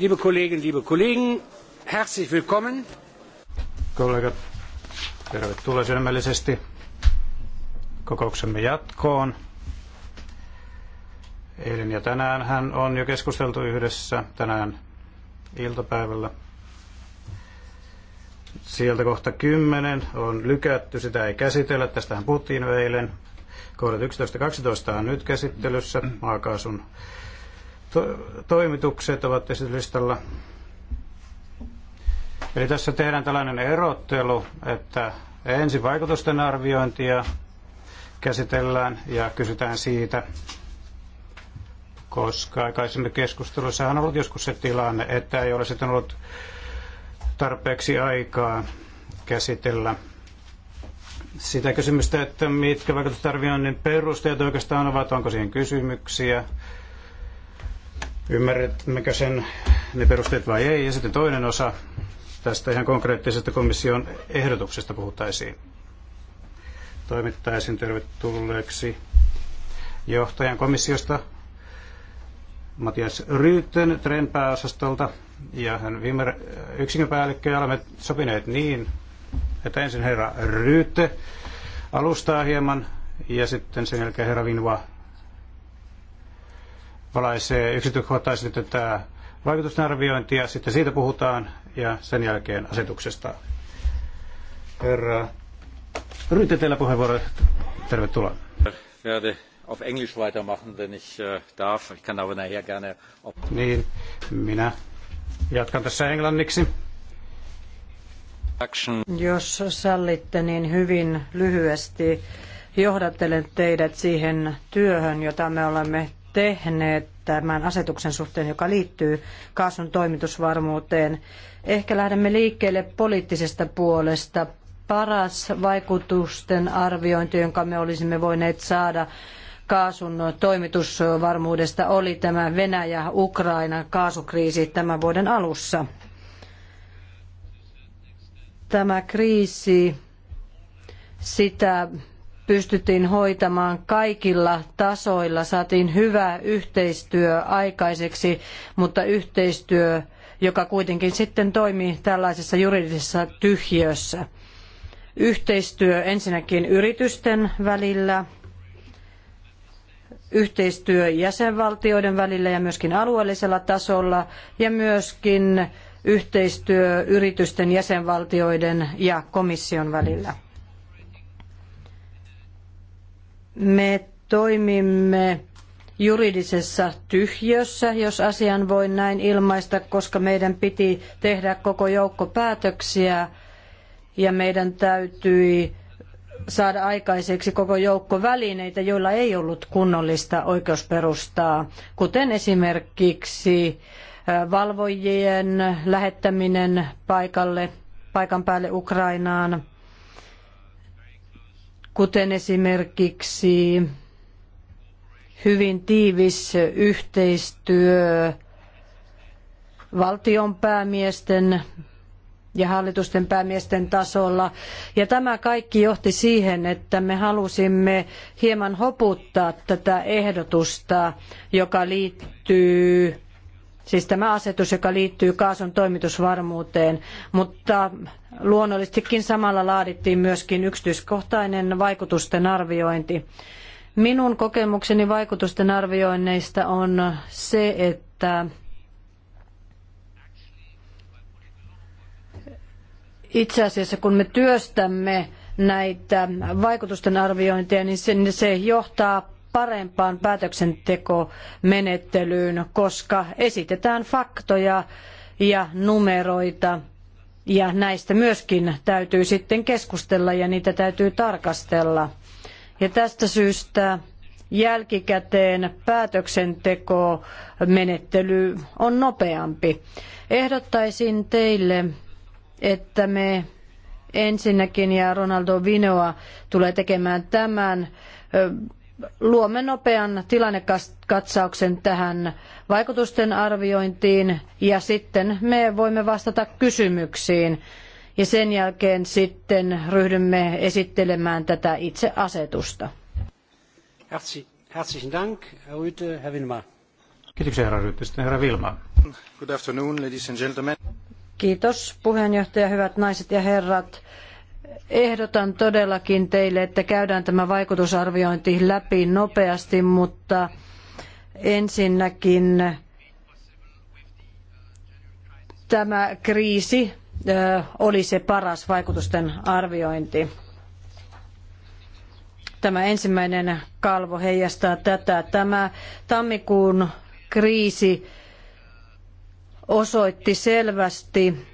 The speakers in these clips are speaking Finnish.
Liebe Kolleginnen, liebe Kollegen, herzlich willkommen. Kollegat, tervetuloa sydämellisesti kokouksemme jatkoon. Eilen ja tänään hän on jo keskusteltu yhdessä tänään iltapäivällä. Sieltä kohta 10 on lykätty, sitä ei käsitellä. Tästähän puhuttiin jo eilen. Kohdat 11.12 on nyt käsittelyssä maakaasun to- toimitukset ovat esityslistalla. Eli tässä tehdään tällainen erottelu, että ensin vaikutusten arviointia käsitellään ja kysytään siitä, koska aikaisemmin keskustelussa on ollut joskus se tilanne, että ei ole sitten ollut tarpeeksi aikaa käsitellä sitä kysymystä, että mitkä vaikutusarvioinnin perusteet oikeastaan ovat, onko siihen kysymyksiä, Ymmärrämmekö sen ne perusteet vai ei? Ja sitten toinen osa tästä ihan konkreettisesta komission ehdotuksesta puhuttaisiin. Toimittaisin tervetulleeksi johtajan komissiosta Matias Ryytten Tren pääosastolta ja hän viime yksikön ja olemme sopineet niin, että ensin herra Ryytte alustaa hieman ja sitten sen jälkeen herra Vinva valaisee yksityiskohtaisesti tätä vaikutusarviointia, sitten siitä puhutaan ja sen jälkeen asetuksesta. Herra Rytte, teillä puheenvuoro. Tervetuloa. Werde auf Englisch weitermachen, wenn ich äh, darf. Ich kann aber nachher gerne... Niin, minä jatkan tässä englanniksi. Jos sallitte, niin hyvin lyhyesti johdattelen teidät siihen työhön, jota me olemme tehneet tämän asetuksen suhteen, joka liittyy kaasun toimitusvarmuuteen. Ehkä lähdemme liikkeelle poliittisesta puolesta. Paras vaikutusten arviointi, jonka me olisimme voineet saada kaasun toimitusvarmuudesta, oli tämä Venäjä-Ukraina kaasukriisi tämän vuoden alussa. Tämä kriisi sitä pystyttiin hoitamaan kaikilla tasoilla, saatiin hyvä yhteistyö aikaiseksi, mutta yhteistyö, joka kuitenkin sitten toimii tällaisessa juridisessa tyhjiössä. Yhteistyö ensinnäkin yritysten välillä, yhteistyö jäsenvaltioiden välillä ja myöskin alueellisella tasolla ja myöskin yhteistyö yritysten, jäsenvaltioiden ja komission välillä. Me toimimme juridisessa tyhjössä, jos asian voi näin ilmaista, koska meidän piti tehdä koko joukko päätöksiä ja meidän täytyi saada aikaiseksi koko joukko välineitä, joilla ei ollut kunnollista oikeusperustaa, kuten esimerkiksi valvojien lähettäminen paikalle, paikan päälle Ukrainaan, kuten esimerkiksi hyvin tiivis yhteistyö valtion päämiesten ja hallitusten päämiesten tasolla. Ja tämä kaikki johti siihen, että me halusimme hieman hoputtaa tätä ehdotusta, joka liittyy siis tämä asetus, joka liittyy kaasun toimitusvarmuuteen, mutta luonnollisestikin samalla laadittiin myöskin yksityiskohtainen vaikutusten arviointi. Minun kokemukseni vaikutusten arvioinneista on se, että itse asiassa kun me työstämme näitä vaikutusten arviointeja, niin se, johtaa parempaan päätöksentekomenettelyyn, koska esitetään faktoja ja numeroita ja näistä myöskin täytyy sitten keskustella ja niitä täytyy tarkastella. Ja tästä syystä jälkikäteen päätöksentekomenettely on nopeampi. Ehdottaisin teille, että me ensinnäkin ja Ronaldo Vinoa tulee tekemään tämän luomme nopean tilannekatsauksen tähän vaikutusten arviointiin ja sitten me voimme vastata kysymyksiin ja sen jälkeen sitten ryhdymme esittelemään tätä itse asetusta. Herzlichen Dank, Herr Rüte, Herr Wilma. Kiitoksia, herra Rüte. Sitten herra Wilma. Good afternoon, ladies and gentlemen. Kiitos, puheenjohtaja, hyvät naiset ja herrat. Ehdotan todellakin teille, että käydään tämä vaikutusarviointi läpi nopeasti, mutta ensinnäkin tämä kriisi oli se paras vaikutusten arviointi. Tämä ensimmäinen kalvo heijastaa tätä. Tämä tammikuun kriisi osoitti selvästi,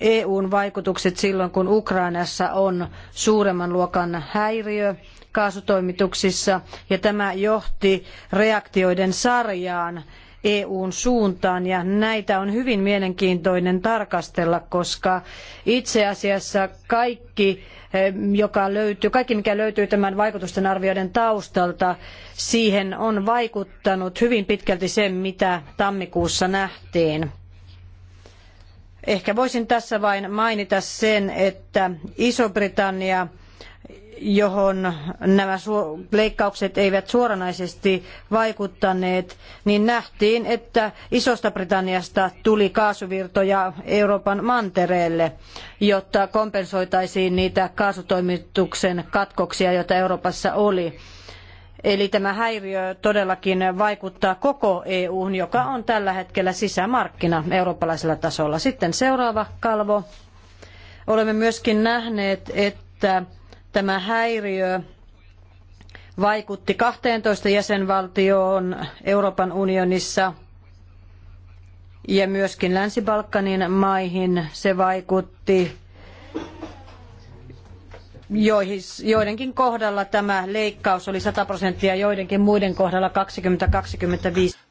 EUn vaikutukset silloin, kun Ukrainassa on suuremman luokan häiriö kaasutoimituksissa, ja tämä johti reaktioiden sarjaan EUn suuntaan, ja näitä on hyvin mielenkiintoinen tarkastella, koska itse asiassa kaikki, eh, joka löytyy, kaikki mikä löytyy tämän vaikutusten arvioiden taustalta, siihen on vaikuttanut hyvin pitkälti se, mitä tammikuussa nähtiin. Ehkä voisin tässä vain mainita sen, että Iso-Britannia johon nämä leikkaukset eivät suoranaisesti vaikuttaneet, niin nähtiin, että Isosta Britanniasta tuli kaasuvirtoja Euroopan mantereelle, jotta kompensoitaisiin niitä kaasutoimituksen katkoksia, joita Euroopassa oli. Eli tämä häiriö todellakin vaikuttaa koko EU:n, joka on tällä hetkellä sisämarkkina eurooppalaisella tasolla. Sitten seuraava kalvo. Olemme myöskin nähneet, että tämä häiriö vaikutti 12 jäsenvaltioon Euroopan unionissa ja myöskin Länsi-Balkanin maihin. Se vaikutti joidenkin kohdalla tämä leikkaus oli 100 prosenttia, joidenkin muiden kohdalla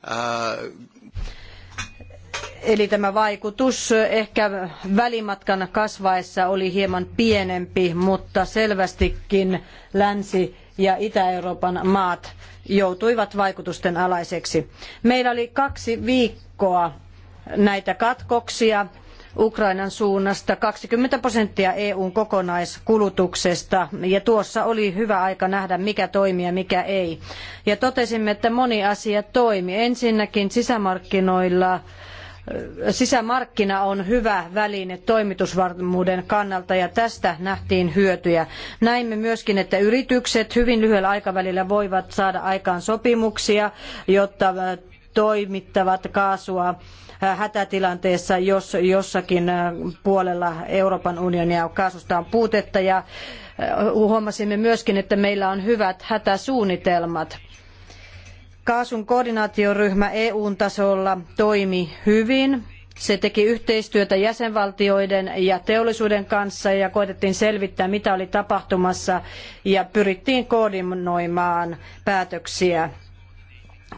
20-25. Eli tämä vaikutus ehkä välimatkan kasvaessa oli hieman pienempi, mutta selvästikin länsi- ja Itä-Euroopan maat joutuivat vaikutusten alaiseksi. Meillä oli kaksi viikkoa näitä katkoksia Ukrainan suunnasta 20 prosenttia EUn kokonaiskulutuksesta ja tuossa oli hyvä aika nähdä mikä toimii ja mikä ei. Ja totesimme, että moni asia toimi. Ensinnäkin sisämarkkinoilla sisämarkkina on hyvä väline toimitusvarmuuden kannalta ja tästä nähtiin hyötyjä. Näimme myöskin, että yritykset hyvin lyhyellä aikavälillä voivat saada aikaan sopimuksia, jotta toimittavat kaasua hätätilanteessa, jos jossakin äh, puolella Euroopan unionia kaasusta on puutetta. Ja äh, huomasimme myöskin, että meillä on hyvät hätäsuunnitelmat. Kaasun koordinaatioryhmä EUn tasolla toimi hyvin. Se teki yhteistyötä jäsenvaltioiden ja teollisuuden kanssa ja koitettiin selvittää, mitä oli tapahtumassa ja pyrittiin koordinoimaan päätöksiä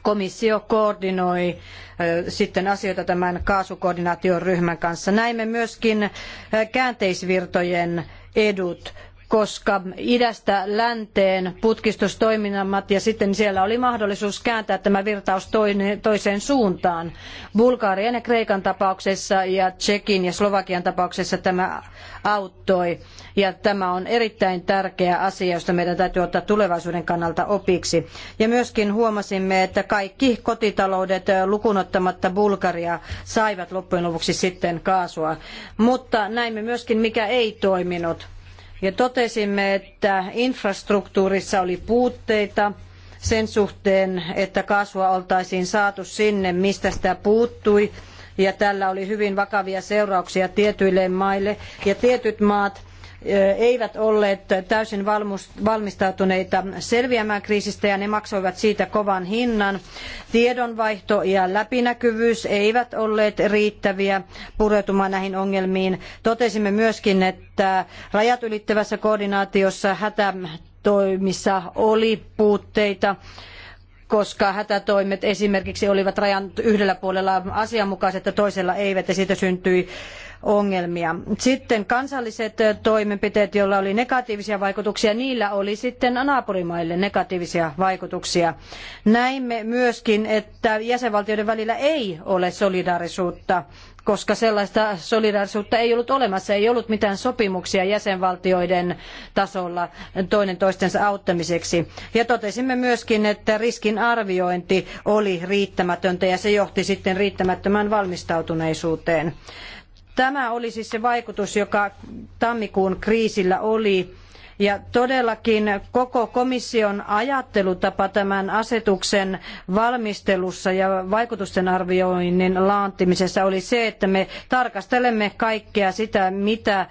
komissio koordinoi sitten asioita tämän kaasukoordinaatioryhmän kanssa. Näimme myöskin käänteisvirtojen edut koska idästä länteen putkistustoiminnat ja sitten siellä oli mahdollisuus kääntää tämä virtaus toiseen suuntaan. Bulgarian ja Kreikan tapauksessa ja Tsekin ja Slovakian tapauksessa tämä auttoi. Ja tämä on erittäin tärkeä asia, josta meidän täytyy ottaa tulevaisuuden kannalta opiksi. Ja myöskin huomasimme, että kaikki kotitaloudet lukunottamatta Bulgaria saivat loppujen lopuksi sitten kaasua. Mutta näimme myöskin, mikä ei toiminut ja totesimme, että infrastruktuurissa oli puutteita sen suhteen, että kaasua oltaisiin saatu sinne, mistä sitä puuttui ja tällä oli hyvin vakavia seurauksia tietyille maille ja tietyt maat eivät olleet täysin valmistautuneita selviämään kriisistä ja ne maksoivat siitä kovan hinnan. Tiedonvaihto ja läpinäkyvyys eivät olleet riittäviä pureutumaan näihin ongelmiin. Totesimme myöskin, että rajat ylittävässä koordinaatiossa hätätoimissa oli puutteita koska hätätoimet esimerkiksi olivat rajan yhdellä puolella asianmukaiset ja toisella eivät ja siitä syntyi ongelmia. Sitten kansalliset toimenpiteet, joilla oli negatiivisia vaikutuksia, niillä oli sitten naapurimaille negatiivisia vaikutuksia. Näimme myöskin, että jäsenvaltioiden välillä ei ole solidaarisuutta koska sellaista solidaarisuutta ei ollut olemassa, ei ollut mitään sopimuksia jäsenvaltioiden tasolla toinen toistensa auttamiseksi. Ja totesimme myöskin, että riskin arviointi oli riittämätöntä ja se johti sitten riittämättömään valmistautuneisuuteen. Tämä oli siis se vaikutus, joka tammikuun kriisillä oli. Ja todellakin koko komission ajattelutapa tämän asetuksen valmistelussa ja vaikutusten arvioinnin laantimisessa oli se, että me tarkastelemme kaikkea sitä, mitä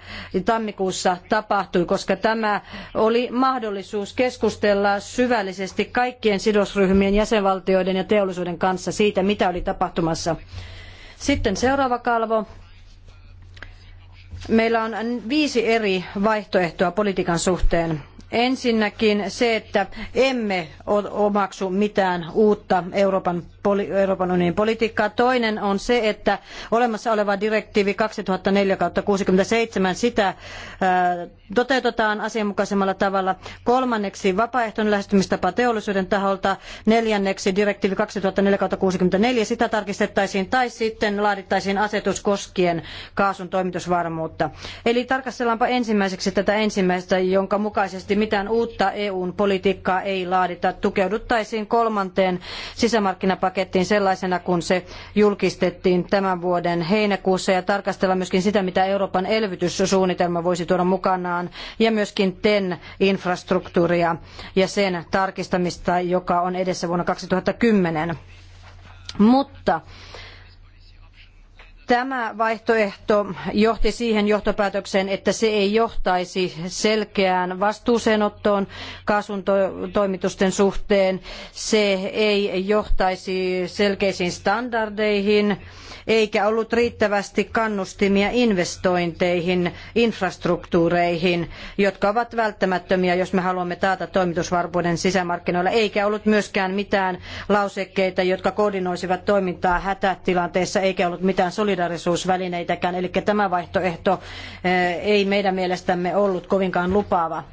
tammikuussa tapahtui, koska tämä oli mahdollisuus keskustella syvällisesti kaikkien sidosryhmien, jäsenvaltioiden ja teollisuuden kanssa siitä, mitä oli tapahtumassa. Sitten seuraava kalvo. Meillä on viisi eri vaihtoehtoa politiikan suhteen. Ensinnäkin se, että emme omaksu mitään uutta Euroopan Euroopan unionin politiikkaa. Toinen on se, että olemassa oleva direktiivi 2004-67 sitä äh, toteutetaan asianmukaisemmalla tavalla. Kolmanneksi vapaaehtoinen lähestymistapa teollisuuden taholta. Neljänneksi direktiivi 2004-64 sitä tarkistettaisiin tai sitten laadittaisiin asetus koskien kaasun toimitusvarmuutta. Eli tarkastellaanpa ensimmäiseksi tätä ensimmäistä, jonka mukaisesti mitään uutta EUn politiikkaa ei laadita. Tukeuduttaisiin kolmanteen sisämarkkinapaketin pakettiin sellaisena, kun se julkistettiin tämän vuoden heinäkuussa ja tarkastella myöskin sitä, mitä Euroopan elvytyssuunnitelma voisi tuoda mukanaan ja myöskin TEN-infrastruktuuria ja sen tarkistamista, joka on edessä vuonna 2010. Mutta Tämä vaihtoehto johti siihen johtopäätökseen, että se ei johtaisi selkeään vastuuseenottoon kaasun toimitusten suhteen, se ei johtaisi selkeisiin standardeihin, eikä ollut riittävästi kannustimia investointeihin, infrastruktuureihin, jotka ovat välttämättömiä, jos me haluamme taata toimitusvarmuuden sisämarkkinoilla, eikä ollut myöskään mitään lausekkeita, jotka koordinoisivat toimintaa hätätilanteessa, eikä ollut mitään solidaarisuutta solidarisuusvälineitäkään, eli tämä vaihtoehto eh, ei meidän mielestämme ollut kovinkaan lupaava.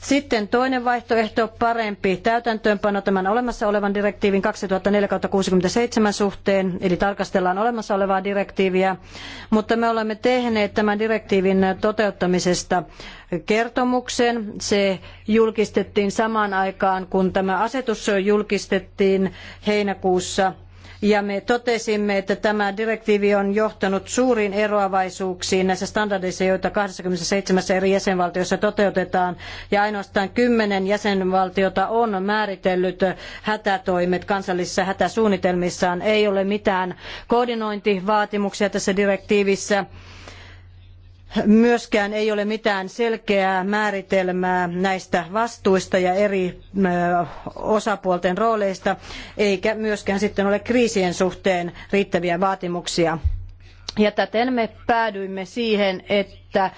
Sitten toinen vaihtoehto, parempi täytäntöönpano tämän olemassa olevan direktiivin 2004-67 suhteen, eli tarkastellaan olemassa olevaa direktiiviä, mutta me olemme tehneet tämän direktiivin toteuttamisesta kertomuksen. Se julkistettiin samaan aikaan, kun tämä asetus julkistettiin heinäkuussa ja me totesimme, että tämä direktiivi on johtanut suuriin eroavaisuuksiin näissä standardeissa, joita 27 eri jäsenvaltiossa toteutetaan, ja ainoastaan kymmenen jäsenvaltiota on määritellyt hätätoimet kansallisissa hätäsuunnitelmissaan. Ei ole mitään koordinointivaatimuksia tässä direktiivissä. Myöskään ei ole mitään selkeää määritelmää näistä vastuista ja eri osapuolten rooleista, eikä myöskään sitten ole kriisien suhteen riittäviä vaatimuksia. Ja täten me päädyimme siihen, että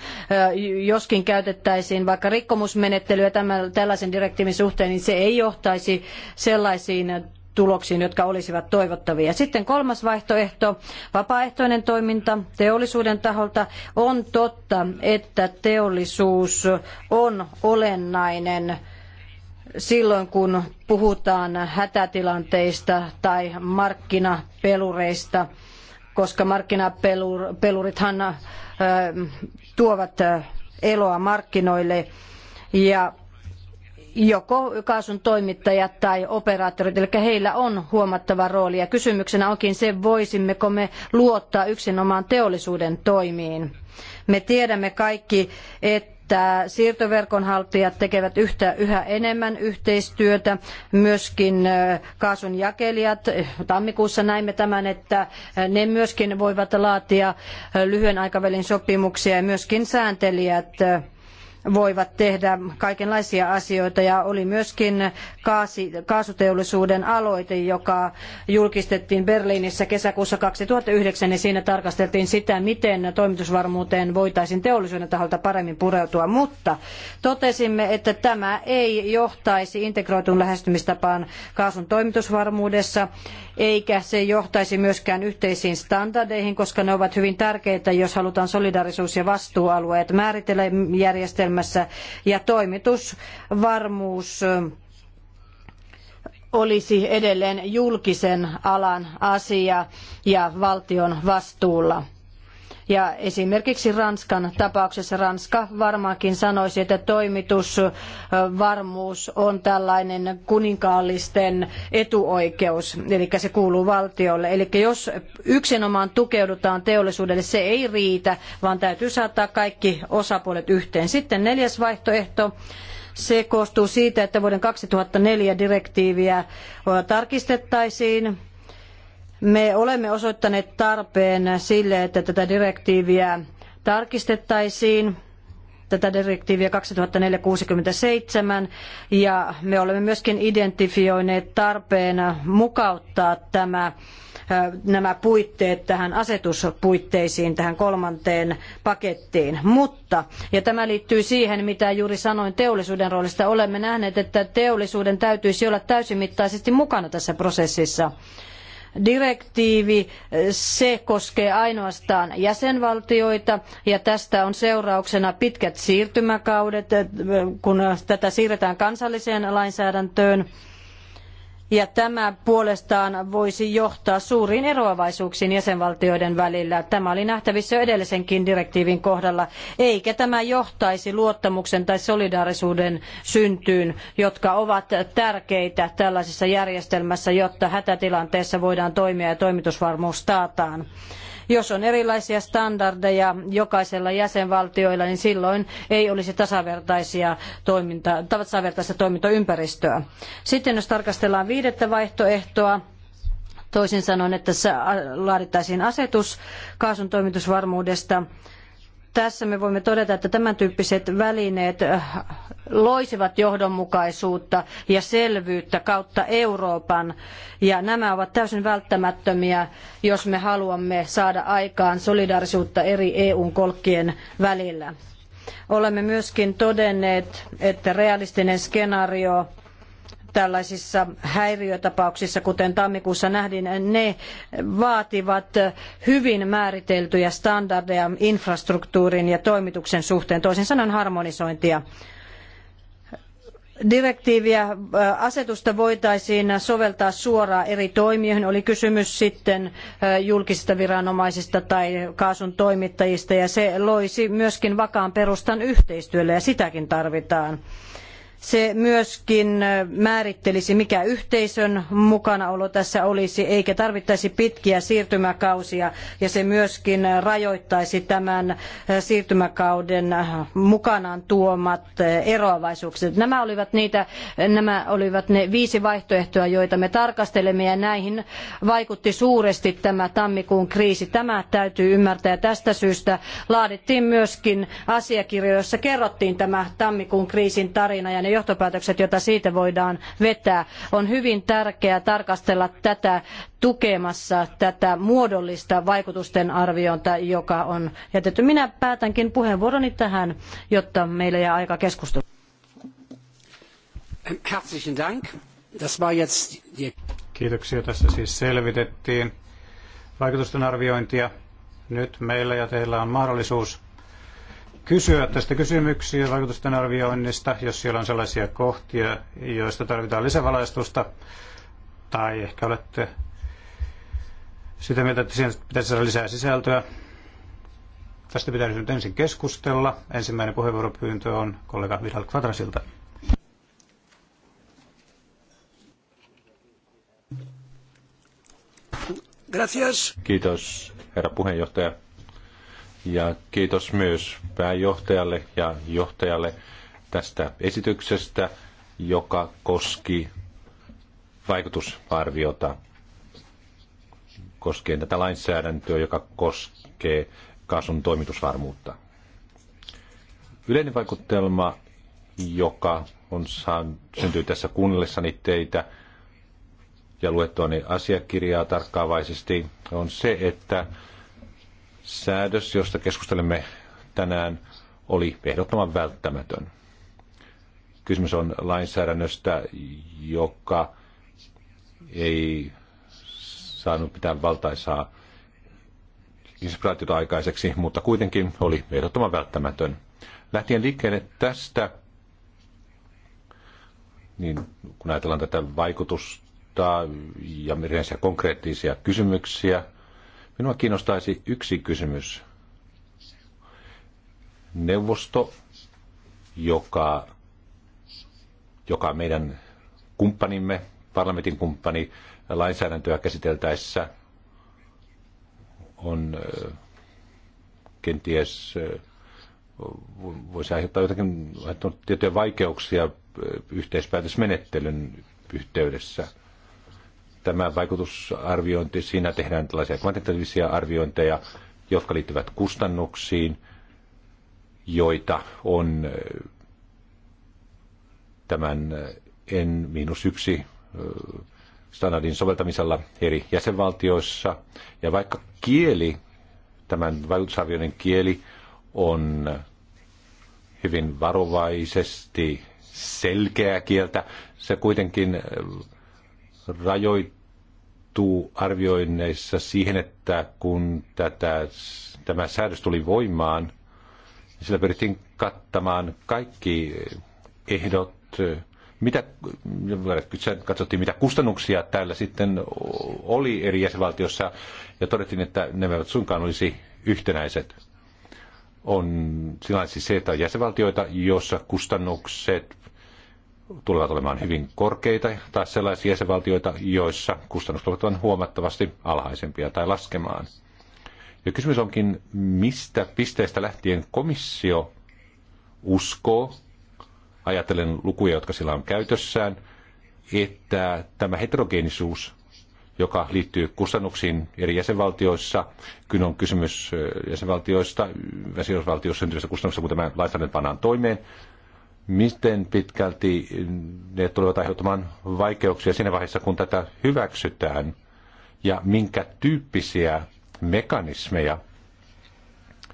joskin käytettäisiin vaikka rikkomusmenettelyä tämän, tällaisen direktiivin suhteen, niin se ei johtaisi sellaisiin tuloksiin, jotka olisivat toivottavia. Sitten kolmas vaihtoehto, vapaaehtoinen toiminta teollisuuden taholta. On totta, että teollisuus on olennainen silloin, kun puhutaan hätätilanteista tai markkinapelureista, koska markkinapelurithan tuovat eloa markkinoille ja joko kaasun toimittajat tai operaattorit, eli heillä on huomattava rooli. Ja kysymyksenä onkin se, voisimmeko me luottaa yksinomaan teollisuuden toimiin. Me tiedämme kaikki, että että siirtoverkon haltijat tekevät yhtä, yhä enemmän yhteistyötä, myöskin kaasun jakelijat. Tammikuussa näimme tämän, että ne myöskin voivat laatia lyhyen aikavälin sopimuksia ja myöskin sääntelijät voivat tehdä kaikenlaisia asioita ja oli myöskin kaasi, kaasuteollisuuden aloite, joka julkistettiin Berliinissä kesäkuussa 2009 ja siinä tarkasteltiin sitä, miten toimitusvarmuuteen voitaisiin teollisuuden taholta paremmin pureutua, mutta totesimme, että tämä ei johtaisi integroitun lähestymistapaan kaasun toimitusvarmuudessa eikä se johtaisi myöskään yhteisiin standardeihin, koska ne ovat hyvin tärkeitä, jos halutaan solidaarisuus- ja vastuualueet määritellä järjestelmässä ja toimitusvarmuus olisi edelleen julkisen alan asia ja valtion vastuulla. Ja esimerkiksi Ranskan tapauksessa Ranska varmaankin sanoisi, että toimitusvarmuus on tällainen kuninkaallisten etuoikeus, eli se kuuluu valtiolle. Eli jos yksinomaan tukeudutaan teollisuudelle, se ei riitä, vaan täytyy saattaa kaikki osapuolet yhteen. Sitten neljäs vaihtoehto. Se koostuu siitä, että vuoden 2004 direktiiviä tarkistettaisiin me olemme osoittaneet tarpeen sille, että tätä direktiiviä tarkistettaisiin tätä direktiiviä 2467 ja me olemme myöskin identifioineet tarpeen mukauttaa tämä, nämä puitteet tähän asetuspuitteisiin, tähän kolmanteen pakettiin. Mutta, ja tämä liittyy siihen, mitä juuri sanoin teollisuuden roolista, olemme nähneet, että teollisuuden täytyisi olla täysimittaisesti mukana tässä prosessissa direktiivi, se koskee ainoastaan jäsenvaltioita ja tästä on seurauksena pitkät siirtymäkaudet, kun tätä siirretään kansalliseen lainsäädäntöön ja tämä puolestaan voisi johtaa suuriin eroavaisuuksiin jäsenvaltioiden välillä. Tämä oli nähtävissä jo edellisenkin direktiivin kohdalla, eikä tämä johtaisi luottamuksen tai solidaarisuuden syntyyn, jotka ovat tärkeitä tällaisessa järjestelmässä, jotta hätätilanteessa voidaan toimia ja toimitusvarmuus taataan. Jos on erilaisia standardeja jokaisella jäsenvaltioilla, niin silloin ei olisi tasavertaisia toiminta, tasavertaista toimintaympäristöä. Sitten jos tarkastellaan viidettä vaihtoehtoa, toisin sanoen, että laadittaisiin asetus kaasun toimitusvarmuudesta, tässä me voimme todeta, että tämän tyyppiset välineet äh, loisivat johdonmukaisuutta ja selvyyttä kautta Euroopan. Ja nämä ovat täysin välttämättömiä, jos me haluamme saada aikaan solidaarisuutta eri EU-kolkkien välillä. Olemme myöskin todenneet, että realistinen skenaario tällaisissa häiriötapauksissa, kuten tammikuussa nähdin, ne vaativat hyvin määriteltyjä standardeja infrastruktuurin ja toimituksen suhteen, toisin sanoen harmonisointia direktiiviä, äh, asetusta voitaisiin soveltaa suoraan eri toimijoihin, oli kysymys sitten äh, julkisista viranomaisista tai kaasun toimittajista, ja se loisi myöskin vakaan perustan yhteistyölle, ja sitäkin tarvitaan. Se myöskin määrittelisi, mikä yhteisön mukanaolo tässä olisi, eikä tarvittaisi pitkiä siirtymäkausia, ja se myöskin rajoittaisi tämän äh, siirtymäkauden äh, mukanaan tuomat äh, eroavaisuukset. Nämä olivat, niitä, nämä olivat ne viisi vaihtoehtoa, joita me tarkastelemme, ja näihin vaikutti suuresti tämä tammikuun kriisi. Tämä täytyy ymmärtää, ja tästä syystä laadittiin myöskin asiakirja, jossa kerrottiin tämä tammikuun kriisin tarina, ja ne johtopäätökset, joita siitä voidaan vetää. On hyvin tärkeää tarkastella tätä tukemassa tätä muodollista vaikutusten arviointia, joka on jätetty. Minä päätänkin puheenvuoroni tähän, jotta meillä jää aika keskustella. Herzlichen Dank. Das war jetzt die... Kiitoksia. Tässä siis selvitettiin vaikutusten arviointia. Nyt meillä ja teillä on mahdollisuus kysyä tästä kysymyksiä vaikutusten arvioinnista, jos siellä on sellaisia kohtia, joista tarvitaan lisävalaistusta, tai ehkä olette sitä mieltä, että siihen pitäisi saada lisää sisältöä. Tästä pitäisi nyt ensin keskustella. Ensimmäinen puheenvuoropyyntö on kollega Vidal Kvadrasilta. Gracias. Kiitos, herra puheenjohtaja. Ja kiitos myös pääjohtajalle ja johtajalle tästä esityksestä, joka koski vaikutusarviota koskien tätä lainsäädäntöä, joka koskee kaasun toimitusvarmuutta. Yleinen vaikutelma, joka on saanut, syntyy tässä kuunnellessani teitä ja luettuani asiakirjaa tarkkaavaisesti, on se, että säädös, josta keskustelemme tänään, oli ehdottoman välttämätön. Kysymys on lainsäädännöstä, joka ei saanut mitään valtaisaa inspiraatiota aikaiseksi, mutta kuitenkin oli ehdottoman välttämätön. Lähtien liikkeelle tästä, niin kun ajatellaan tätä vaikutusta ja erilaisia konkreettisia kysymyksiä – Minua kiinnostaisi yksi kysymys. Neuvosto, joka, joka meidän kumppanimme, parlamentin kumppani, lainsäädäntöä käsiteltäessä on kenties voisi aiheuttaa jotakin tiettyjä vaikeuksia yhteispäätösmenettelyn yhteydessä tämä vaikutusarviointi, siinä tehdään tällaisia kvantitatiivisia arviointeja, jotka liittyvät kustannuksiin, joita on eh, tämän eh, N-1 eh, standardin soveltamisella eri jäsenvaltioissa. Ja vaikka kieli, tämän vaikutusarvioinnin kieli, on hyvin varovaisesti selkeää kieltä, se kuitenkin rajoittuu arvioinneissa siihen, että kun tätä, tämä säädös tuli voimaan, niin sillä pyrittiin kattamaan kaikki ehdot, mitä, katsottiin, mitä kustannuksia täällä sitten oli eri jäsenvaltiossa, ja todettiin, että ne eivät suinkaan olisi yhtenäiset. On sillä siis se, että on jäsenvaltioita, joissa kustannukset tulevat olemaan hyvin korkeita, tai sellaisia jäsenvaltioita, joissa kustannukset ovat huomattavasti alhaisempia tai laskemaan. Ja kysymys onkin, mistä pisteestä lähtien komissio uskoo, ajatellen lukuja, jotka sillä on käytössään, että tämä heterogeenisuus, joka liittyy kustannuksiin eri jäsenvaltioissa, kun on kysymys jäsenvaltioista, jäsenvaltioissa syntyvistä kustannuksista, kun tämä lainsäädäntö pannaan toimeen, miten pitkälti ne tulevat aiheuttamaan vaikeuksia siinä vaiheessa, kun tätä hyväksytään, ja minkä tyyppisiä mekanismeja,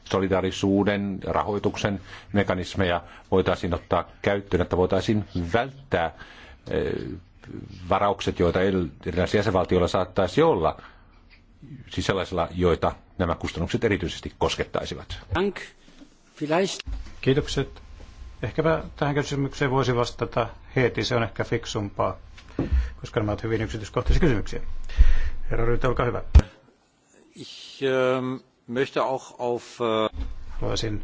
solidaarisuuden, rahoituksen mekanismeja voitaisiin ottaa käyttöön, että voitaisiin välttää eh, varaukset, joita erilaisilla jäsenvaltioilla saattaisi olla, siis sellaisilla, joita nämä kustannukset erityisesti koskettaisivat. Kiitokset. Ehkäpä tähän kysymykseen voisi vastata heti, se on ehkä fiksumpaa, koska nämä ovat hyvin yksityiskohtaisia kysymyksiä. Herra Ryytä, olkaa hyvä. Ich ähm, möchte auch auf... Äh... Haluaisin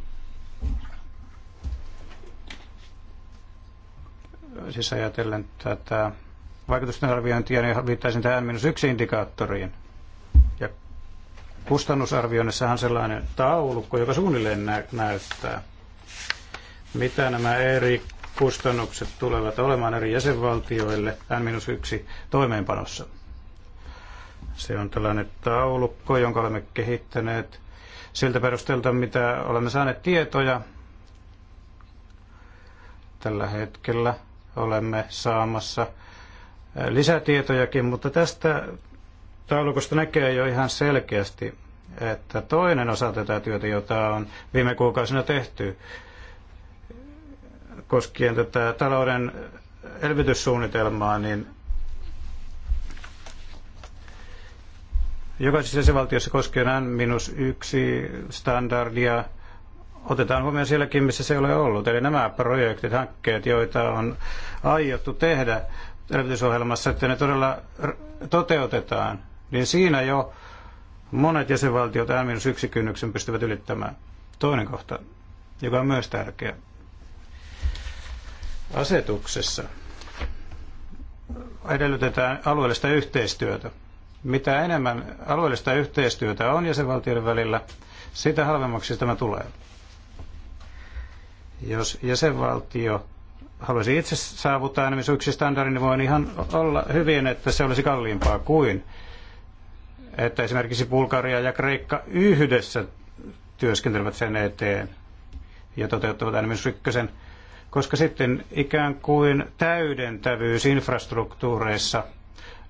siis ajatellen tätä vaikutusten arviointia, niin viittaisin tähän minus yksi indikaattoriin. Ja kustannusarvioinnissahan sellainen taulukko, joka suunnilleen nä- näyttää, mitä nämä eri kustannukset tulevat olemaan eri jäsenvaltioille N-1 toimeenpanossa. Se on tällainen taulukko, jonka olemme kehittäneet siltä perusteelta, mitä olemme saaneet tietoja. Tällä hetkellä olemme saamassa lisätietojakin, mutta tästä taulukosta näkee jo ihan selkeästi, että toinen osa tätä työtä, jota on viime kuukausina tehty, koskien tätä talouden elvytyssuunnitelmaa, niin jokaisessa jäsenvaltiossa koskee N-1 standardia. Otetaan huomioon sielläkin, missä se ei ole ollut. Eli nämä projektit, hankkeet, joita on aiottu tehdä elvytysohjelmassa, että ne todella toteutetaan, niin siinä jo monet jäsenvaltiot N-1 kynnyksen pystyvät ylittämään. Toinen kohta, joka on myös tärkeä. Asetuksessa edellytetään alueellista yhteistyötä. Mitä enemmän alueellista yhteistyötä on jäsenvaltioiden välillä, sitä halvemmaksi tämä tulee. Jos jäsenvaltio haluaisi itse saavuttaa enemmän yksi standardi, niin voi ihan olla hyvin, että se olisi kalliimpaa kuin että esimerkiksi Bulgaria ja Kreikka yhdessä työskentelevät sen eteen ja toteuttavat enemmän ykkösen koska sitten ikään kuin täydentävyys infrastruktuureissa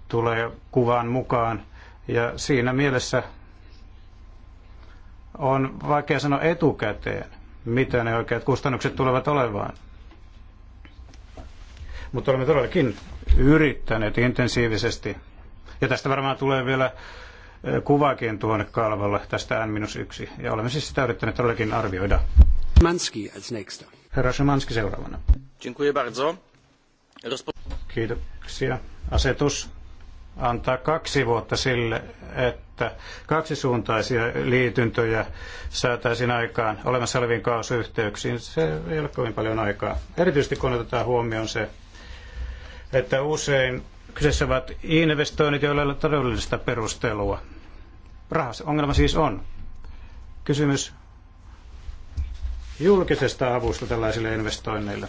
tulee kuvan mukaan. Ja siinä mielessä on vaikea sanoa etukäteen, mitä ne oikeat kustannukset tulevat olevaan. Mutta olemme todellakin yrittäneet intensiivisesti. Ja tästä varmaan tulee vielä eh, kuvakin tuonne kalvolle tästä N-1. Ja olemme siis sitä yrittäneet todellakin arvioida. Manski als nächster. Herra seuraavana. Dziękuję bardzo. Kiitoksia. Asetus antaa kaksi vuotta sille, että kaksisuuntaisia liityntöjä saataisiin aikaan olemassa oleviin kaasuyhteyksiin. Se ei ole kovin paljon aikaa. Erityisesti kun otetaan huomioon se, että usein kyseessä ovat investoinnit, joilla ei ole todellista perustelua. Rahas ongelma siis on. Kysymys julkisesta avusta tällaisille investoinneille.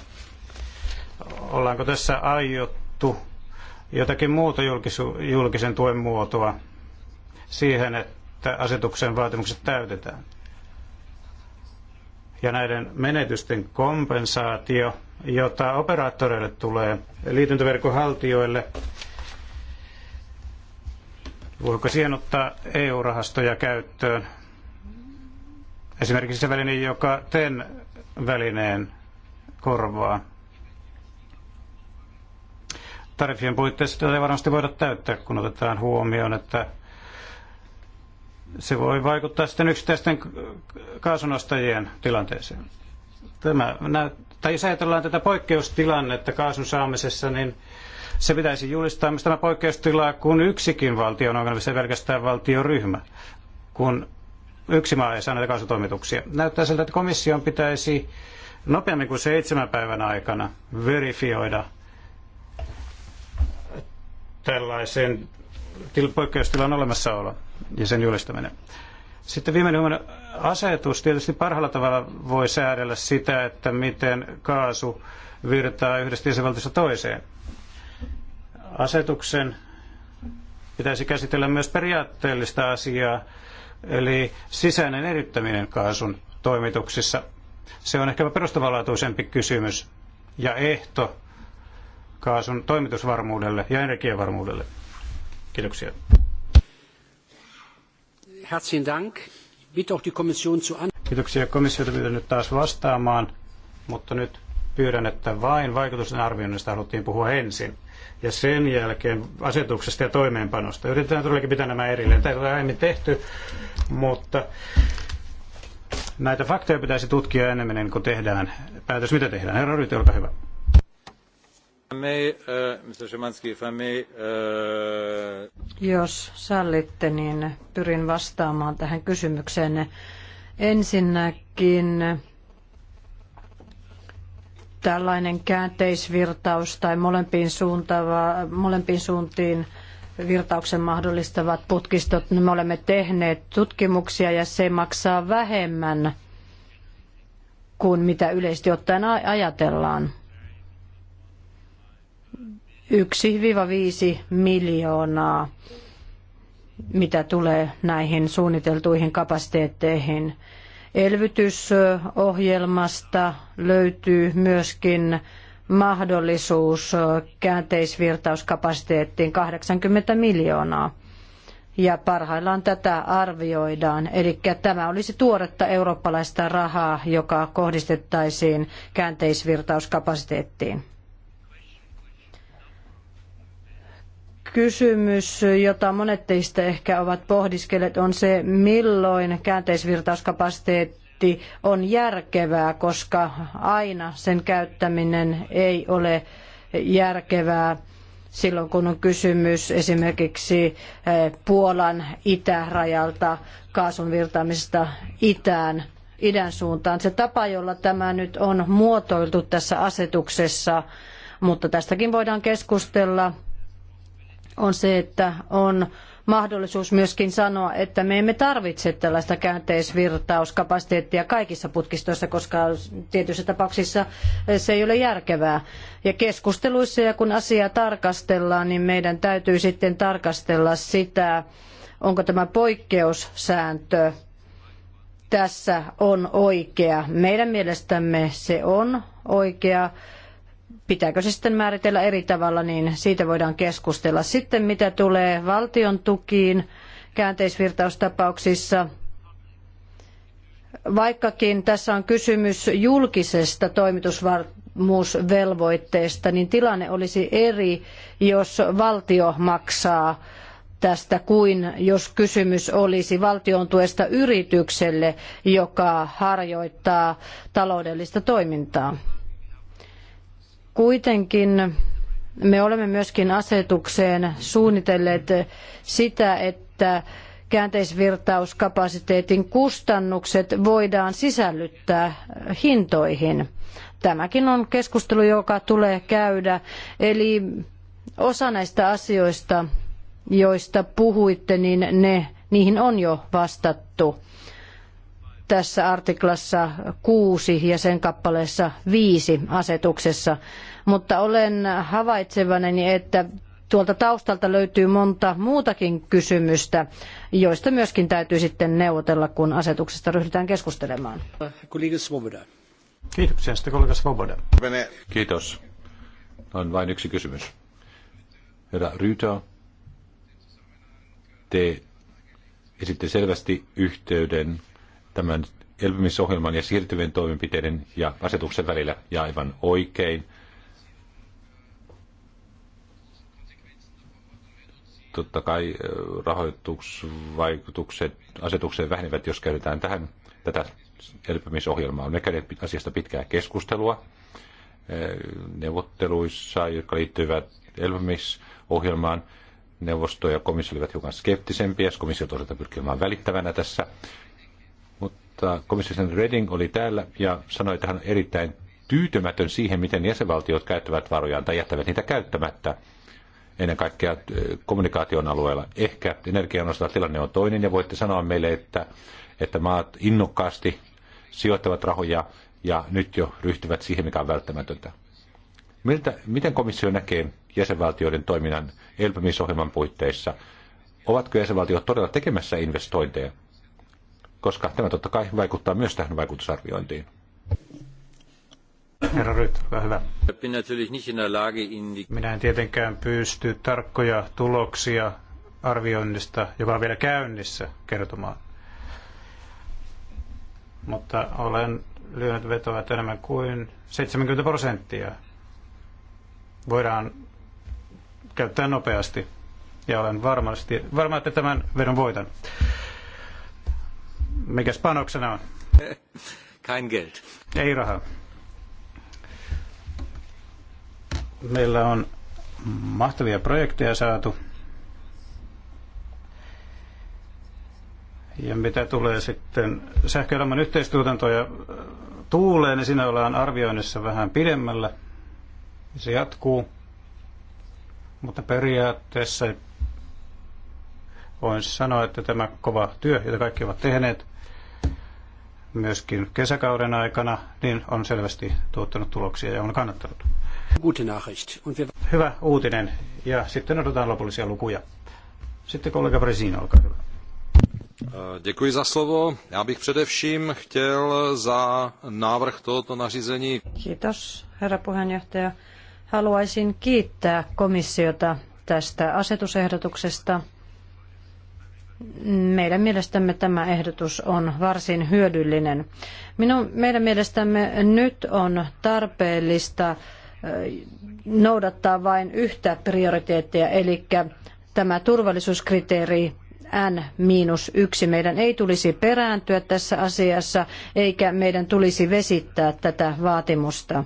Ollaanko tässä aiottu jotakin muuta julkisen tuen muotoa siihen, että asetuksen vaatimukset täytetään? Ja näiden menetysten kompensaatio, jota operaattoreille tulee liityntäverkon haltijoille, voiko siihen ottaa EU-rahastoja käyttöön Esimerkiksi se väline, joka TEN välineen korvaa. Tarifien puitteissa tätä ei varmasti voida täyttää, kun otetaan huomioon, että se voi vaikuttaa sitten yksittäisten kaasunostajien tilanteeseen. Tämä, tai jos ajatellaan tätä poikkeustilannetta kaasun saamisessa, niin se pitäisi julistaa myös tämä poikkeustila, kun yksikin valtio on ongelmissa, pelkästään valtioryhmä. Kun Yksi maa ei saa näitä kaasutoimituksia. Näyttää siltä, että komission pitäisi nopeammin kuin seitsemän päivän aikana verifioida tällaisen poikkeustilan olemassaolo ja sen julistaminen. Sitten viimeinen huomio, asetus tietysti parhaalla tavalla voi säädellä sitä, että miten kaasu virtaa yhdestä jäsenvaltiosta toiseen. Asetuksen pitäisi käsitellä myös periaatteellista asiaa, Eli sisäinen eriyttäminen kaasun toimituksissa. Se on ehkä perustavanlaatuisempi kysymys ja ehto kaasun toimitusvarmuudelle ja energiavarmuudelle. Kiitoksia. Herzlichen Dank. Bitte auch die Kommission zu Kiitoksia komissiota pyydän nyt taas vastaamaan, mutta nyt pyydän, että vain vaikutusten arvioinnista haluttiin puhua ensin ja sen jälkeen asetuksesta ja toimeenpanosta. Yritetään todellakin pitää nämä erilleen. Tämä on aiemmin tehty, mutta näitä faktoja pitäisi tutkia enemmän kuin tehdään päätös, mitä tehdään. Herra Ryti, olkaa hyvä. Uh, uh, Jos sallitte, niin pyrin vastaamaan tähän kysymykseen. Ensinnäkin tällainen käänteisvirtaus tai molempiin, suuntava, molempiin suuntiin virtauksen mahdollistavat putkistot, niin me olemme tehneet tutkimuksia ja se maksaa vähemmän kuin mitä yleisesti ottaen ajatellaan. 1-5 miljoonaa, mitä tulee näihin suunniteltuihin kapasiteetteihin. Elvytysohjelmasta löytyy myöskin mahdollisuus käänteisvirtauskapasiteettiin 80 miljoonaa. Ja parhaillaan tätä arvioidaan. Eli tämä olisi tuoretta eurooppalaista rahaa, joka kohdistettaisiin käänteisvirtauskapasiteettiin. kysymys, jota monet teistä ehkä ovat pohdiskelleet, on se, milloin käänteisvirtauskapasiteetti on järkevää, koska aina sen käyttäminen ei ole järkevää silloin, kun on kysymys esimerkiksi eh, Puolan itärajalta kaasun virtaamisesta itään, idän suuntaan. Se tapa, jolla tämä nyt on muotoiltu tässä asetuksessa, mutta tästäkin voidaan keskustella on se, että on mahdollisuus myöskin sanoa, että me emme tarvitse tällaista käänteisvirtauskapasiteettia kaikissa putkistoissa, koska tietyissä tapauksissa se ei ole järkevää. Ja keskusteluissa ja kun asiaa tarkastellaan, niin meidän täytyy sitten tarkastella sitä, onko tämä poikkeussääntö tässä on oikea. Meidän mielestämme se on oikea Pitääkö se sitten määritellä eri tavalla, niin siitä voidaan keskustella. Sitten mitä tulee valtion tukiin käänteisvirtaustapauksissa, vaikkakin tässä on kysymys julkisesta toimitusvarmuusvelvoitteesta, niin tilanne olisi eri, jos valtio maksaa tästä kuin jos kysymys olisi valtion tuesta yritykselle, joka harjoittaa taloudellista toimintaa. Kuitenkin me olemme myöskin asetukseen suunnitelleet sitä, että käänteisvirtauskapasiteetin kustannukset voidaan sisällyttää hintoihin. Tämäkin on keskustelu, joka tulee käydä. Eli osa näistä asioista, joista puhuitte, niin ne, niihin on jo vastattu tässä artiklassa 6 ja sen kappaleessa 5 asetuksessa, mutta olen havaitsevainen, että tuolta taustalta löytyy monta muutakin kysymystä, joista myöskin täytyy sitten neuvotella, kun asetuksesta ryhdytään keskustelemaan. Kiitoksia, sitten kollega Svoboda. Kiitos. On vain yksi kysymys. Herra Ryytä, te esitte selvästi yhteyden tämän elpymisohjelman ja siirtyvien toimenpiteiden ja asetuksen välillä ja aivan oikein. Totta kai rahoitusvaikutukset asetukseen vähenevät, jos käytetään tähän tätä elpymisohjelmaa. Me käydään asiasta pitkää keskustelua neuvotteluissa, jotka liittyvät elpymisohjelmaan neuvosto ja komissio olivat hiukan skeptisempiä. Komissio toisaalta pyrkii olemaan välittävänä tässä mutta komission Reding oli täällä ja sanoi, että hän on erittäin tyytymätön siihen, miten jäsenvaltiot käyttävät varojaan tai jättävät niitä käyttämättä ennen kaikkea äh, kommunikaation alueella. Ehkä energian osalta tilanne on toinen ja voitte sanoa meille, että, että maat innokkaasti sijoittavat rahoja ja nyt jo ryhtyvät siihen, mikä on välttämätöntä. Miltä, miten komissio näkee jäsenvaltioiden toiminnan elpymisohjelman puitteissa? Ovatko jäsenvaltiot todella tekemässä investointeja? koska tämä totta kai vaikuttaa myös tähän vaikutusarviointiin. Herra Ryt, hyvä. Minä en tietenkään pysty tarkkoja tuloksia arvioinnista, joka on vielä käynnissä, kertomaan. Mutta olen lyönyt vetoa, että enemmän kuin 70 prosenttia voidaan käyttää nopeasti. Ja olen varmasti, varma, että tämän vedon voitan. Mikäs panoksena on? Kein Geld. Ei rahaa. Meillä on mahtavia projekteja saatu. Ja mitä tulee sitten sähköelämän yhteistuotantoon ja äh, tuuleen, niin siinä ollaan arvioinnissa vähän pidemmällä. Se jatkuu, mutta periaatteessa voin sanoa, että tämä kova työ, jota kaikki ovat tehneet myöskin kesäkauden aikana, niin on selvästi tuottanut tuloksia ja on kannattanut. Hyvä uutinen. Ja sitten odotetaan lopullisia lukuja. Sitten kollega Brezina, olkaa hyvä. Eh, děkuji za slovo. Já bych především chtěl za návrh tohoto nařízení. Kiitos, herra puheenjohtaja. Haluaisin kiittää komissiota tästä asetusehdotuksesta meidän mielestämme tämä ehdotus on varsin hyödyllinen. Minun, meidän mielestämme nyt on tarpeellista noudattaa vain yhtä prioriteettia, eli tämä turvallisuuskriteeri N-1. Meidän ei tulisi perääntyä tässä asiassa, eikä meidän tulisi vesittää tätä vaatimusta.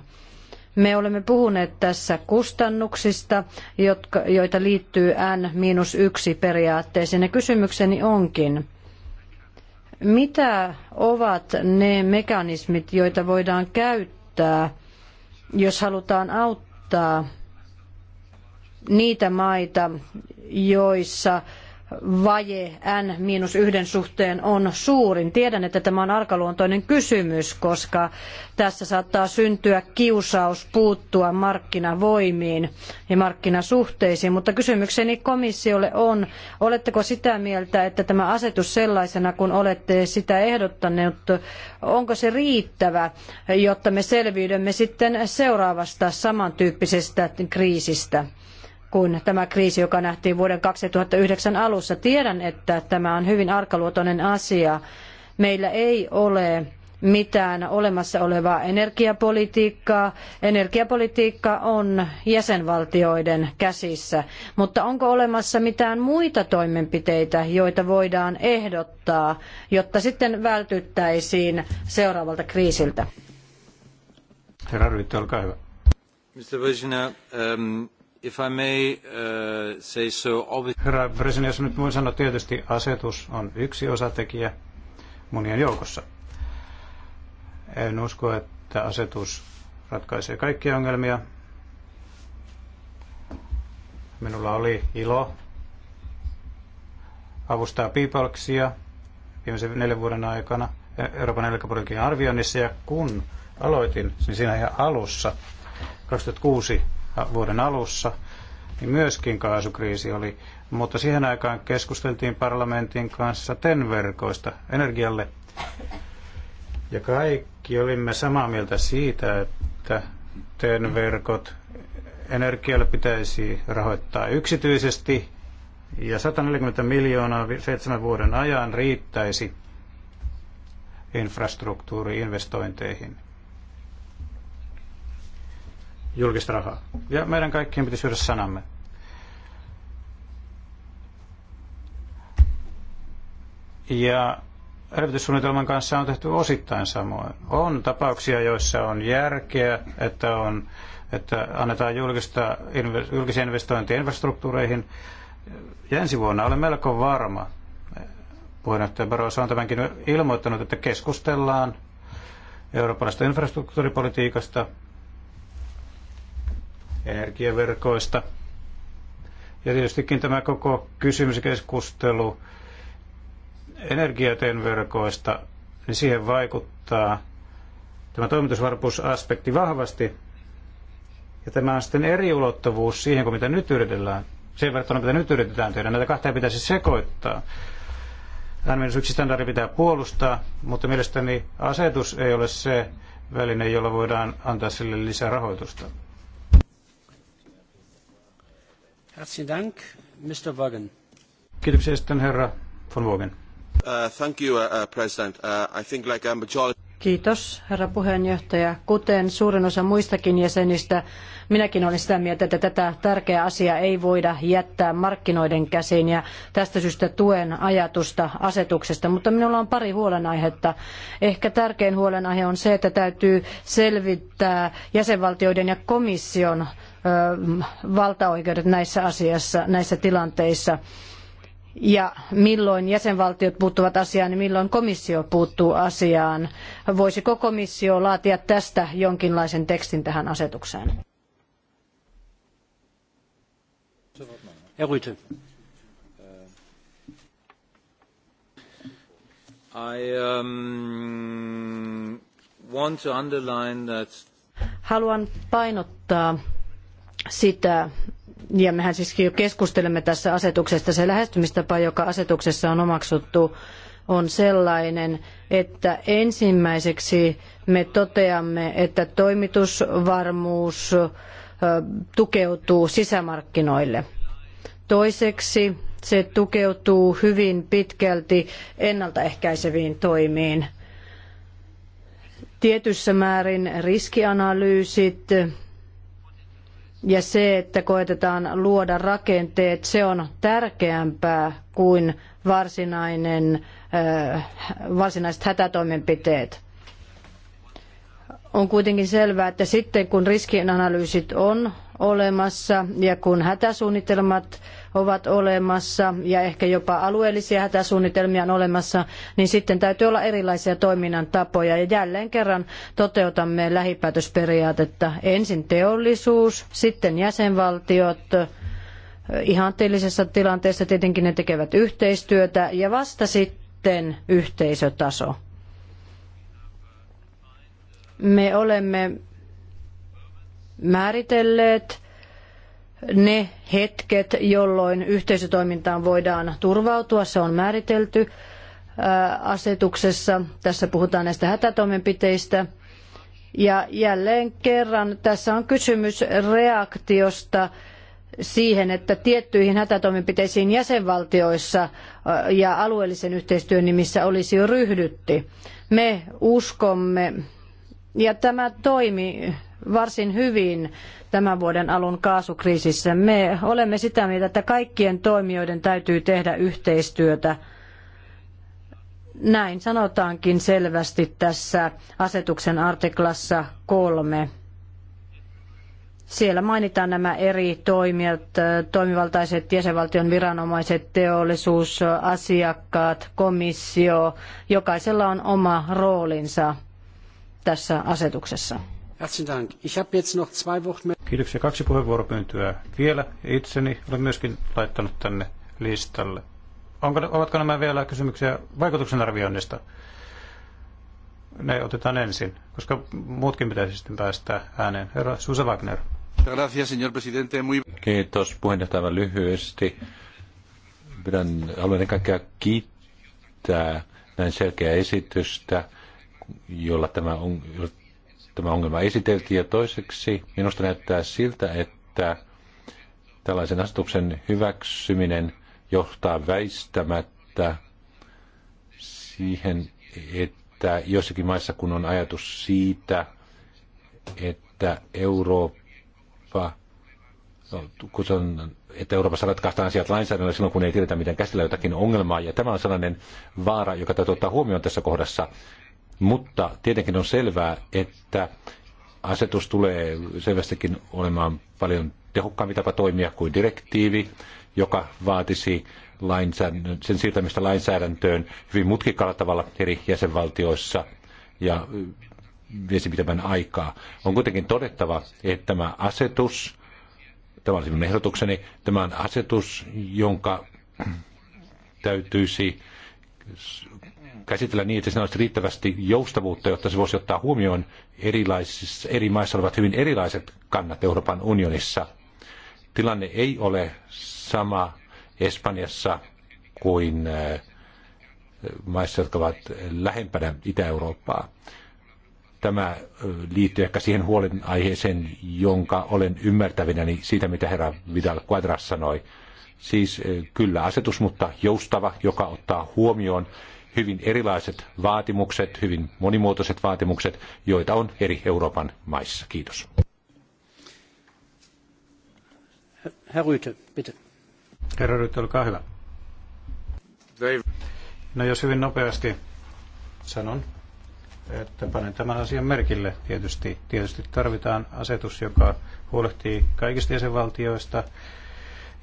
Me olemme puhuneet tässä kustannuksista, jotka, joita liittyy N-1 periaatteeseen. Ja kysymykseni onkin, mitä ovat ne mekanismit, joita voidaan käyttää, jos halutaan auttaa niitä maita, joissa vaje n yhden suhteen on suurin. Tiedän, että tämä on arkaluontoinen kysymys, koska tässä saattaa syntyä kiusaus puuttua markkinavoimiin ja markkinasuhteisiin, mutta kysymykseni komissiolle on, oletteko sitä mieltä, että tämä asetus sellaisena, kun olette sitä ehdottaneet, onko se riittävä, jotta me selviydymme sitten seuraavasta samantyyppisestä kriisistä? kuin tämä kriisi, joka nähtiin vuoden 2009 alussa. Tiedän, että tämä on hyvin arkaluotoinen asia. Meillä ei ole mitään olemassa olevaa energiapolitiikkaa. Energiapolitiikka on jäsenvaltioiden käsissä, mutta onko olemassa mitään muita toimenpiteitä, joita voidaan ehdottaa, jotta sitten vältyttäisiin seuraavalta kriisiltä? Herra Ryytti, olkaa hyvä. Mr. um... If I may, uh, say so, obviously... Herra Bresin, jos nyt voin sanoa, tietysti asetus on yksi osatekijä monien joukossa. En usko, että asetus ratkaisee kaikkia ongelmia. Minulla oli ilo avustaa piipalksia viimeisen neljän vuoden aikana Euroopan eläkepolitiikan arvioinnissa ja kun aloitin, niin siinä ihan alussa 2006 vuoden alussa, niin myöskin kaasukriisi oli. Mutta siihen aikaan keskusteltiin parlamentin kanssa TEN-verkoista energialle. Ja kaikki olimme samaa mieltä siitä, että TEN-verkot energialle pitäisi rahoittaa yksityisesti ja 140 miljoonaa seitsemän vuoden ajan riittäisi infrastruktuuriinvestointeihin julkista rahaa. Ja meidän kaikkien pitäisi syödä sanamme. Ja elvytyssuunnitelman kanssa on tehty osittain samoin. On tapauksia, joissa on järkeä, että, on, että annetaan julkista, julkisia investointeja infrastruktuureihin. Ja ensi vuonna olen melko varma, puheenjohtaja Barroso on tämänkin ilmoittanut, että keskustellaan eurooppalaisesta infrastruktuuripolitiikasta – energiaverkoista. Ja tietystikin tämä koko kysymyskeskustelu energiateen verkoista, niin siihen vaikuttaa tämä toimitusvarmuusaspekti vahvasti. Ja tämä on sitten eri ulottuvuus siihen kuin mitä nyt yritetään. Sen verrattuna mitä nyt yritetään tehdä. Näitä kahta pitäisi sekoittaa. n yksi standardi pitää puolustaa, mutta mielestäni asetus ei ole se väline, jolla voidaan antaa sille lisää rahoitusta. Herzlichen Dank, Mr. Wagen. Kiitoksia sitten herra von Wagen. Uh, thank you, uh, uh, President. Uh, I think like a majority... Kiitos, herra puheenjohtaja. Kuten suurin osa muistakin jäsenistä, minäkin olen sitä mieltä, että tätä tärkeää asiaa ei voida jättää markkinoiden käsiin ja tästä syystä tuen ajatusta asetuksesta. Mutta minulla on pari huolenaihetta. Ehkä tärkein huolenaihe on se, että täytyy selvittää jäsenvaltioiden ja komission valtaoikeudet näissä asiassa, näissä tilanteissa ja milloin jäsenvaltiot puuttuvat asiaan ja niin milloin komissio puuttuu asiaan. Voisiko komissio laatia tästä jonkinlaisen tekstin tähän asetukseen? Um, Haluan painottaa sitä, ja mehän siis jo keskustelemme tässä asetuksesta, se lähestymistapa, joka asetuksessa on omaksuttu, on sellainen, että ensimmäiseksi me toteamme, että toimitusvarmuus tukeutuu sisämarkkinoille. Toiseksi se tukeutuu hyvin pitkälti ennaltaehkäiseviin toimiin. Tietyssä määrin riskianalyysit, ja se, että koetetaan luoda rakenteet, se on tärkeämpää kuin varsinainen, äh, varsinaiset hätätoimenpiteet. On kuitenkin selvää, että sitten kun riskinanalyysit on olemassa ja kun hätäsuunnitelmat ovat olemassa ja ehkä jopa alueellisia hätäsuunnitelmia on olemassa, niin sitten täytyy olla erilaisia toiminnan tapoja. Ja jälleen kerran toteutamme lähipäätösperiaatetta. Ensin teollisuus, sitten jäsenvaltiot, ihanteellisessa tilanteessa tietenkin ne tekevät yhteistyötä ja vasta sitten yhteisötaso. Me olemme määritelleet ne hetket, jolloin yhteisötoimintaan voidaan turvautua. Se on määritelty äh, asetuksessa. Tässä puhutaan näistä hätätoimenpiteistä. Ja jälleen kerran tässä on kysymys reaktiosta siihen, että tiettyihin hätätoimenpiteisiin jäsenvaltioissa äh, ja alueellisen yhteistyön nimissä olisi jo ryhdytty. Me uskomme, ja tämä toimi varsin hyvin tämän vuoden alun kaasukriisissä. Me olemme sitä mieltä, että kaikkien toimijoiden täytyy tehdä yhteistyötä. Näin sanotaankin selvästi tässä asetuksen artiklassa kolme. Siellä mainitaan nämä eri toimijat, toimivaltaiset jäsenvaltion viranomaiset, teollisuus, asiakkaat, komissio. Jokaisella on oma roolinsa tässä asetuksessa. Kiitoksia. Kaksi puheenvuoropyyntöä vielä. Itseni olen myöskin laittanut tänne listalle. Onko, ovatko nämä vielä kysymyksiä vaikutuksen arvioinnista? Ne otetaan ensin, koska muutkin pitäisi sitten päästä ääneen. Herra Susa Wagner. Kiitos puheenjohtaja aivan lyhyesti. Pidän, haluan ennen kaikkea kiittää näin selkeää esitystä, jolla tämä on, tämä ongelma esiteltiin. Ja toiseksi minusta näyttää siltä, että tällaisen asetuksen hyväksyminen johtaa väistämättä siihen, että joissakin maissa kun on ajatus siitä, että Eurooppa kun se on, että Euroopassa ratkaistaan asiat lainsäädännöllä silloin, kun ei tiedetä, miten käsitellä jotakin ongelmaa. Ja tämä on sellainen vaara, joka täytyy ottaa huomioon tässä kohdassa. Mutta tietenkin on selvää, että asetus tulee selvästikin olemaan paljon tehokkaampi tapa toimia kuin direktiivi, joka vaatisi sen siirtämistä lainsäädäntöön hyvin mutkikalla tavalla eri jäsenvaltioissa ja viesi pitämään aikaa. On kuitenkin todettava, että tämä asetus, tämä on siis minun ehdotukseni, tämä on asetus, jonka täytyisi käsitellä niin, että siinä olisi riittävästi joustavuutta, jotta se voisi ottaa huomioon eri maissa olevat hyvin erilaiset kannat Euroopan unionissa. Tilanne ei ole sama Espanjassa kuin äh, maissa, jotka ovat lähempänä Itä-Eurooppaa. Tämä äh, liittyy ehkä siihen huolenaiheeseen, jonka olen ymmärtävinäni siitä, mitä herra Vidal Quadras sanoi. Siis äh, kyllä asetus, mutta joustava, joka ottaa huomioon hyvin erilaiset vaatimukset, hyvin monimuotoiset vaatimukset, joita on eri Euroopan maissa. Kiitos. Herr Rüte, bitte. Herra Rüte, olkaa hyvä. No jos hyvin nopeasti sanon, että panen tämän asian merkille. Tietysti, tietysti tarvitaan asetus, joka huolehtii kaikista jäsenvaltioista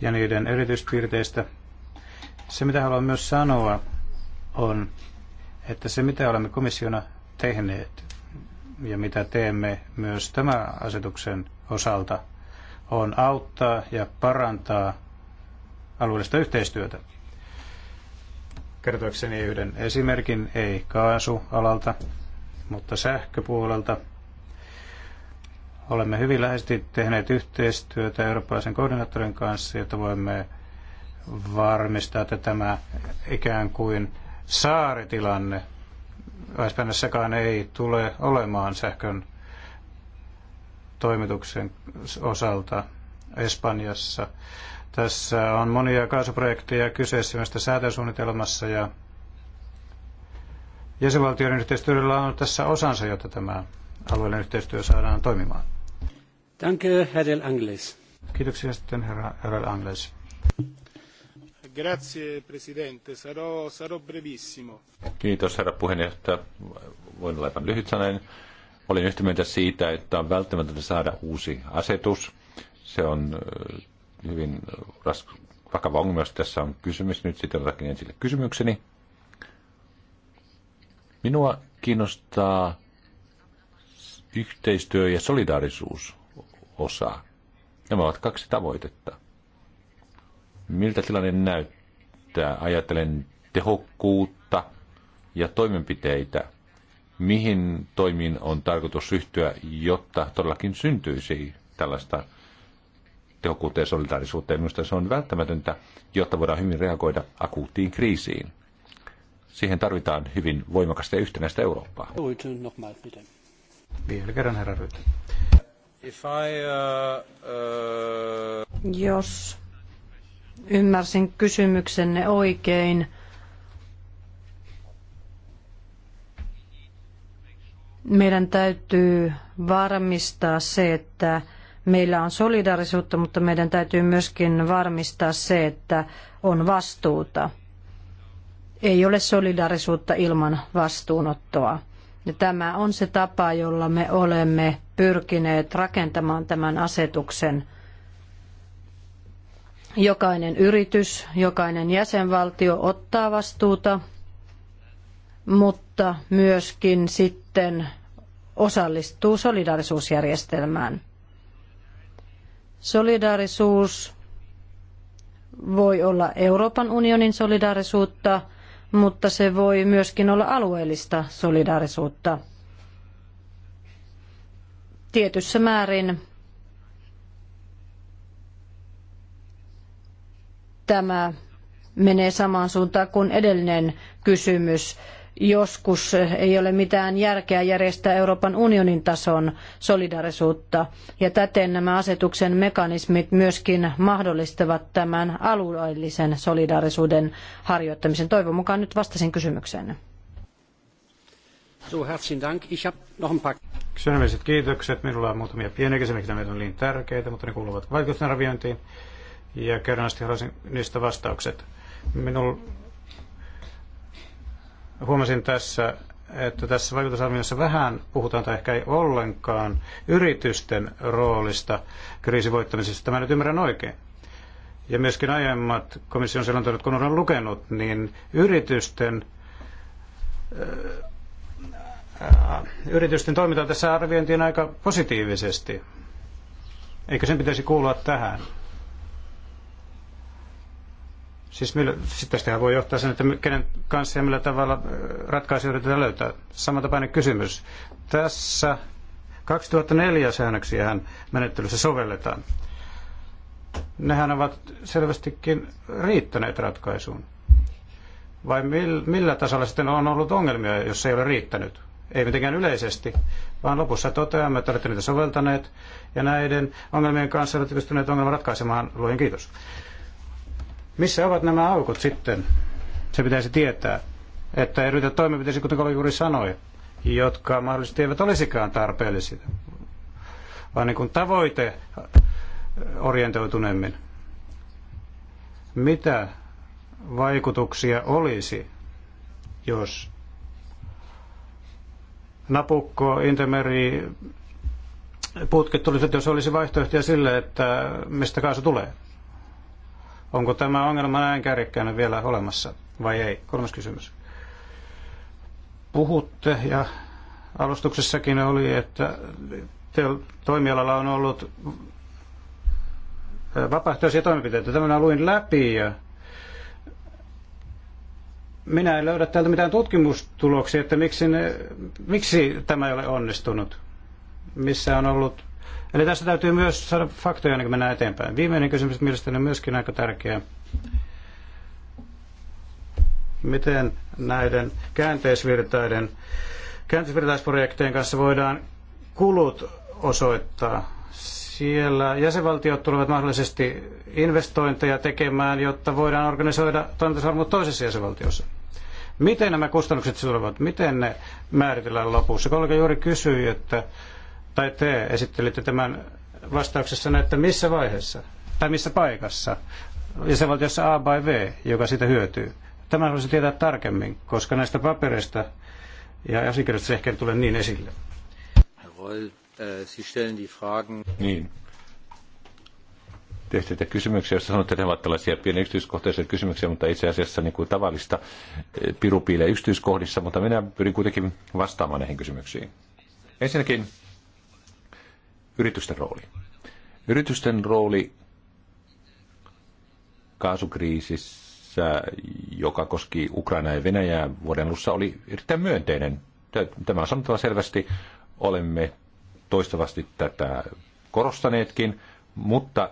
ja niiden erityispiirteistä. Se, mitä haluan myös sanoa, on, että se mitä olemme komissiona tehneet ja mitä teemme myös tämän asetuksen osalta, on auttaa ja parantaa alueellista yhteistyötä. Kertoakseni yhden esimerkin, ei kaasualalta, mutta sähköpuolelta. Olemme hyvin läheisesti tehneet yhteistyötä eurooppalaisen koordinaattorin kanssa, jotta voimme varmistaa, että tämä ikään kuin saaritilanne. Espanjassakaan ei tule olemaan sähkön toimituksen osalta Espanjassa. Tässä on monia kaasuprojekteja kyseessä myös säätösuunnitelmassa ja jäsenvaltioiden yhteistyöllä on tässä osansa, jotta tämä alueellinen yhteistyö saadaan toimimaan. Danke, Herr Angles. Kiitoksia sitten, herra, herra Angles. Grazie, presidente. Sarò, sarò brevissimo. Kiitos, herra puheenjohtaja. Voin olla aivan lyhyt sanoen. Olin yhtä mieltä siitä, että on välttämätöntä saada uusi asetus. Se on hyvin ras, vakava ongelma, jos tässä on kysymys. Nyt sitten otakin ensille kysymykseni. Minua kiinnostaa yhteistyö ja solidaarisuus osaa. Nämä ovat kaksi tavoitetta miltä tilanne näyttää. Ajattelen tehokkuutta ja toimenpiteitä, mihin toimiin on tarkoitus ryhtyä, jotta todellakin syntyisi tällaista tehokkuutta ja solidaarisuutta. Ja minusta se on välttämätöntä, jotta voidaan hyvin reagoida akuuttiin kriisiin. Siihen tarvitaan hyvin voimakasta ja yhtenäistä Eurooppaa. Vielä kerran herra If I, uh, uh... Jos ymmärsin kysymyksenne oikein, meidän täytyy varmistaa se, että meillä on solidaarisuutta, mutta meidän täytyy myöskin varmistaa se, että on vastuuta. Ei ole solidaarisuutta ilman vastuunottoa. Ja tämä on se tapa, jolla me olemme pyrkineet rakentamaan tämän asetuksen – Jokainen yritys, jokainen jäsenvaltio ottaa vastuuta, mutta myöskin sitten osallistuu solidaarisuusjärjestelmään. Solidaarisuus voi olla Euroopan unionin solidaarisuutta, mutta se voi myöskin olla alueellista solidaarisuutta. Tietyssä määrin tämä menee samaan suuntaan kuin edellinen kysymys. Joskus ei ole mitään järkeä järjestää Euroopan unionin tason solidarisuutta, ja täten nämä asetuksen mekanismit myöskin mahdollistavat tämän alueellisen solidarisuuden harjoittamisen. Toivon mukaan nyt vastasin kysymykseenne. So, herzlichen Dank. Ich noch ein paar... kiitokset. Minulla on muutamia pieniä kysymyksiä, mitä on niin tärkeitä, mutta ne kuuluvat arviointiin ja kerrallisesti haluaisin niistä vastaukset. Minul huomasin tässä, että tässä vaikutusarviossa vähän puhutaan tai ehkä ei ollenkaan yritysten roolista kriisivoittamisessa. Tämä nyt ymmärrän oikein. Ja myöskin aiemmat komission selonteot, kun olen lukenut, niin yritysten äh, äh, yritysten toiminta tässä arviointiin aika positiivisesti. Eikö sen pitäisi kuulua tähän? Siis millä, sitten siis tästähän voi johtaa sen, että kenen kanssa ja millä tavalla ratkaisu yritetään löytää. Samantapainen kysymys. Tässä 2004 säännöksiähän menettelyssä sovelletaan. Nehän ovat selvästikin riittäneet ratkaisuun. Vai millä tasolla sitten on ollut ongelmia, jos se ei ole riittänyt? Ei mitenkään yleisesti, vaan lopussa toteamme, että olette niitä soveltaneet ja näiden ongelmien kanssa olette pystyneet ongelman ratkaisemaan. Luojen kiitos. Missä ovat nämä aukot sitten? Se pitäisi tietää, että ei ryhdytä toimenpiteisiin, kuten Kolo juuri sanoi, jotka mahdollisesti eivät olisikaan tarpeellisia, vaan niin kuin tavoite orientoituneemmin. Mitä vaikutuksia olisi, jos Napukko, Intermeri, putket tulisivat, jos olisi vaihtoehtoja sille, että mistä kaasu tulee. Onko tämä ongelma näin kärjekkäänä vielä olemassa vai ei? Kolmas kysymys. Puhutte ja alustuksessakin oli, että toimialalla on ollut vapaaehtoisia toimenpiteitä. Tämän luin läpi ja minä en löydä täältä mitään tutkimustuloksia, että miksi, ne, miksi tämä ei ole onnistunut. Missä on ollut Eli tässä täytyy myös saada faktoja ennen kuin mennään eteenpäin. Viimeinen kysymys mielestäni on myöskin aika tärkeä. Miten näiden käänteisvirtaiden, käänteisvirtaisprojektien kanssa voidaan kulut osoittaa? Siellä jäsenvaltiot tulevat mahdollisesti investointeja tekemään, jotta voidaan organisoida toimintasalmut toisessa jäsenvaltiossa. Miten nämä kustannukset tulevat? Miten ne määritellään lopussa? Kollega juuri kysyi, että tai te esittelitte tämän vastauksessa, että missä vaiheessa tai missä paikassa jäsenvaltiossa A vai V, joka siitä hyötyy. Tämän haluaisin tietää tarkemmin, koska näistä papereista ja asiakirjoista se ehkä tulee niin esille. Äh, niin. Tehtiin kysymyksiä, joissa sanotte, että ne ovat tällaisia pieniä yksityiskohtaisia kysymyksiä, mutta itse asiassa niin kuin tavallista eh, pirupiilee yksityiskohdissa, mutta minä pyrin kuitenkin vastaamaan näihin kysymyksiin. Ensinnäkin Yritysten rooli. Yritysten rooli kaasukriisissä, joka koski Ukrainaa ja Venäjää vuoden alussa, oli erittäin myönteinen. Tämä on sanottava selvästi. Olemme toistavasti tätä korostaneetkin, mutta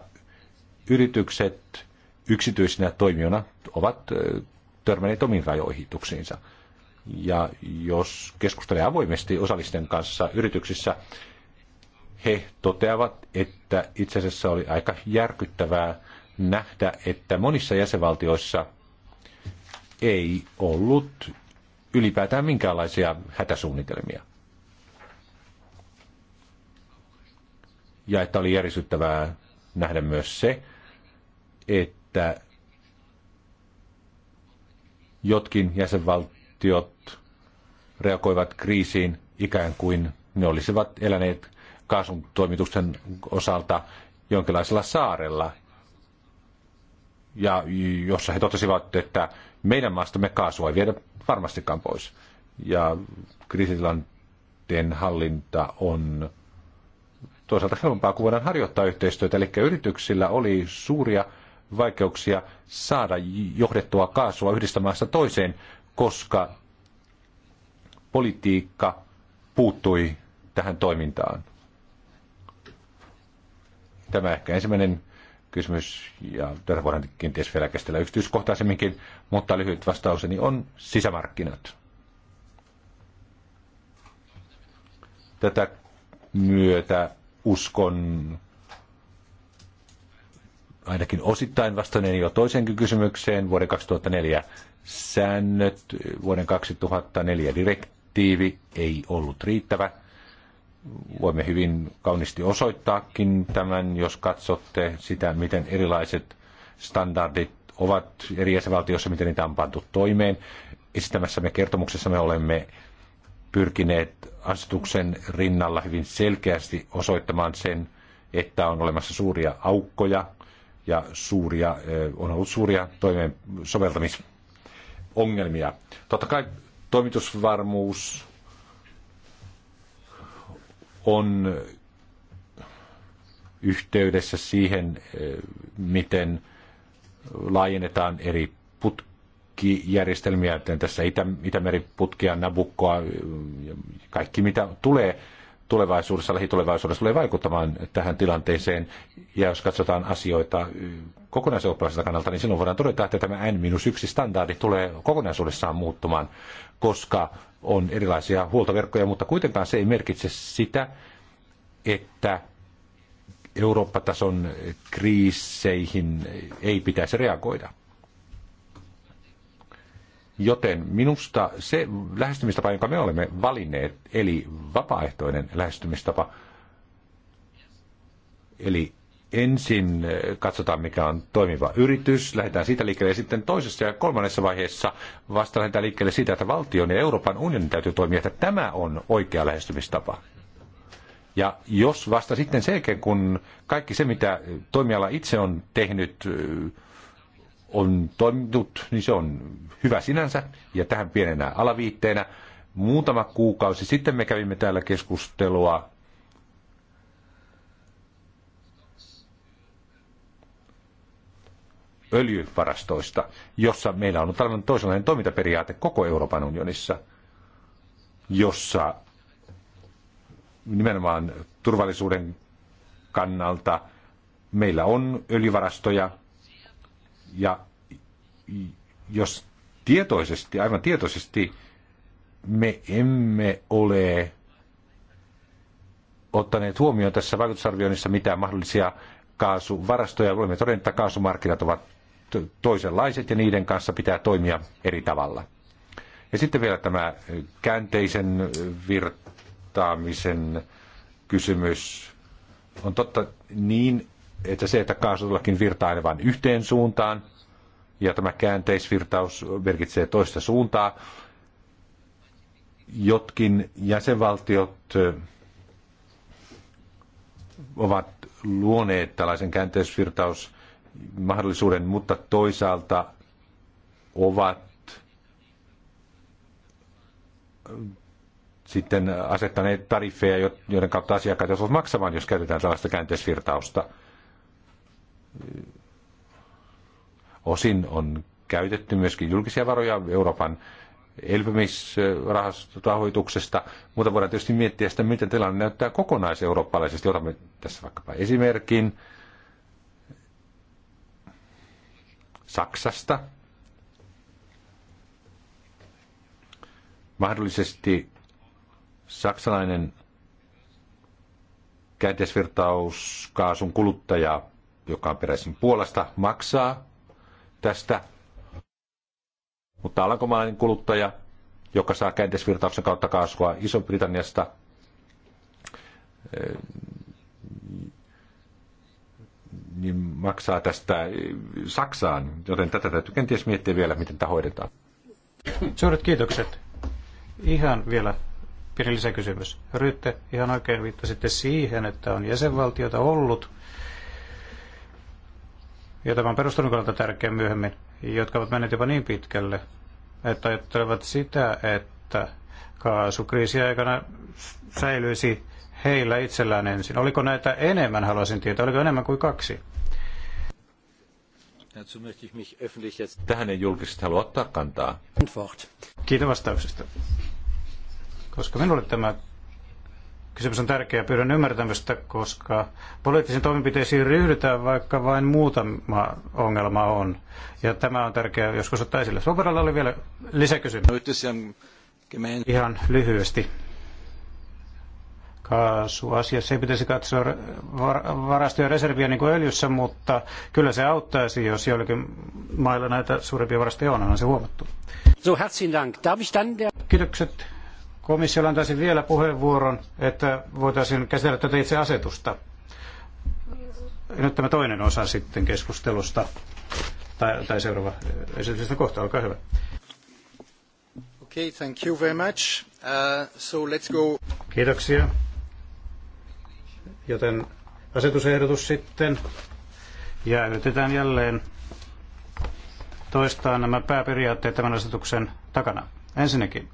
yritykset yksityisinä toimijoina ovat törmänneet omiin rajoihituksiinsa. Ja jos keskustelee avoimesti osallisten kanssa yrityksissä, he toteavat, että itse asiassa oli aika järkyttävää nähdä, että monissa jäsenvaltioissa ei ollut ylipäätään minkäänlaisia hätäsuunnitelmia. Ja että oli järisyttävää nähdä myös se, että jotkin jäsenvaltiot reagoivat kriisiin ikään kuin ne olisivat eläneet kaasun toimitusten osalta jonkinlaisella saarella, ja jossa he totesivat, että meidän maastamme kaasua ei viedä varmastikaan pois. Ja kriisitilanteen hallinta on toisaalta helpompaa, kuin voidaan harjoittaa yhteistyötä. Eli yrityksillä oli suuria vaikeuksia saada johdettua kaasua yhdestä maasta toiseen, koska politiikka puuttui tähän toimintaan. Tämä ehkä ensimmäinen kysymys, ja tätä voidaan kenties vielä käsitellä yksityiskohtaisemminkin, mutta lyhyt vastauseni on sisämarkkinat. Tätä myötä uskon ainakin osittain vastanneen jo toisen kysymykseen, vuoden 2004 säännöt, vuoden 2004 direktiivi ei ollut riittävä – voimme hyvin kaunisti osoittaakin tämän, jos katsotte sitä, miten erilaiset standardit ovat eri jäsenvaltioissa, miten niitä on pantu toimeen. Esittämässämme kertomuksessa me olemme pyrkineet asetuksen rinnalla hyvin selkeästi osoittamaan sen, että on olemassa suuria aukkoja ja suuria, eh, on ollut suuria toimeen soveltamisongelmia. Totta kai toimitusvarmuus on yhteydessä siihen, eh, miten laajennetaan eri putkijärjestelmiä, tässä Itä, Itämeri-putkia, Nabukkoa, eh, kaikki mitä tulee tulevaisuudessa, lähitulevaisuudessa tulee vaikuttamaan tähän tilanteeseen. Ja jos katsotaan asioita eh, kokonaisuudessaan, kannalta, niin silloin voidaan todeta, että tämä N-1 standardi tulee kokonaisuudessaan muuttumaan, koska on erilaisia huoltoverkkoja, mutta kuitenkaan se ei merkitse sitä, että Eurooppa-tason kriiseihin ei pitäisi reagoida. Joten minusta se lähestymistapa, jonka me olemme valinneet, eli vapaaehtoinen lähestymistapa, eli ensin eh, katsotaan, mikä on toimiva yritys, lähdetään siitä liikkeelle ja sitten toisessa ja kolmannessa vaiheessa vasta lähdetään liikkeelle siitä, että valtion ja Euroopan unionin täytyy toimia, että tämä on oikea lähestymistapa. Ja jos vasta sitten sen jälkeen, kun kaikki se, mitä toimiala itse on tehnyt, eh, on toiminut, niin se on hyvä sinänsä. Ja tähän pienenä alaviitteenä. Muutama kuukausi sitten me kävimme täällä keskustelua öljyvarastoista, jossa meillä on tällainen toisenlainen toimintaperiaate koko Euroopan unionissa, jossa nimenomaan turvallisuuden kannalta meillä on öljyvarastoja ja jos tietoisesti, aivan tietoisesti me emme ole ottaneet huomioon tässä vaikutusarvioinnissa mitään mahdollisia kaasuvarastoja. Olemme todenneet, että kaasumarkkinat ovat toisenlaiset ja niiden kanssa pitää toimia eri tavalla. Ja sitten vielä tämä äh, käänteisen äh, virtaamisen kysymys. On totta niin, että se, että kaasutullakin virtaa aina vain yhteen suuntaan, ja tämä käänteisvirtaus merkitsee toista suuntaa. Jotkin jäsenvaltiot äh, ovat luoneet tällaisen käänteisvirtaus mahdollisuuden, mutta toisaalta ovat sitten asettaneet tariffeja, joiden kautta asiakkaat joutuvat maksamaan, jos käytetään tällaista käänteisvirtausta. Osin on käytetty myöskin julkisia varoja Euroopan elpymisrahoituksesta, mutta voidaan tietysti miettiä sitä, miten tilanne näyttää kokonaiseurooppalaisesti. Otamme tässä vaikkapa esimerkin. Saksasta. Mahdollisesti saksalainen käänteisvirtauskaasun kuluttaja, joka on peräisin Puolasta, maksaa tästä. Mutta alankomaalainen kuluttaja, joka saa käänteisvirtauksen kautta kaasua Iso-Britanniasta, niin maksaa tästä Saksaan, joten tätä täytyy kenties miettiä vielä, miten tämä hoidetaan. Suuret kiitokset. Ihan vielä pieni lisäkysymys. Rytte, ihan oikein viittasitte siihen, että on jäsenvaltiota ollut, ja tämä on perustunut kannalta tärkeä myöhemmin, jotka ovat menneet jopa niin pitkälle, että ajattelevat sitä, että kaasukriisi aikana säilyisi heillä itsellään ensin? Oliko näitä enemmän, haluaisin tietää, oliko enemmän kuin kaksi? Tähän ei julkisesti halua ottaa kantaa. Kiitos vastauksesta. Koska minulle tämä kysymys on tärkeä, pyydän ymmärtämystä, koska poliittisiin toimenpiteisiin ryhdytään, vaikka vain muutama ongelma on. Ja tämä on tärkeää joskus ottaa esille. Soperalla oli vielä lisäkysymys. Ihan lyhyesti kaasuasia. se pitäisi katsoa varastoja reserviä niin kuin öljyssä, mutta kyllä se auttaisi, jos joillakin mailla näitä suurempia varastoja on, on se huomattu. So, herzlichen Dank. Darf ich dann der... Kiitokset. Komissiolla antaisin vielä puheenvuoron, että voitaisiin käsitellä tätä itse asetusta. Nyt tämä toinen osa sitten keskustelusta, tai, tai seuraava esityksestä kohta, olkaa hyvä. Okay, thank you very much. Uh, so let's go. Kiitoksia. Joten asetusehdotus sitten. Ja jälleen toistaa nämä pääperiaatteet tämän asetuksen takana. Ensinnäkin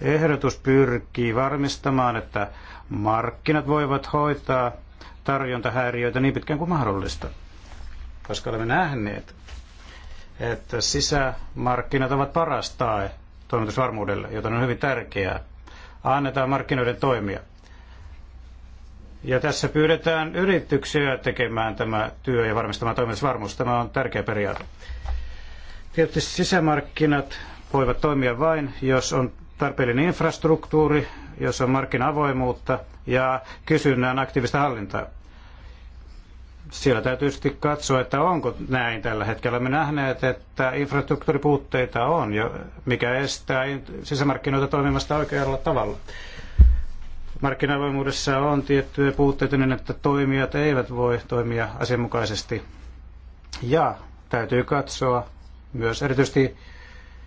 ehdotus pyrkii varmistamaan, että markkinat voivat hoitaa tarjontahäiriöitä niin pitkään kuin mahdollista. Koska olemme nähneet, että sisämarkkinat ovat paras tae toimitusvarmuudelle, joten on hyvin tärkeää. Annetaan markkinoiden toimia. Ja tässä pyydetään yrityksiä tekemään tämä työ ja varmistamaan toimitusvarmuus. Tämä on tärkeä periaate. Tietysti sisämarkkinat voivat toimia vain, jos on tarpeellinen infrastruktuuri, jos on markkinavoimuutta ja kysynnän aktiivista hallintaa. Siellä täytyy tietysti katsoa, että onko näin tällä hetkellä. Me nähneet, että infrastruktuuripuutteita on, mikä estää sisämarkkinoita toimimasta oikealla tavalla. Markkinavoimuudessa on tiettyjä puutteita niin, että toimijat eivät voi toimia asianmukaisesti. Ja täytyy katsoa myös erityisesti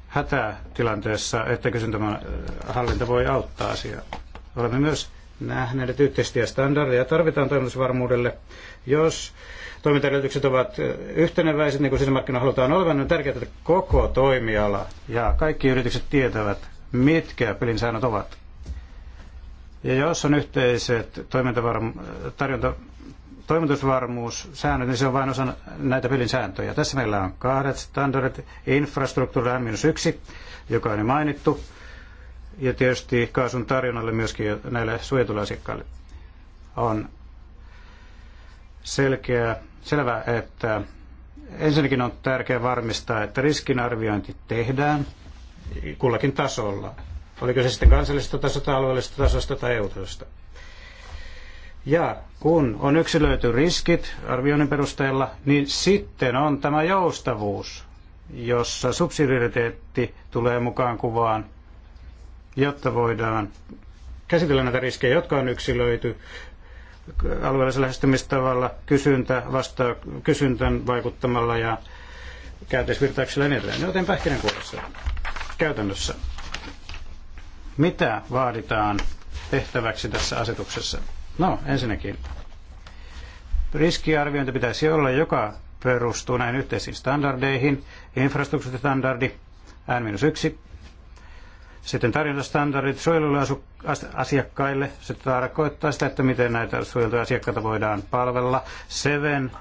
hätätilanteessa, että kysyntämän äh, hallinta voi auttaa asiaa. Olemme myös nähneet, että yhteistyö standardeja tarvitaan toimitusvarmuudelle. Jos toimintaedellytykset ovat äh, yhteneväiset, niin kuin sisämarkkinoilla halutaan olevan, niin on tärkeää, että koko toimiala ja kaikki yritykset tietävät, mitkä pelin säännöt ovat. Ja jos on yhteiset tarjonta, toimitusvarmuussäännöt, niin se on vain osa näitä pelin sääntöjä. Tässä meillä on kahdet standardit, infrastruktuuri M-1, joka on jo mainittu, ja tietysti kaasun tarjonnalle myöskin näille suojatulle asiakkaille on selkeä, selvä, että ensinnäkin on tärkeää varmistaa, että riskinarviointi tehdään kullakin tasolla Oliko se sitten kansallisesta tasosta, alueellisesta tasosta tai EU-tasosta. Ja kun on yksilöity riskit arvioinnin perusteella, niin sitten on tämä joustavuus, jossa subsidiariteetti tulee mukaan kuvaan, jotta voidaan käsitellä näitä riskejä, jotka on yksilöity alueellisella lähestymistavalla, kysyntä, vasta, kysyntän vaikuttamalla ja käytösvirtauksilla ja niin edelleen. Joten pähkinänkuoressa käytännössä. Mitä vaaditaan tehtäväksi tässä asetuksessa? No, ensinnäkin riskiarviointi pitäisi olla, joka perustuu näihin yhteisiin standardeihin, infrastruktuuristandardi N-1, sitten tarjontastandardit suojelulle asiakkaille. Se tarkoittaa sitä, että miten näitä suojeltuja asiakkaita voidaan palvella. Seven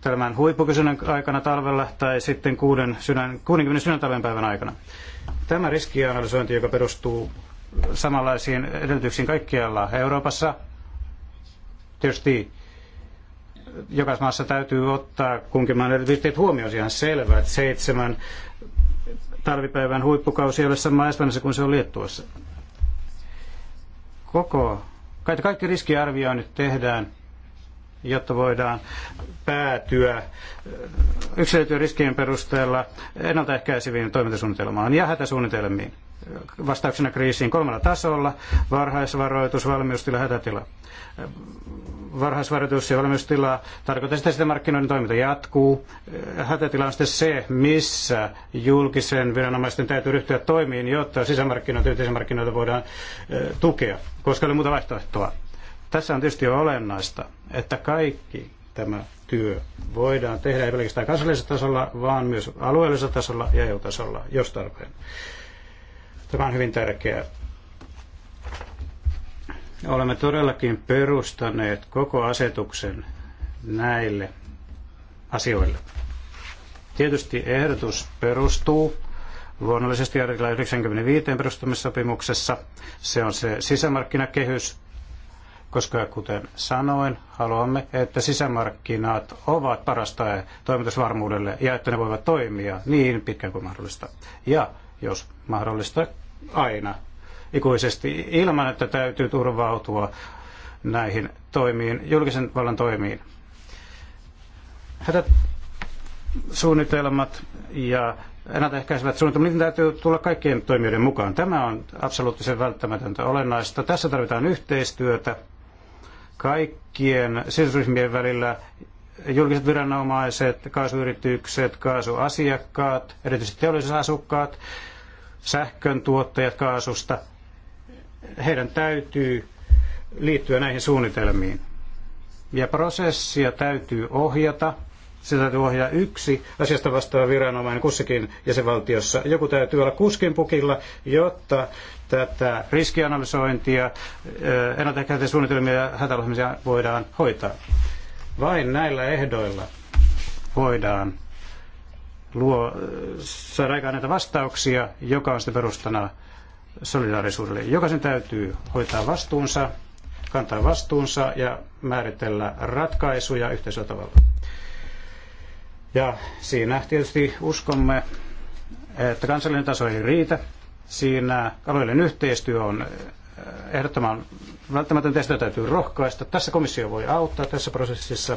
tämän huippukysynnän aikana talvella tai sitten kuuden sydän, 60 sydäntalven päivän aikana. Tämä riskianalysointi, joka perustuu samanlaisiin edellytyksiin kaikkialla Euroopassa, tietysti jokaisessa maassa täytyy ottaa kunkin maan erityisteet huomioon ihan selvä, että seitsemän talvipäivän huippukausi ei ole sama Espanjassa kuin se on Liettuassa. Koko, kaikki riskiarvioinnit tehdään jotta voidaan päätyä yksilöityjen riskien perusteella ennaltaehkäiseviin toimintasuunnitelmaan ja hätäsuunnitelmiin vastauksena kriisiin kolmella tasolla, varhaisvaroitus, valmiustila, hätätila. Varhaisvaroitus ja valmiustila tarkoittaa sitä, että markkinoiden toiminta jatkuu. Hätätila on sitten se, missä julkisen viranomaisten täytyy ryhtyä toimiin, jotta sisämarkkinoita ja yhteismarkkinoita voidaan tukea, koska ei ole muuta vaihtoehtoa. Tässä on tietysti olennaista, että kaikki tämä työ voidaan tehdä ei pelkästään kansallisella tasolla, vaan myös alueellisella tasolla ja EU-tasolla, jos tarpeen. Tämä on hyvin tärkeää. Olemme todellakin perustaneet koko asetuksen näille asioille. Tietysti ehdotus perustuu luonnollisesti artikla 95 perustamissopimuksessa. Se on se sisämarkkinakehys, koska kuten sanoin, haluamme, että sisämarkkinat ovat parasta toimitusvarmuudelle ja että ne voivat toimia niin pitkään kuin mahdollista. Ja jos mahdollista, aina ikuisesti ilman, että täytyy turvautua näihin toimiin, julkisen vallan toimiin. Hätät suunnitelmat ja ennaltaehkäisevät suunnitelmat, niiden täytyy tulla kaikkien toimijoiden mukaan. Tämä on absoluuttisen välttämätöntä olennaista. Tässä tarvitaan yhteistyötä kaikkien sidosryhmien välillä julkiset viranomaiset, kaasuyritykset, kaasuasiakkaat, erityisesti teollisuusasukkaat, sähkön tuottajat kaasusta, heidän täytyy liittyä näihin suunnitelmiin. Ja prosessia täytyy ohjata. Sitä täytyy ohjaa yksi asiasta vastaava viranomainen kussakin jäsenvaltiossa. Joku täytyy olla kuskin pukilla, jotta tätä riskianalysointia, ennaltaehkäisiä suunnitelmia ja hätäohjelmia voidaan hoitaa. Vain näillä ehdoilla voidaan luo, saada aikaan näitä vastauksia, joka on sitten perustana solidaarisuudelle. Jokaisen täytyy hoitaa vastuunsa, kantaa vastuunsa ja määritellä ratkaisuja yhteisellä tavalla. Ja siinä tietysti uskomme, että kansallinen taso ei riitä, Siinä alueellinen yhteistyö on eh, ehdottoman välttämätöntä, sitä täytyy rohkaista. Tässä komissio voi auttaa tässä prosessissa,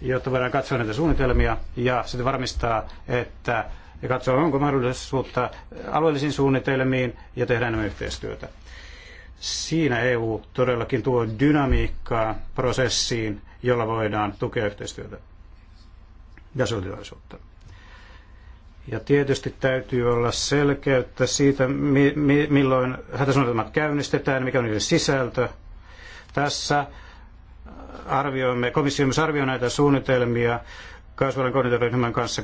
jotta voidaan katsoa näitä suunnitelmia ja sitten varmistaa, että ja katsoa, onko mahdollisuutta alueellisiin suunnitelmiin ja tehdä enemmän yhteistyötä. Siinä EU todellakin tuo dynamiikkaa prosessiin, jolla voidaan tukea yhteistyötä ja solidaarisuutta. Ja tietysti täytyy olla selkeyttä siitä, mi- mi- milloin hätäsuunnitelmat käynnistetään, mikä on niiden sisältö. Tässä arvioimme, komissio myös arvioi näitä suunnitelmia kasvavan koordinaatioryhmän kanssa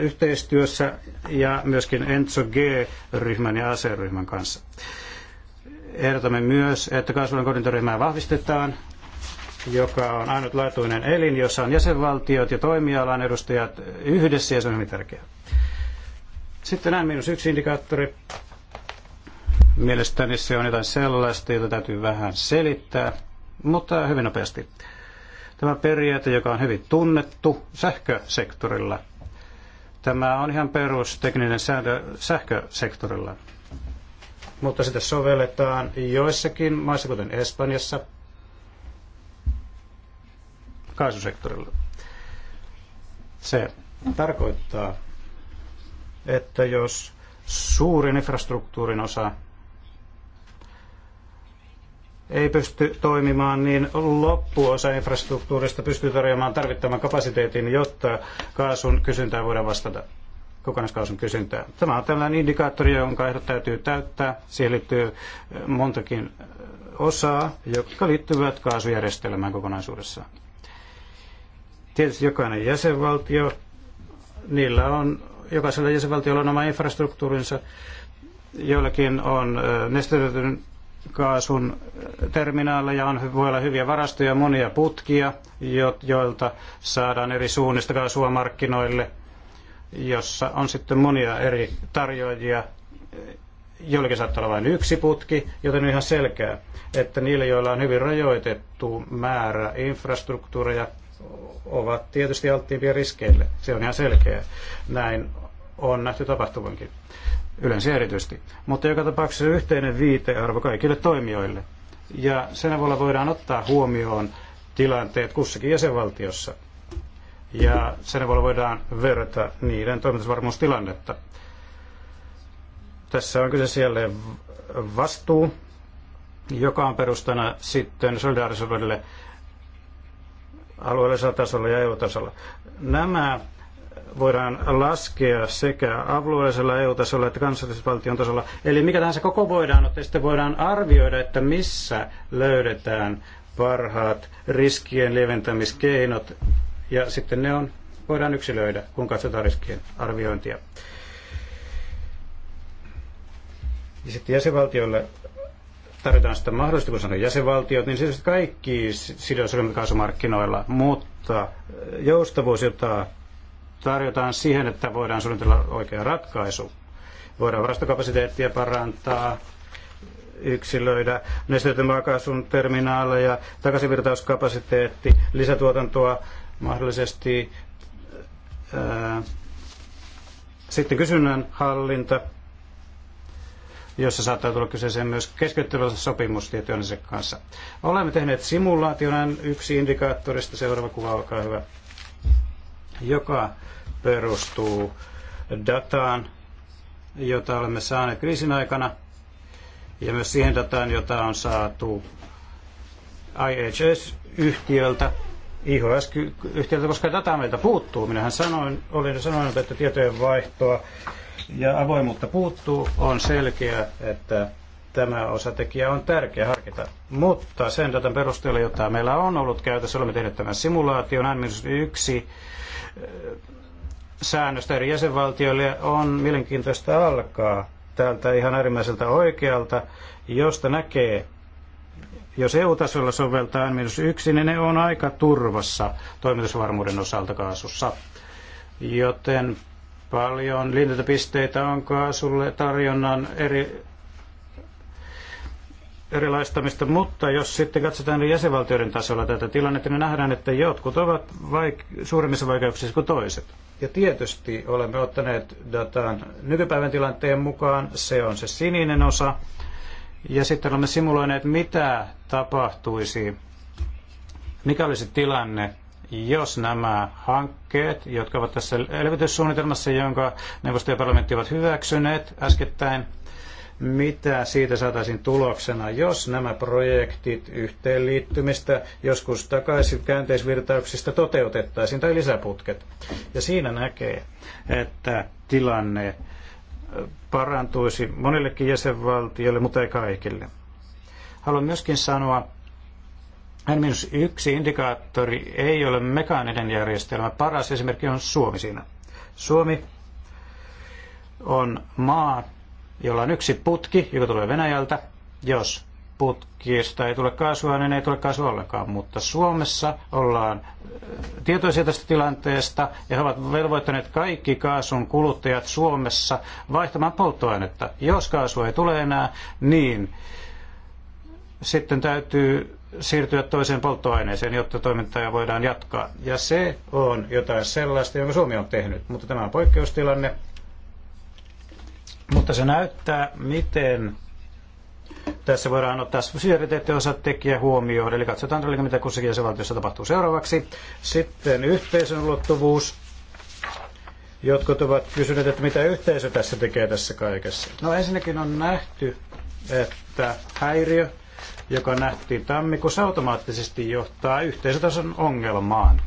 yhteistyössä ja myöskin Enzo G-ryhmän ja ASE-ryhmän kanssa. Ehdotamme myös, että kasvavan koordinaatioryhmää vahvistetaan joka on ainutlaatuinen elin, jossa on jäsenvaltiot ja toimialan edustajat yhdessä, ja se on hyvin tärkeää. Sitten n yksi indikaattori. Mielestäni se on jotain sellaista, jota täytyy vähän selittää, mutta hyvin nopeasti. Tämä periaate, joka on hyvin tunnettu sähkösektorilla. Tämä on ihan perustekninen sääntö sähkösektorilla. Mutta sitä sovelletaan joissakin maissa, kuten Espanjassa, kaasusektorilla. Se tarkoittaa, että jos suurin infrastruktuurin osa ei pysty toimimaan, niin loppuosa infrastruktuurista pystyy tarjoamaan tarvittavan kapasiteetin, jotta kaasun kysyntää voidaan vastata kokonaiskaasun kysyntää. Tämä on tällainen indikaattori, jonka ehdot täytyy täyttää. Siihen liittyy montakin osaa, jotka liittyvät kaasujärjestelmään kokonaisuudessaan. Tietysti jokainen jäsenvaltio, niillä on, jokaisella jäsenvaltiolla on oma infrastruktuurinsa, joillakin on nesteytetyn kaasun terminaaleja, on, voi olla hyviä varastoja, monia putkia, jo, joilta saadaan eri suunnista kaasua markkinoille, jossa on sitten monia eri tarjoajia. joillakin saattaa olla vain yksi putki, joten on ihan selkeää, että niillä, joilla on hyvin rajoitettu määrä infrastruktuureja, ovat tietysti alttiimpia riskeille. Se on ihan selkeä. Näin on nähty tapahtuvankin. Yleensä erityisesti. Mutta joka tapauksessa yhteinen viitearvo kaikille toimijoille. Ja sen avulla voidaan ottaa huomioon tilanteet kussakin jäsenvaltiossa. Ja sen avulla voidaan verrata niiden toimitusvarmuustilannetta. Tässä on kyse siellä vastuu, joka on perustana sitten solidaarisuudelle alueellisella tasolla ja EU-tasolla. Nämä voidaan laskea sekä alueellisella EU-tasolla että kansallisvaltion tasolla. Eli mikä tahansa koko voidaan ottaa, sitten voidaan arvioida, että missä löydetään parhaat riskien lieventämiskeinot. Ja sitten ne on, voidaan yksilöidä, kun katsotaan riskien arviointia. Ja sitten jäsenvaltioille tarjotaan sitä mahdollisesti, kun sanoo jäsenvaltiot, niin siis kaikki sidosryhmät kaasumarkkinoilla, mutta eh, joustavuus, jota tarjotaan siihen, että voidaan suunnitella oikea ratkaisu. Voidaan varastokapasiteettia parantaa, yksilöidä nesteytön maakaasun terminaaleja, takaisinvirtauskapasiteetti, lisätuotantoa mahdollisesti, ää, eh, sitten kysynnän hallinta, jossa saattaa tulla kyseeseen myös sopimus tietojensa kanssa. Olemme tehneet simulaation yksi indikaattorista, seuraava kuva, olkaa hyvä, joka perustuu dataan, jota olemme saaneet kriisin aikana, ja myös siihen dataan, jota on saatu IHS-yhtiöltä, IHS-yhtiöltä, koska dataa meiltä puuttuu. Minähän sanoin, olin sanonut, että tietojen vaihtoa ja avoimuutta puuttuu, on selkeä, että tämä osatekijä on tärkeä harkita. Mutta sen datan perusteella, jota meillä on ollut käytössä, olemme tehneet tämän simulaation, n yksi eh, säännöstä eri jäsenvaltioille, on mielenkiintoista alkaa täältä ihan äärimmäiseltä oikealta, josta näkee, jos EU-tasolla soveltaa n yksi niin ne on aika turvassa toimitusvarmuuden osalta kaasussa. Joten Paljon liityntäpisteitä on kaasulle tarjonnan eri erilaistamista, mutta jos sitten katsotaan jäsenvaltioiden tasolla tätä tilannetta, niin nähdään, että jotkut ovat vaik- suuremmissa vaikeuksissa kuin toiset. Ja tietysti olemme ottaneet datan nykypäivän tilanteen mukaan, se on se sininen osa, ja sitten olemme simuloineet, mitä tapahtuisi, mikä olisi tilanne, jos nämä hankkeet, jotka ovat tässä elvytyssuunnitelmassa, jonka neuvosto ja parlamentti ovat hyväksyneet äskettäin, mitä siitä saataisiin tuloksena, jos nämä projektit yhteenliittymistä joskus takaisin käänteisvirtauksista toteutettaisiin tai lisäputket. Ja siinä näkee, että tilanne parantuisi monillekin jäsenvaltioille, mutta ei kaikille. Haluan myöskin sanoa, N-1 indikaattori ei ole mekaaninen järjestelmä. Paras esimerkki on Suomi siinä. Suomi on maa, jolla on yksi putki, joka tulee Venäjältä. Jos putkista ei tule kaasua, niin ei tule kaasua ollenkaan. Mutta Suomessa ollaan äh, tietoisia tästä tilanteesta ja he ovat velvoittaneet kaikki kaasun kuluttajat Suomessa vaihtamaan polttoainetta. Jos kaasua ei tule enää, niin sitten täytyy siirtyä toiseen polttoaineeseen, jotta toimintaa voidaan jatkaa. Ja se on jotain sellaista, jonka Suomi on tehnyt, mutta tämä on poikkeustilanne. Mutta se näyttää, miten tässä voidaan ottaa osat tekijä huomioon, eli katsotaan todella, mitä kussakin jäsenvaltiossa tapahtuu seuraavaksi. Sitten yhteisön ulottuvuus. Jotkut ovat kysyneet, että mitä yhteisö tässä tekee tässä kaikessa. No ensinnäkin on nähty, että häiriö joka nähtiin tammikuussa, automaattisesti johtaa yhteisötason ongelmaan.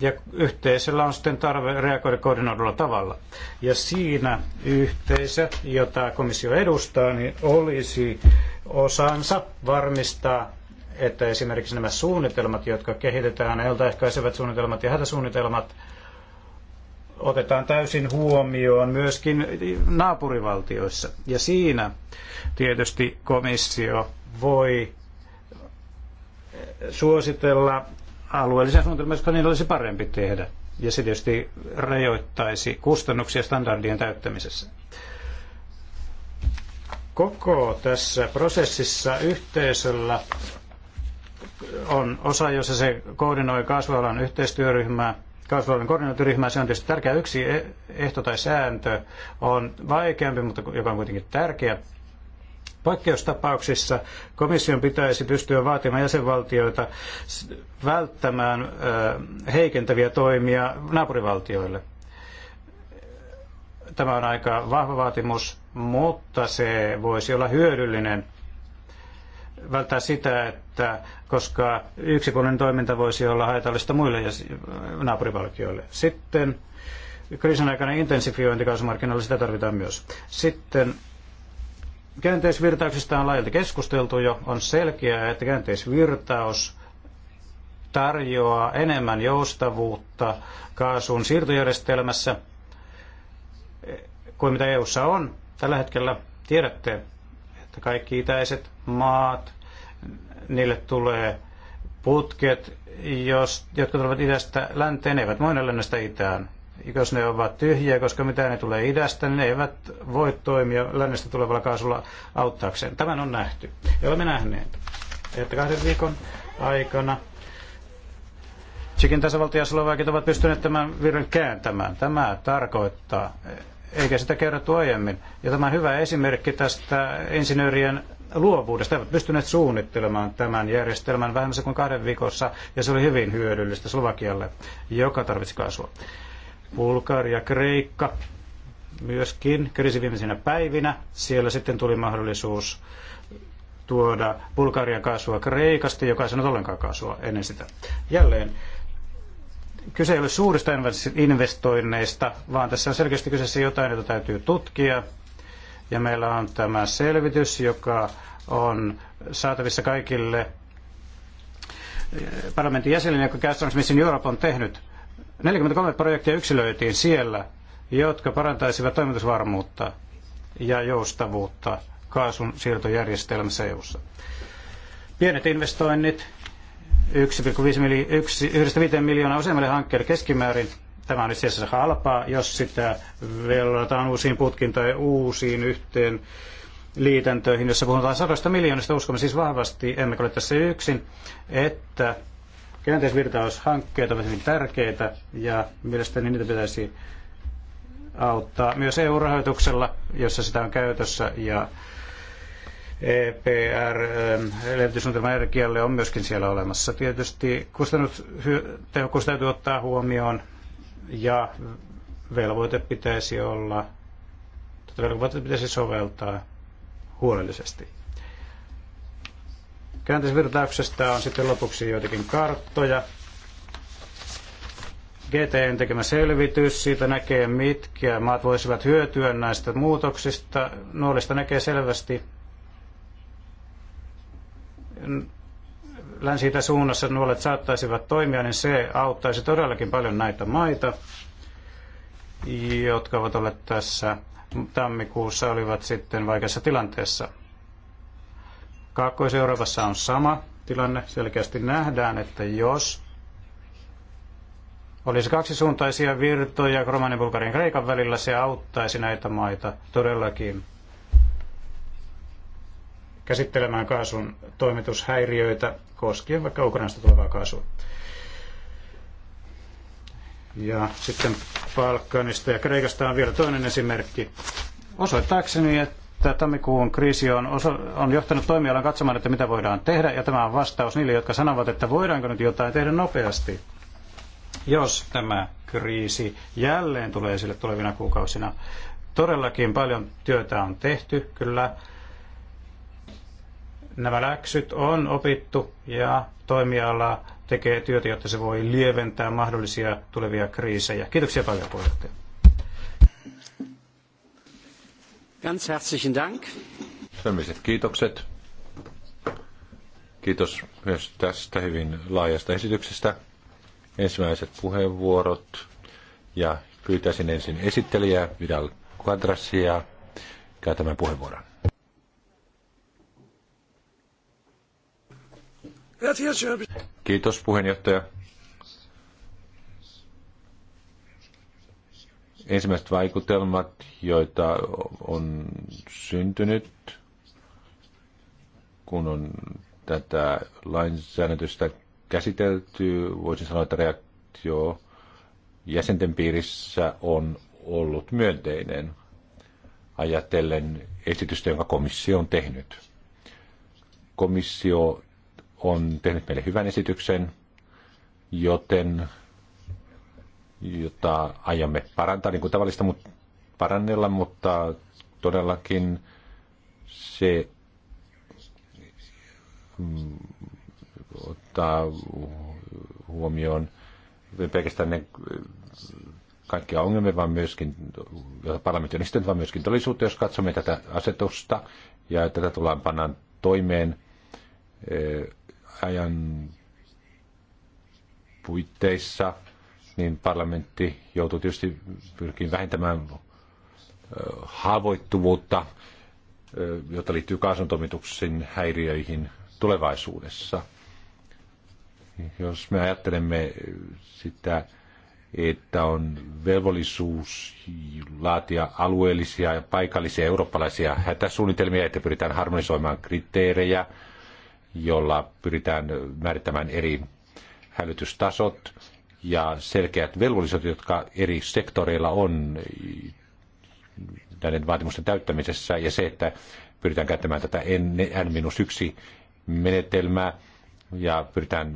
Ja yhteisöllä on sitten tarve reagoida koordinoidulla tavalla. Ja siinä yhteisö, jota komissio edustaa, niin olisi osansa varmistaa, että esimerkiksi nämä suunnitelmat, jotka kehitetään, eltaehkäisevät suunnitelmat ja hätäsuunnitelmat, otetaan täysin huomioon myöskin naapurivaltioissa. Ja siinä tietysti komissio voi suositella alueellisen suunnitelman, koska niin olisi parempi tehdä. Ja se tietysti rajoittaisi kustannuksia standardien täyttämisessä. Koko tässä prosessissa yhteisöllä on osa, jossa se koordinoi kasvualan yhteistyöryhmää, kasvualueen koordinaatioryhmään. Se on tietysti tärkeä yksi e- ehto tai sääntö. On vaikeampi, mutta joka on kuitenkin tärkeä. Poikkeustapauksissa komission pitäisi pystyä vaatimaan jäsenvaltioita välttämään heikentäviä toimia naapurivaltioille. Tämä on aika vahva vaatimus, mutta se voisi olla hyödyllinen välttää sitä, että koska yksipuolinen toiminta voisi olla haitallista muille ja naapurivaltioille. Sitten kriisin aikana intensifiointi kaasumarkkinoilla, sitä tarvitaan myös. Sitten käänteisvirtauksista on laajalti keskusteltu jo. On selkeää, että käänteisvirtaus tarjoaa enemmän joustavuutta kaasun siirtojärjestelmässä kuin mitä EU:ssa on tällä hetkellä. Tiedätte, että kaikki itäiset maat niille tulee putket, jos, jotka tulevat idästä länteen, eivät voineet lännestä itään. Jos ne ovat tyhjiä, koska mitään ne tulee idästä, niin ne eivät voi toimia lännestä tulevalla kaasulla auttaakseen. Tämän on nähty. Ja olemme nähneet, että kahden viikon aikana Tsekin tasavalta ja Slovakit ovat pystyneet tämän virran kääntämään. Tämä tarkoittaa, eikä sitä kerrottu aiemmin. Ja tämä on hyvä esimerkki tästä insinöörien luovuudesta. He ovat pystyneet suunnittelemaan tämän järjestelmän vähemmän kuin kahden viikossa, ja se oli hyvin hyödyllistä Slovakialle, joka tarvitsi kasvua. Bulgaria, Kreikka myöskin kriisi viimeisinä päivinä. Siellä sitten tuli mahdollisuus tuoda Bulgarian kasvua Kreikasta, joka ei sanonut ollenkaan kasvua ennen sitä. Jälleen kyse ei ole suurista investoinneista, vaan tässä on selkeästi kyseessä jotain, jota täytyy tutkia, ja meillä on tämä selvitys, joka on saatavissa kaikille eh, parlamentin jäsenille, joka Gaston Smithin Europe on tehnyt. 43 projektia yksilöitiin siellä, jotka parantaisivat toimitusvarmuutta ja joustavuutta kaasun siirtojärjestelmässä EU-ssa. Pienet investoinnit 1,5 miljoonaa useammalle hankkeelle keskimäärin Tämä on itse asiassa halpaa, jos sitä velvoitetaan uusiin putkiin tai uusiin yhteen liitäntöihin, jossa puhutaan sadoista miljoonista. Uskomme siis vahvasti, emme ole tässä yksin, että käänteisvirtaushankkeet ovat hyvin tärkeitä ja mielestäni niitä pitäisi auttaa myös EU-rahoituksella, jossa sitä on käytössä ja EPR, ähm, elvytyssuunnitelma energialle on myöskin siellä olemassa. Tietysti kustannustehokkuus täytyy ottaa huomioon ja velvoite pitäisi olla, tätä velvoitetta pitäisi soveltaa huolellisesti. Käänteisvirtauksesta on sitten lopuksi joitakin karttoja. GTN tekemä selvitys, siitä näkee mitkä maat voisivat hyötyä näistä muutoksista. Nuolista näkee selvästi länsi suunnassa nuolet saattaisivat toimia, niin se auttaisi todellakin paljon näitä maita, jotka ovat olleet tässä tammikuussa olivat sitten vaikeassa tilanteessa. Kaakkois-Euroopassa on sama tilanne. Selkeästi nähdään, että jos olisi kaksisuuntaisia virtoja Romanin, Bulgarin ja Kreikan välillä, se auttaisi näitä maita todellakin käsittelemään kaasun toimitushäiriöitä koskien vaikka Ukrainasta tulevaa kaasua. Ja sitten Balkanista ja Kreikasta on vielä toinen esimerkki. Osoittaakseni, että tammikuun kriisi on, oso- on johtanut toimialan katsomaan, että mitä voidaan tehdä, ja tämä on vastaus niille, jotka sanovat, että voidaanko nyt jotain tehdä nopeasti, jos tämä kriisi jälleen tulee esille tulevina kuukausina. Todellakin paljon työtä on tehty, kyllä Nämä läksyt on opittu ja toimiala tekee työtä, jotta se voi lieventää mahdollisia tulevia kriisejä. Kiitoksia paljon puheenjohtaja. Ganz herzlichen Dank. kiitokset. Kiitos myös tästä hyvin laajasta esityksestä. Ensimmäiset puheenvuorot ja pyytäisin ensin esittelijää Vidal Quadrasia käytämään puheenvuoron. Kiitos puheenjohtaja. Ensimmäiset vaikutelmat, joita on syntynyt, kun on tätä lainsäädäntöstä käsitelty, voisin sanoa, että reaktio jäsenten piirissä on ollut myönteinen ajatellen esitystä, jonka komissio on tehnyt. Komissio on tehnyt meille hyvän esityksen, joten jota aiomme parantaa, niin kuin tavallista, mutta parannella, mutta todellakin se mm, ottaa huomioon pelkästään ne mm, kaikkia ongelmia, vaan myöskin, parlamentin parlamentti vaan myöskin todellisuutta, jos katsomme tätä asetusta ja tätä tullaan pannaan toimeen e, ajan puitteissa, niin parlamentti joutuu tietysti pyrkiin vähentämään haavoittuvuutta, jota liittyy kaasuntomituksen häiriöihin tulevaisuudessa. Jos me ajattelemme sitä, että on velvollisuus laatia alueellisia ja paikallisia eurooppalaisia hätäsuunnitelmia, että pyritään harmonisoimaan kriteerejä – jolla pyritään määrittämään eri hälytystasot ja selkeät velvollisuudet, jotka eri sektoreilla on näiden vaatimusten täyttämisessä ja se, että pyritään käyttämään tätä N-1 menetelmää ja pyritään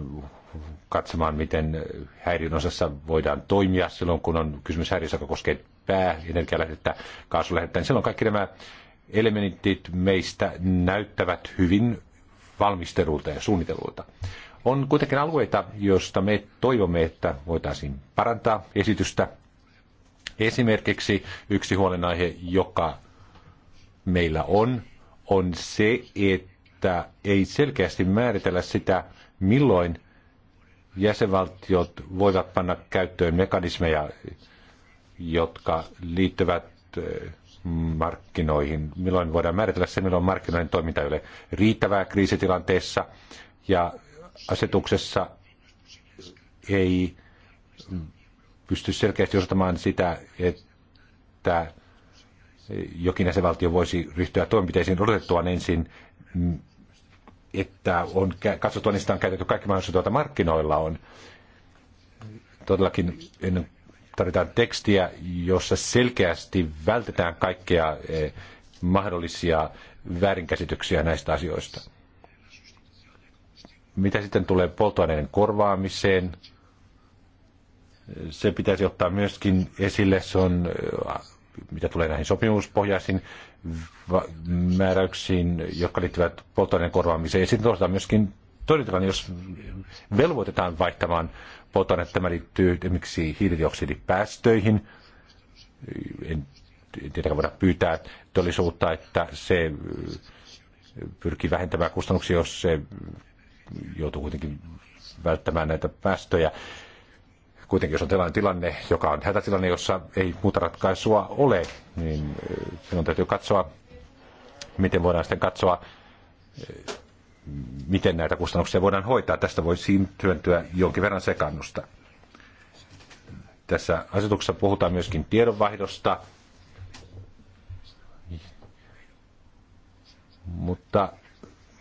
katsomaan, miten häiriön osassa voidaan toimia silloin, kun on kysymys häiriössä, joka koskee pääenergialähdettä, kaasulähdettä, niin silloin kaikki nämä elementit meistä näyttävät hyvin valmistelulta ja suunnitelulta. On kuitenkin alueita, joista me toivomme, että voitaisiin parantaa esitystä. Esimerkiksi yksi huolenaihe, joka meillä on, on se, että ei selkeästi määritellä sitä, milloin jäsenvaltiot voivat panna käyttöön mekanismeja, jotka liittyvät markkinoihin, milloin voidaan määritellä se, milloin markkinoiden toiminta ei ole riittävää kriisitilanteessa ja asetuksessa ei pysty selkeästi osoittamaan sitä, että jokin jäsenvaltio voisi ryhtyä toimenpiteisiin odotettuaan ensin, että on katsottua, niistä on käytetty kaikki mahdollisuudet, joita markkinoilla on. Todellakin ennen tarvitaan tekstiä, jossa selkeästi vältetään kaikkea eh, mahdollisia väärinkäsityksiä näistä asioista. Mitä sitten tulee polttoaineiden korvaamiseen? Se pitäisi ottaa myöskin esille. Se on, eh, mitä tulee näihin sopimuspohjaisiin määräyksiin, jotka liittyvät polttoaineen korvaamiseen. Ja sitten otetaan myöskin todetaan, jos velvoitetaan vaihtamaan että Tämä liittyy esimerkiksi hiilidioksidipäästöihin. En tietenkään voida pyytää todellisuutta, että se äh, pyrkii vähentämään kustannuksia, jos se joutuu kuitenkin välttämään näitä päästöjä. Kuitenkin jos on tällainen tilanne, joka on hätätilanne, jossa ei muuta ratkaisua ole, niin äh, sinun täytyy katsoa, miten voidaan sitten katsoa miten näitä kustannuksia voidaan hoitaa. Tästä voi syntyä jonkin verran sekannusta. Tässä asetuksessa puhutaan myöskin tiedonvaihdosta, mutta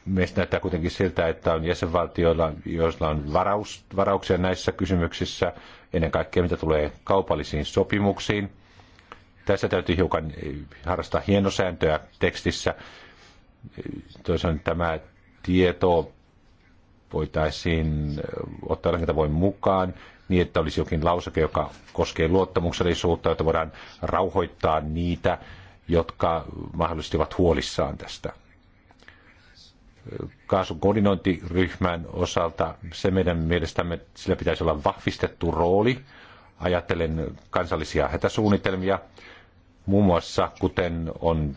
meistä näyttää kuitenkin siltä, että on jäsenvaltioilla, joilla on varaus, varauksia näissä kysymyksissä, ennen kaikkea mitä tulee kaupallisiin sopimuksiin. Tässä täytyy hiukan harrastaa hienosääntöä tekstissä. Toisaalta tämä tieto voitaisiin ottaa jollakin tavoin mukaan niin, että olisi jokin lauseke, joka koskee luottamuksellisuutta, jota voidaan rauhoittaa niitä, jotka mahdollisesti ovat huolissaan tästä. Kaasun koordinointiryhmän osalta se meidän mielestämme sillä pitäisi olla vahvistettu rooli. ajatellen kansallisia hätäsuunnitelmia, Muun muassa, kuten on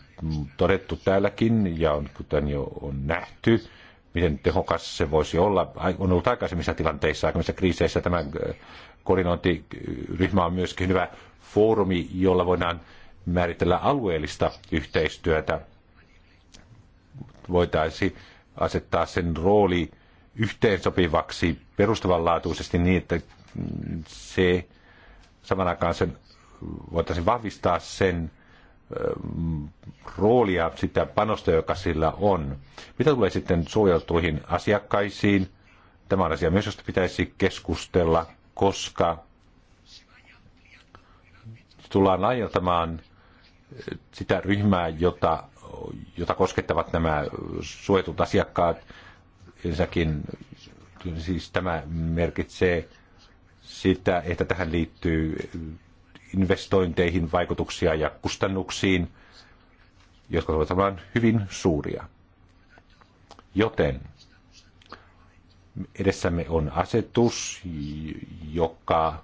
todettu täälläkin ja on, kuten jo on nähty, miten tehokas se voisi olla. On ollut aikaisemmissa tilanteissa, aikaisemmissa kriiseissä tämä äh, koordinointiryhmä on myöskin hyvä foorumi, jolla voidaan määritellä alueellista yhteistyötä. Voitaisiin asettaa sen rooli yhteensopivaksi perustavanlaatuisesti niin, että se saman aikaan sen voitaisiin vahvistaa sen roolia, sitä panosta, joka sillä on. Mitä tulee sitten suojeltuihin asiakkaisiin? Tämä on asia myös, josta pitäisi keskustella, koska tullaan laajentamaan sitä ryhmää, jota, jota koskettavat nämä suojatut asiakkaat. Ensinnäkin siis tämä merkitsee sitä, että tähän liittyy investointeihin, vaikutuksia ja kustannuksiin, jotka ovat olemaan hyvin suuria. Joten edessämme on asetus, joka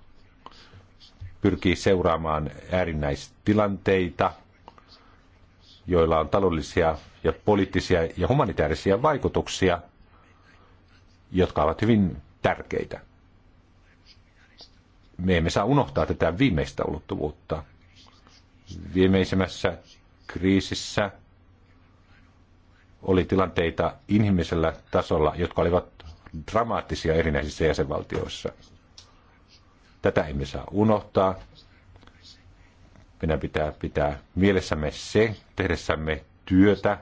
pyrkii seuraamaan äärinäistilanteita, joilla on taloudellisia ja poliittisia ja humanitaarisia vaikutuksia, jotka ovat hyvin tärkeitä me emme saa unohtaa tätä viimeistä ulottuvuutta. Viimeisimmässä kriisissä oli tilanteita inhimillisellä tasolla, jotka olivat dramaattisia erinäisissä jäsenvaltioissa. Tätä emme saa unohtaa. Meidän pitää pitää mielessämme se, tehdessämme työtä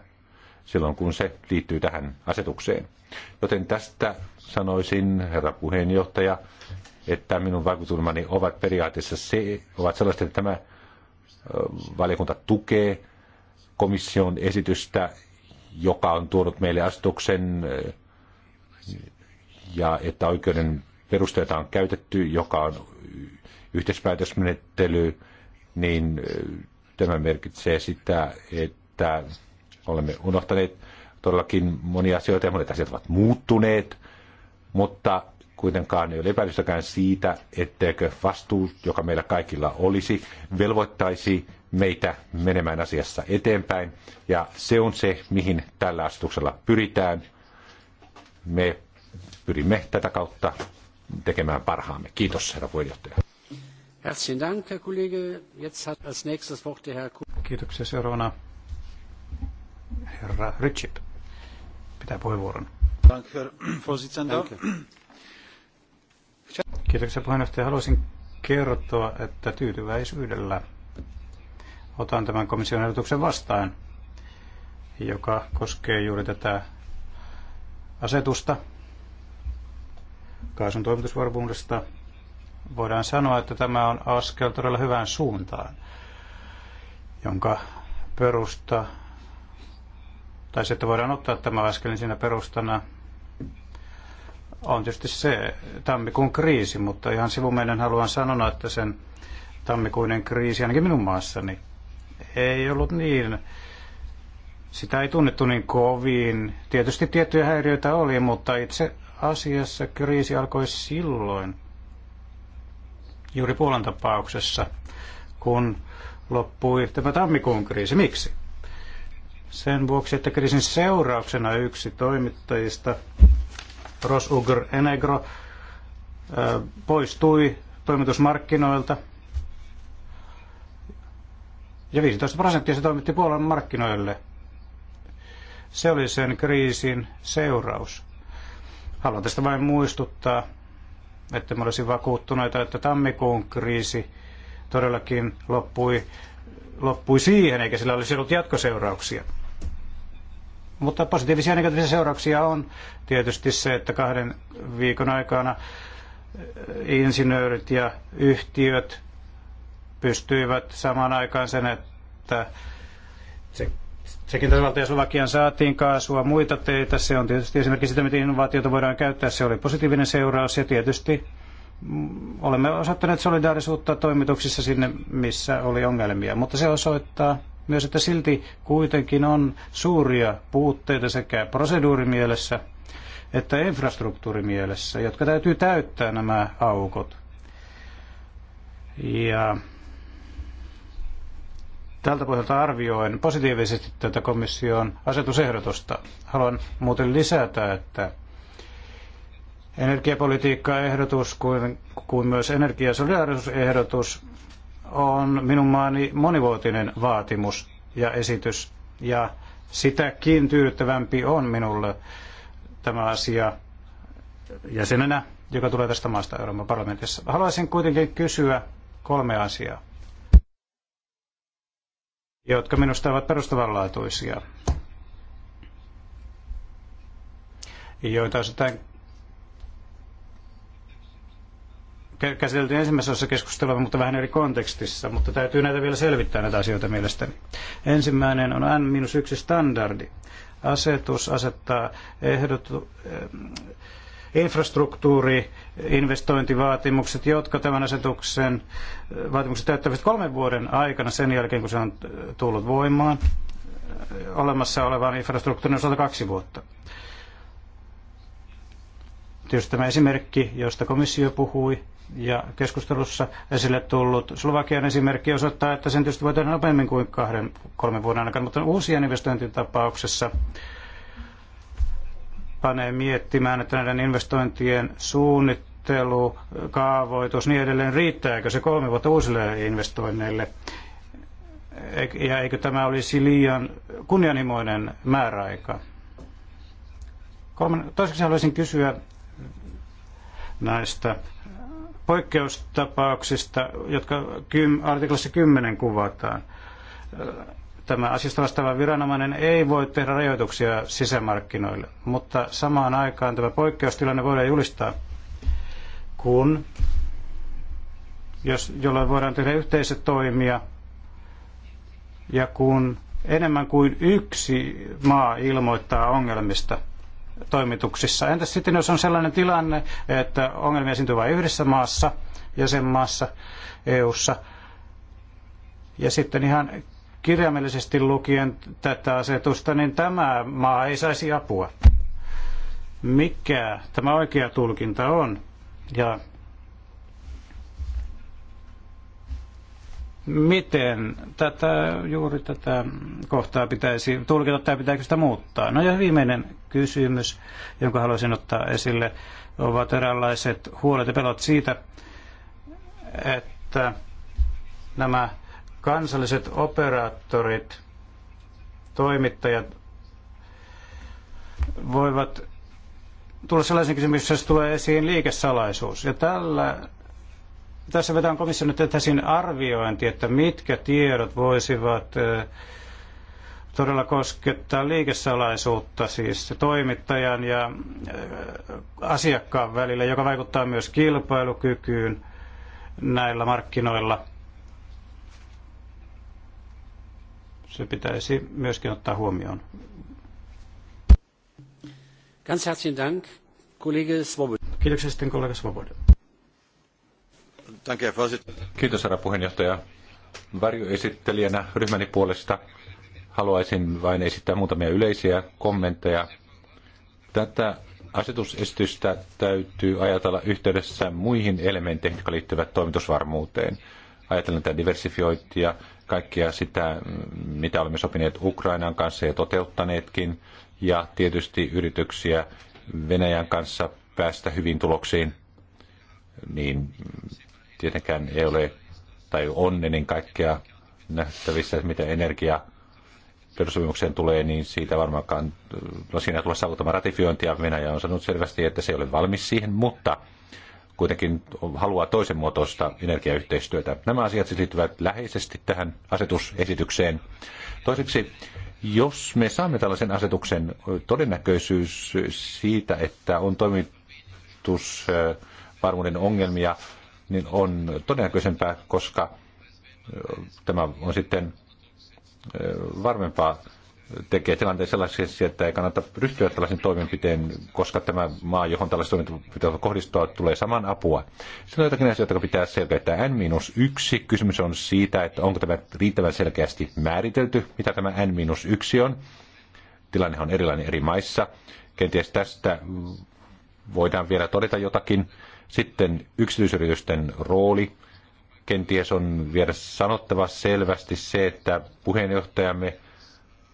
silloin, kun se liittyy tähän asetukseen. Joten tästä sanoisin, herra puheenjohtaja, että minun vaikutelmani ovat periaatteessa se, ovat sellaista, että tämä valiokunta tukee komission esitystä, joka on tuonut meille astuksen ja että oikeuden perusteita on käytetty, joka on yhteispäätösmenettely, niin tämä merkitsee sitä, että olemme unohtaneet todellakin monia asioita ja monet asiat ovat muuttuneet, mutta Kuitenkaan ei ole epäilystäkään siitä, etteikö vastuu, joka meillä kaikilla olisi, velvoittaisi meitä menemään asiassa eteenpäin. Ja se on se, mihin tällä asetuksella pyritään. Me pyrimme tätä kautta tekemään parhaamme. Kiitos, herra puheenjohtaja. Herzlichen Dank, Herr Kollege. Jetzt hat als nächstes Wort der Herr Kiitoksia seuraavana herra Richip pitää puheenvuoron. Dank, Herr Vorsitzender. Danke. Kiitoksia puheenjohtaja. Haluaisin kertoa, että tyytyväisyydellä otan tämän komission ehdotuksen vastaan, joka koskee juuri tätä asetusta kaasun toimitusvarmuudesta. Voidaan sanoa, että tämä on askel todella hyvään suuntaan, jonka perusta, tai se, että voidaan ottaa tämä askel, niin siinä perustana on tietysti se tammikuun kriisi, mutta ihan sivumeinen haluan sanoa, että sen tammikuinen kriisi, ainakin minun maassani, ei ollut niin, sitä ei tunnettu niin kovin. Tietysti tiettyjä häiriöitä oli, mutta itse asiassa kriisi alkoi silloin, juuri Puolan tapauksessa, kun loppui tämä tammikuun kriisi. Miksi? Sen vuoksi, että kriisin seurauksena yksi toimittajista Rosugr Enegro äh, poistui toimitusmarkkinoilta. Ja 15 prosenttia se toimitti Puolan markkinoille. Se oli sen kriisin seuraus. Haluan tästä vain muistuttaa, että me olisin vakuuttuneita, että tammikuun kriisi todellakin loppui, loppui siihen, eikä sillä olisi ollut jatkoseurauksia. Mutta positiivisia ja negatiivisia seurauksia on tietysti se, että kahden viikon aikana eh, insinöörit ja yhtiöt pystyivät samaan aikaan sen, että se Sekin tasavalta ja Slovakian saatiin kaasua muita teitä. Se on tietysti esimerkiksi sitä, miten innovaatiota voidaan käyttää. Se oli positiivinen seuraus ja tietysti olemme osoittaneet solidaarisuutta toimituksissa sinne, missä oli ongelmia. Mutta se osoittaa myös, että silti kuitenkin on suuria puutteita sekä proseduurimielessä että infrastruktuurimielessä, jotka täytyy täyttää nämä aukot. Ja tältä pohjalta arvioin positiivisesti tätä komission asetusehdotusta. Haluan muuten lisätä, että energiapolitiikkaehdotus kuin, kuin myös energiasolidaarisuusehdotus on minun maani monivuotinen vaatimus ja esitys. Ja sitäkin tyydyttävämpi on minulle tämä asia jäsenenä, joka tulee tästä maasta Euroopan parlamentissa. Haluaisin kuitenkin kysyä kolme asiaa, jotka minusta ovat perustavanlaatuisia, joita osittain käsiteltiin ensimmäisessä osassa keskustelua, mutta vähän eri kontekstissa, mutta täytyy näitä vielä selvittää näitä asioita mielestäni. Ensimmäinen on N-1 standardi. Asetus asettaa ehdot, eh, infrastruktuuri, investointivaatimukset, jotka tämän asetuksen eh, vaatimukset täyttävät kolmen vuoden aikana sen jälkeen, kun se on tullut voimaan, eh, olemassa olevan infrastruktuurin osalta kaksi vuotta tietysti tämä esimerkki, josta komissio puhui, ja keskustelussa esille tullut Slovakian esimerkki osoittaa, että sen tietysti voi tehdä nopeammin kuin kahden, kolmen vuoden aikana, mutta uusien tapauksessa panee miettimään, että näiden investointien suunnittelu, kaavoitus, niin edelleen, riittääkö se kolme vuotta uusille investoinneille? Ja eikö tämä olisi liian kunnianhimoinen määräaika? toiseksi haluaisin kysyä näistä poikkeustapauksista, jotka artiklassa 10 kuvataan. Tämä asiasta vastaava viranomainen ei voi tehdä rajoituksia sisämarkkinoille, mutta samaan aikaan tämä poikkeustilanne voidaan julistaa, kun jos, jolloin voidaan tehdä yhteisötoimia ja kun enemmän kuin yksi maa ilmoittaa ongelmista, toimituksissa. Entäs sitten, jos on sellainen tilanne, että ongelmia esiintyy vain yhdessä maassa, jäsenmaassa, EU-ssa, ja sitten ihan kirjaimellisesti lukien tätä asetusta, niin tämä maa ei saisi apua. Mikä tämä oikea tulkinta on? Ja miten tätä, juuri tätä kohtaa pitäisi tulkita tai pitääkö sitä muuttaa. No ja viimeinen kysymys, jonka haluaisin ottaa esille, ovat eräänlaiset huolet ja pelot siitä, että nämä kansalliset operaattorit, toimittajat voivat tulla sellaisen kysymyksen, jossa tulee esiin liikesalaisuus. Ja tällä tässä vetään komissio nyt etäisin arviointi, että mitkä tiedot voisivat todella koskettaa liikesalaisuutta, siis toimittajan ja asiakkaan välillä, joka vaikuttaa myös kilpailukykyyn näillä markkinoilla. Se pitäisi myöskin ottaa huomioon. Ganz herzlichen Dank, Kollege Svoboda. Kiitoksia sitten kollega Svoboda. Kiitos, herra puheenjohtaja. Varjoesittelijänä ryhmäni puolesta haluaisin vain esittää muutamia yleisiä kommentteja. Tätä asetusesitystä täytyy ajatella yhteydessä muihin elementteihin, jotka liittyvät toimitusvarmuuteen. Ajatellen tätä diversifiointia, kaikkea sitä, mitä olemme sopineet Ukrainan kanssa ja toteuttaneetkin, ja tietysti yrityksiä Venäjän kanssa päästä hyvin tuloksiin, niin tietenkään ei ole tai on niin kaikkea nähtävissä, mitä energia perussopimukseen tulee, niin siitä varmaankaan, no siinä tulee saavuttamaan ratifiointia. Venäjä on sanonut selvästi, että se ei ole valmis siihen, mutta kuitenkin haluaa toisen muotoista energiayhteistyötä. Nämä asiat siis liittyvät läheisesti tähän asetusesitykseen. Toiseksi, jos me saamme tällaisen asetuksen, todennäköisyys siitä, että on toimitusvarmuuden ongelmia, niin on todennäköisempää, koska tämä on sitten varmempaa tekee tilanteen sellaisiksi, että ei kannata ryhtyä tällaisen toimenpiteen, koska tämä maa, johon tällaiset toimenpiteet kohdistua, tulee saman apua. Sitten on jotakin asioita, jotka pitää selkeyttää. N-1, kysymys on siitä, että onko tämä riittävän selkeästi määritelty, mitä tämä N-1 on. Tilanne on erilainen eri maissa. Kenties tästä voidaan vielä todeta jotakin. Sitten yksityisyritysten rooli. Kenties on vielä sanottava selvästi se, että puheenjohtajamme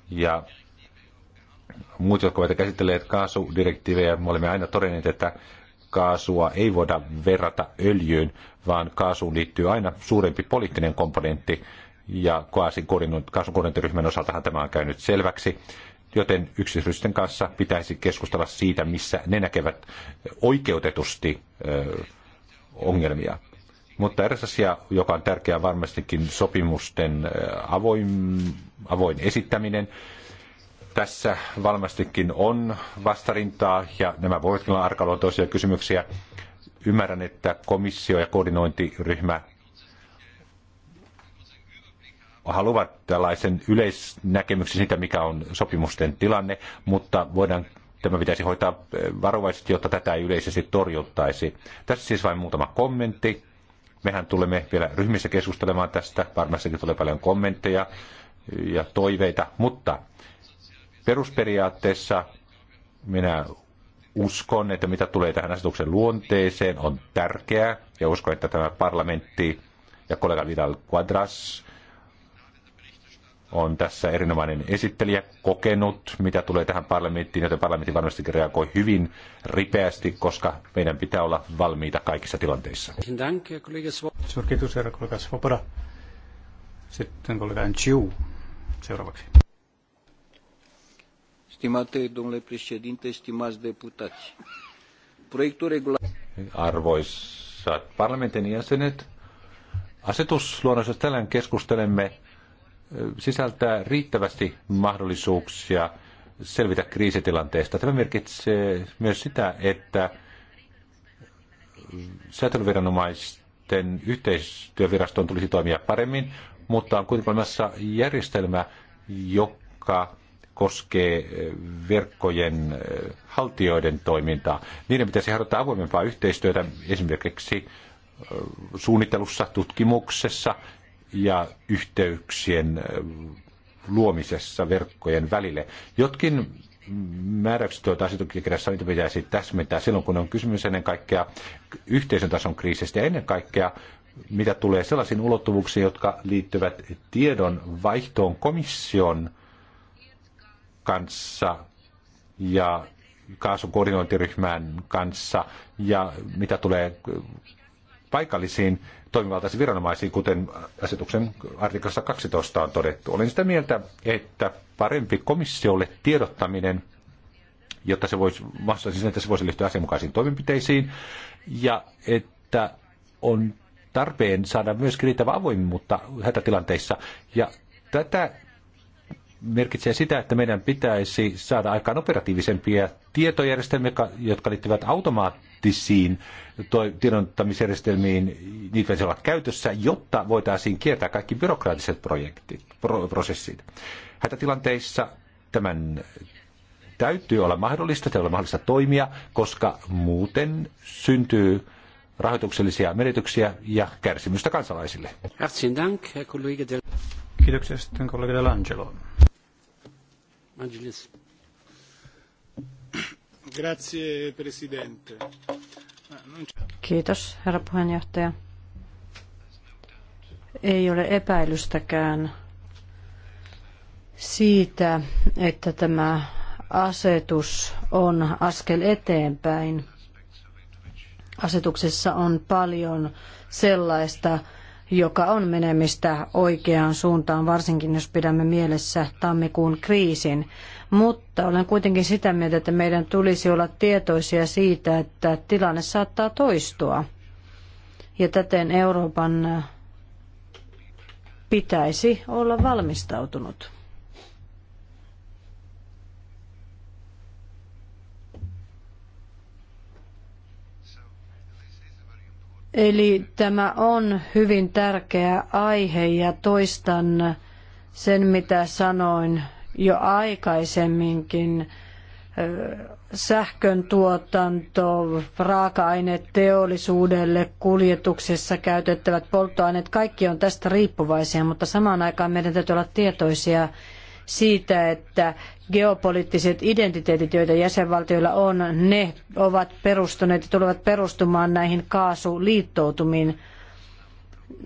ja muut, jotka ovat käsitelleet kaasudirektiivejä, me olemme aina todenneet, että kaasua ei voida verrata öljyyn, vaan kaasuun liittyy aina suurempi poliittinen komponentti, ja kaasun koordinointiryhmän osaltahan tämä on käynyt selväksi joten yksityisten kanssa pitäisi keskustella siitä, missä ne näkevät oikeutetusti ongelmia. Mutta eräs asia, joka on tärkeää varmastikin sopimusten avoin, avoin esittäminen. Tässä varmastikin on vastarintaa ja nämä voivat olla arkaluontoisia kysymyksiä. Ymmärrän, että komissio ja koordinointiryhmä haluavat tällaisen yleisnäkemyksen siitä, mikä on sopimusten tilanne, mutta voidaan tämä pitäisi hoitaa eh, varovaisesti, jotta tätä ei yleisesti torjuttaisi. Tässä siis vain muutama kommentti. Mehän tulemme vielä ryhmissä keskustelemaan tästä. Varmastikin tulee paljon kommentteja ja toiveita, mutta perusperiaatteessa minä uskon, että mitä tulee tähän asetuksen luonteeseen, on tärkeää, ja uskon, että tämä parlamentti ja kollega Vidal Quadras on tässä erinomainen esittelijä, kokenut, mitä tulee tähän parlamenttiin, joten parlamentti varmasti reagoi hyvin ripeästi, koska meidän pitää olla valmiita kaikissa tilanteissa. Kiitos, herra kollega Svoboda. Sitten kollega Chiu seuraavaksi. Stimate domnule președinte, stimați deputați. Proiectul regula... Arvoisat parlamentin jäsenet, asetusluonnoksesta tänään keskustelemme sisältää riittävästi mahdollisuuksia selvitä kriisitilanteesta. Tämä merkitsee myös sitä, että säätelyviranomaisten yhteistyöviraston tulisi toimia paremmin, mutta on kuitenkin olemassa järjestelmä, joka koskee verkkojen eh, haltijoiden toimintaa. Niiden pitäisi harjoittaa avoimempaa yhteistyötä esimerkiksi eh, suunnittelussa, tutkimuksessa ja yhteyksien luomisessa verkkojen välille. Jotkin määräykset, joita asiantuntijakirjassa niitä pitäisi täsmentää silloin, kun on kysymys ennen kaikkea yhteisön tason kriisistä ja ennen kaikkea mitä tulee sellaisiin ulottuvuuksiin, jotka liittyvät tiedon vaihtoon komission kanssa ja kaasukoordinointiryhmän kanssa ja mitä tulee paikallisiin toimivaltaisiin viranomaisiin, kuten asetuksen artiklassa 12 on todettu. Olen sitä mieltä, että parempi komissiolle tiedottaminen, jotta se voisi, siis että se voisi liittyä asianmukaisiin toimenpiteisiin, ja että on tarpeen saada myös riittävä avoimuutta hätätilanteissa. Ja tätä merkitsee sitä, että meidän pitäisi saada aikaan operatiivisempia tietojärjestelmiä, jotka liittyvät automaattisesti automaattisiin tiedottamisjärjestelmiin, niitä pitäisi olla käytössä, jotta voitaisiin kiertää kaikki byrokraattiset projektit, pro, prosessit. Hätätilanteissa tämän täytyy olla mahdollista, täytyy olla mahdollista toimia, koska muuten syntyy rahoituksellisia menetyksiä ja kärsimystä kansalaisille. Kiitoksia sitten kollega Angelo. Angelis. Grazie, presidente. Kiitos, herra puheenjohtaja. Ei ole epäilystäkään siitä, että tämä asetus on askel eteenpäin. Asetuksessa on paljon sellaista, joka on menemistä oikeaan suuntaan, varsinkin jos pidämme mielessä tammikuun kriisin mutta olen kuitenkin sitä mieltä, että meidän tulisi olla tietoisia siitä, että tilanne saattaa toistua. Ja täten Euroopan pitäisi olla valmistautunut. Eli tämä on hyvin tärkeä aihe ja toistan sen, mitä sanoin jo aikaisemminkin sähkön tuotanto, raaka-aineet teollisuudelle, kuljetuksessa käytettävät polttoaineet, kaikki on tästä riippuvaisia, mutta samaan aikaan meidän täytyy olla tietoisia siitä, että geopoliittiset identiteetit, joita jäsenvaltioilla on, ne ovat perustuneet ja tulevat perustumaan näihin kaasuliittoutumiin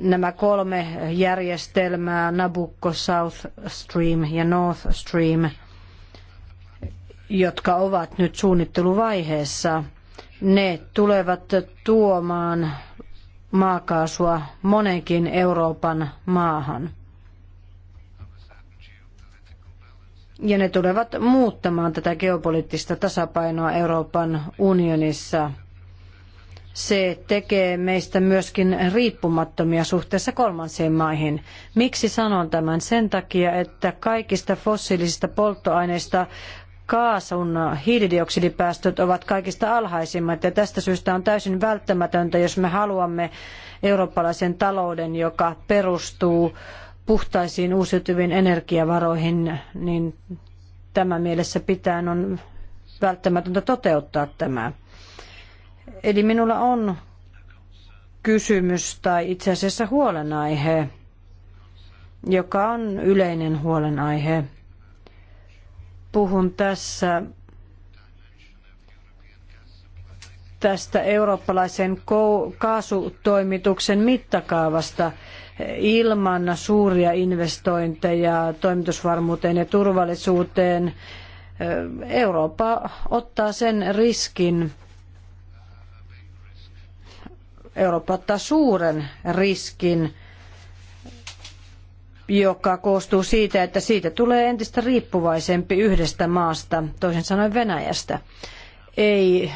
nämä kolme järjestelmää, Nabucco, South Stream ja North Stream, jotka ovat nyt suunnitteluvaiheessa, ne tulevat tuomaan maakaasua monenkin Euroopan maahan. Ja ne tulevat muuttamaan tätä geopoliittista tasapainoa Euroopan unionissa – se tekee meistä myöskin riippumattomia suhteessa kolmansiin maihin. Miksi sanon tämän? Sen takia, että kaikista fossiilisista polttoaineista kaasun hiilidioksidipäästöt ovat kaikista alhaisimmat ja tästä syystä on täysin välttämätöntä, jos me haluamme eurooppalaisen talouden, joka perustuu puhtaisiin uusiutuviin energiavaroihin, niin tämä mielessä pitää on välttämätöntä toteuttaa tämä. Eli minulla on kysymys tai itse asiassa huolenaihe, joka on yleinen huolenaihe. Puhun tässä tästä eurooppalaisen kaasutoimituksen mittakaavasta ilman suuria investointeja toimitusvarmuuteen ja turvallisuuteen. Eurooppa ottaa sen riskin, Eurooppa ottaa suuren riskin, joka koostuu siitä, että siitä tulee entistä riippuvaisempi yhdestä maasta, toisin sanoen Venäjästä. Ei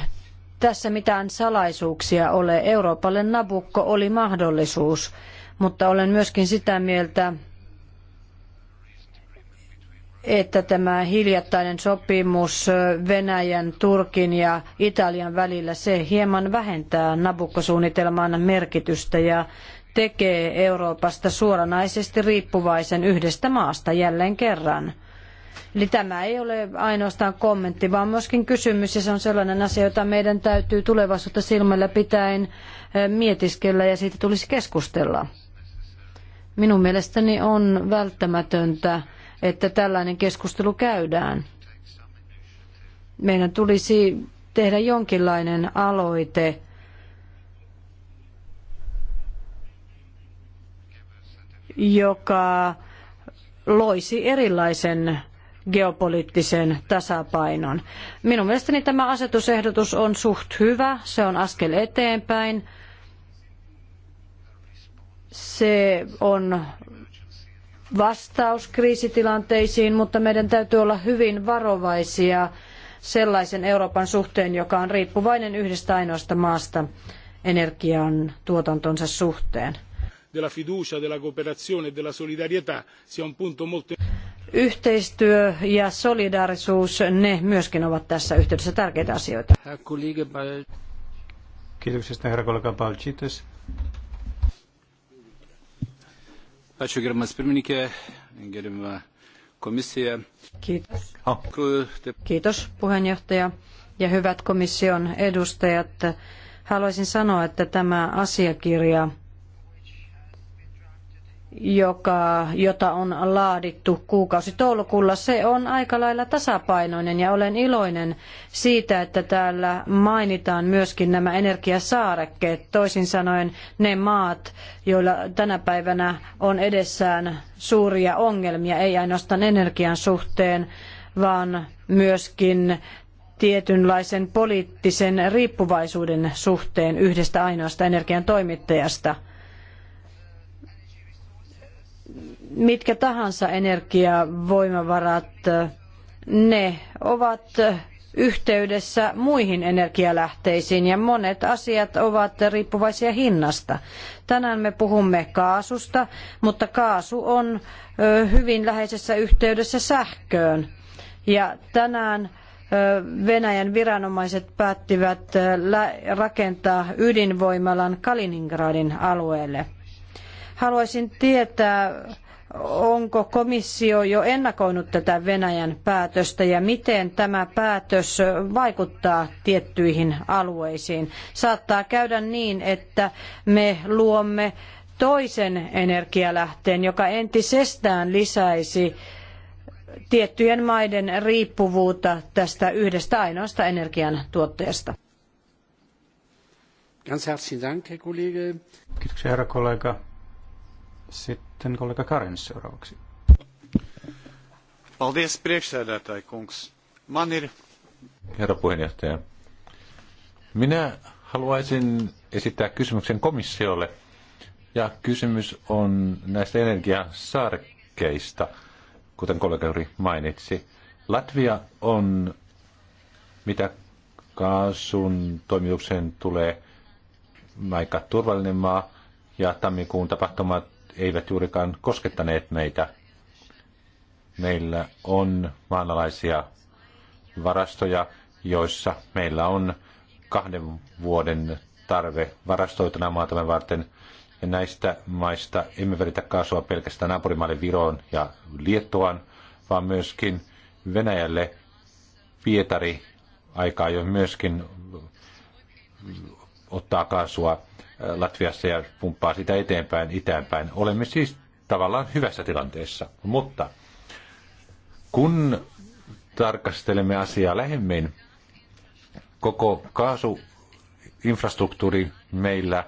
tässä mitään salaisuuksia ole. Euroopalle Nabukko oli mahdollisuus, mutta olen myöskin sitä mieltä, että tämä hiljattainen sopimus Venäjän, Turkin ja Italian välillä, se hieman vähentää Nabukko-suunnitelman merkitystä ja tekee Euroopasta suoranaisesti riippuvaisen yhdestä maasta jälleen kerran. Eli tämä ei ole ainoastaan kommentti, vaan myöskin kysymys, ja se on sellainen asia, jota meidän täytyy tulevaisuutta silmällä pitäen eh, mietiskellä ja siitä tulisi keskustella. Minun mielestäni on välttämätöntä että tällainen keskustelu käydään. Meidän tulisi tehdä jonkinlainen aloite joka loisi erilaisen geopoliittisen tasapainon. Minun mielestäni tämä asetusehdotus on suht hyvä, se on askel eteenpäin. Se on vastaus kriisitilanteisiin, mutta meidän täytyy olla hyvin varovaisia sellaisen Euroopan suhteen, joka on riippuvainen yhdestä ainoasta maasta energian tuotantonsa suhteen. Della fiducia, della cooperazione, della solidarietà sia un punto molto... Yhteistyö ja solidaarisuus, ne myöskin ovat tässä yhteydessä tärkeitä asioita. Kiitoksia herra kollega Balcites. Ačiū gerbiamas pirmininkė, gerbiamą komisiją. Kiitos. Kiitos puheenjohtaja ja hyvät komission edustajat. Haluaisin sanoa, että tämä asiakirja joka, jota on laadittu kuukausi toukokuulla, se on aika lailla tasapainoinen ja olen iloinen siitä, että täällä mainitaan myöskin nämä energiasaarekkeet, toisin sanoen ne maat, joilla tänä päivänä on edessään suuria ongelmia, ei ainoastaan energian suhteen, vaan myöskin tietynlaisen poliittisen riippuvaisuuden suhteen yhdestä ainoasta energian toimittajasta – mitkä tahansa energiavoimavarat, ne ovat yhteydessä muihin energialähteisiin ja monet asiat ovat riippuvaisia hinnasta. Tänään me puhumme kaasusta, mutta kaasu on hyvin läheisessä yhteydessä sähköön. Ja tänään Venäjän viranomaiset päättivät rakentaa ydinvoimalan Kaliningradin alueelle. Haluaisin tietää, onko komissio jo ennakoinut tätä Venäjän päätöstä ja miten tämä päätös vaikuttaa tiettyihin alueisiin. Saattaa käydä niin, että me luomme toisen energialähteen, joka entisestään lisäisi tiettyjen maiden riippuvuutta tästä yhdestä ainoasta energiantuottajasta. Ganz herzlichen Dank, Herr Kollege. Kiitoksia, herra kollega. Sitten sitten kollega Karin seuraavaksi. Paldies priekšsēdētāji kungs. Man ir... Herra puheenjohtaja, minä haluaisin esittää kysymyksen komissiolle. Ja kysymys on näistä energiasarkkeista, kuten kollega juuri mainitsi. Latvia on, mitä kaasun toimitukseen tulee, aika turvallinen maa. Ja tammikuun tapahtumat eivät juurikaan koskettaneet meitä. Meillä on maanalaisia varastoja, joissa meillä on kahden vuoden tarve varastoituna maatamme varten. Ja näistä maista emme välitä kaasua pelkästään naapurimaille Viroon ja Liettuaan, vaan myöskin Venäjälle Pietari aikaa jo myöskin ottaa kaasua Äh, Latviassa ja pumppaa sitä eteenpäin itäänpäin. Olemme siis tavallaan hyvässä tilanteessa, mutta kun tarkastelemme asiaa lähemmin, koko kaasuinfrastruktuuri meillä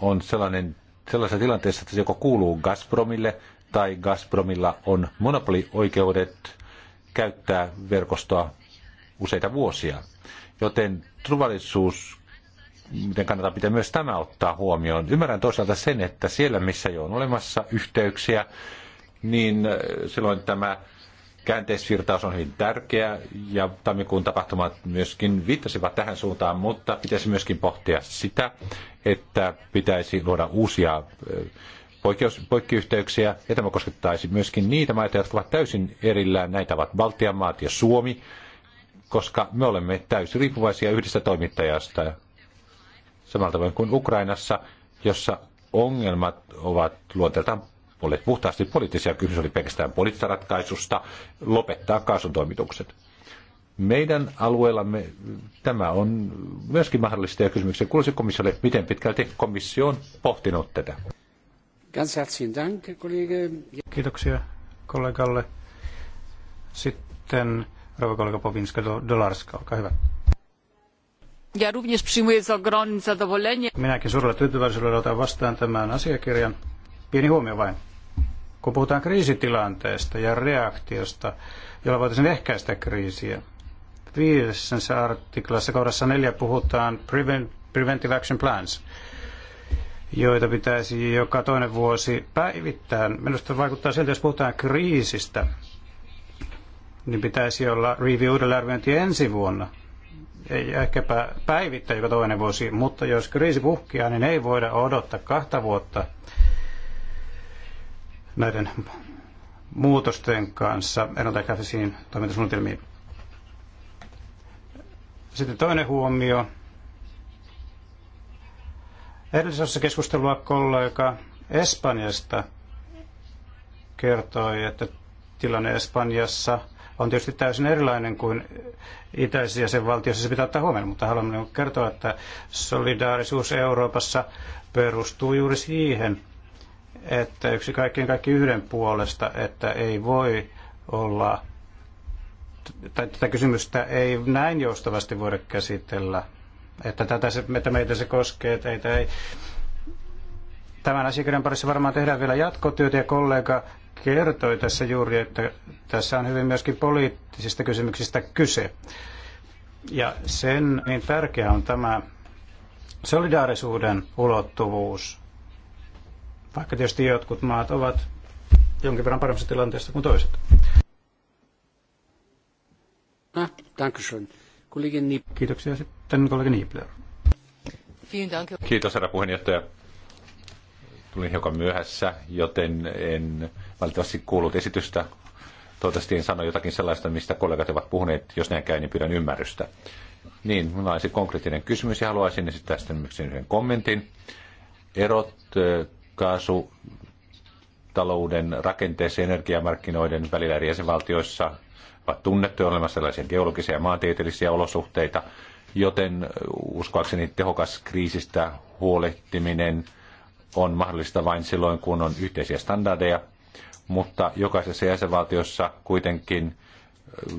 on sellainen, sellaisessa tilanteessa, että se joko kuuluu Gazpromille tai Gazpromilla on monopolioikeudet käyttää verkostoa useita vuosia. Joten turvallisuus miten kannattaa pitää myös tämä ottaa huomioon. Ymmärrän toisaalta sen, että siellä missä jo on olemassa yhteyksiä, niin äh, silloin tämä käänteisvirtaus on hyvin tärkeä ja tammikuun tapahtumat myöskin viittasivat tähän suuntaan, mutta pitäisi myöskin pohtia sitä, että pitäisi luoda uusia äh, poikkeus, poikkiyhteyksiä ja tämä koskettaisi myöskin niitä maita, jotka ovat täysin erillään. Näitä ovat Baltian maat ja Suomi, koska me olemme täysin riippuvaisia yhdestä toimittajasta samalla tavoin kuin Ukrainassa, jossa ongelmat ovat luonteeltaan puhtaasti poliittisia. Kysymys oli pelkästään poliittisesta ratkaisusta lopettaa kaasun Meidän alueellamme tämä on myöskin mahdollista ja kysymyksiä kuulisi komissiolle, miten pitkälti komissio on pohtinut tätä. Kiitoksia kollegalle. Sitten rouva kollega Povinska Dolarska, olkaa hyvä. Ja również przyjmuję z ogromnym zadowoleniem. Minäkin suurella tyytyväisyydellä otan vastaan tämän asiakirjan. Pieni huomio vain. Kun puhutaan kriisitilanteesta ja reaktiosta, jolla voitaisiin ehkäistä kriisiä, viidessä artiklassa kohdassa neljä puhutaan prevent, Preventive Action Plans, joita pitäisi joka toinen vuosi päivittää. Minusta vaikuttaa siltä, jos puhutaan kriisistä, niin pitäisi olla review arviointi ensi vuonna, ei ehkäpä päivittäin joka toinen vuosi, mutta jos kriisi puhkeaa, niin ei voida odottaa kahta vuotta näiden muutosten kanssa ennaltaehkäisiin toimintasuunnitelmiin. Sitten toinen huomio. Edellisessä keskustelua kollega Espanjasta kertoi, että tilanne Espanjassa – on tietysti täysin erilainen kuin itäisiä sen Se pitää ottaa huomioon, mutta haluan niin kertoa, että solidaarisuus Euroopassa perustuu juuri siihen, että yksi kaikkien kaikki yhden puolesta, että ei voi olla, tai tätä kysymystä ei näin joustavasti voida käsitellä, että, tätä se, että meitä se koskee, että ei, ei Tämän asiakirjan parissa varmaan tehdään vielä jatkotyötä ja kollega kertoi tässä juuri, että tässä on hyvin myöskin poliittisista kysymyksistä kyse. Ja sen niin tärkeä on tämä solidaarisuuden ulottuvuus, vaikka tietysti jotkut maat ovat jonkin verran paremmassa tilanteessa kuin toiset. Ah, Kollegin Kiitoksia sitten kollega Niebler. Kiitos herra puheenjohtaja tulin hiukan myöhässä, joten en valitettavasti kuullut esitystä. Toivottavasti en sano jotakin sellaista, mistä kollegat ovat puhuneet. Jos näin käy, niin pyydän ymmärrystä. Niin, minulla olisi siis konkreettinen kysymys ja haluaisin esittää sitten yhden kommentin. Erot kaasu talouden rakenteessa energiamarkkinoiden välillä eri jäsenvaltioissa ovat tunnettuja olemassa sellaisia geologisia ja maantieteellisiä olosuhteita, joten uskoakseni tehokas kriisistä huolehtiminen – on mahdollista vain silloin, kun on yhteisiä standardeja, mutta jokaisessa jäsenvaltiossa kuitenkin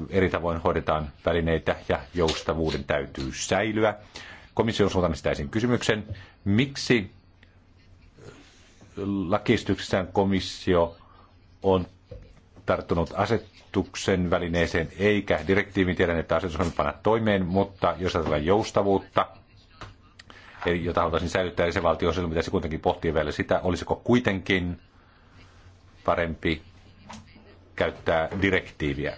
eri tavoin hoidetaan välineitä ja joustavuuden täytyy säilyä. Komission suuntaan esittäisin kysymyksen, miksi lakistyksessään komissio on tarttunut asetuksen välineeseen eikä direktiivin tiedän, että asetus on panna toimeen, mutta jos ajatellaan joustavuutta, jota haluaisin säilyttää se valtio, silloin pitäisi kuitenkin pohtii vielä sitä, olisiko kuitenkin parempi käyttää direktiiviä.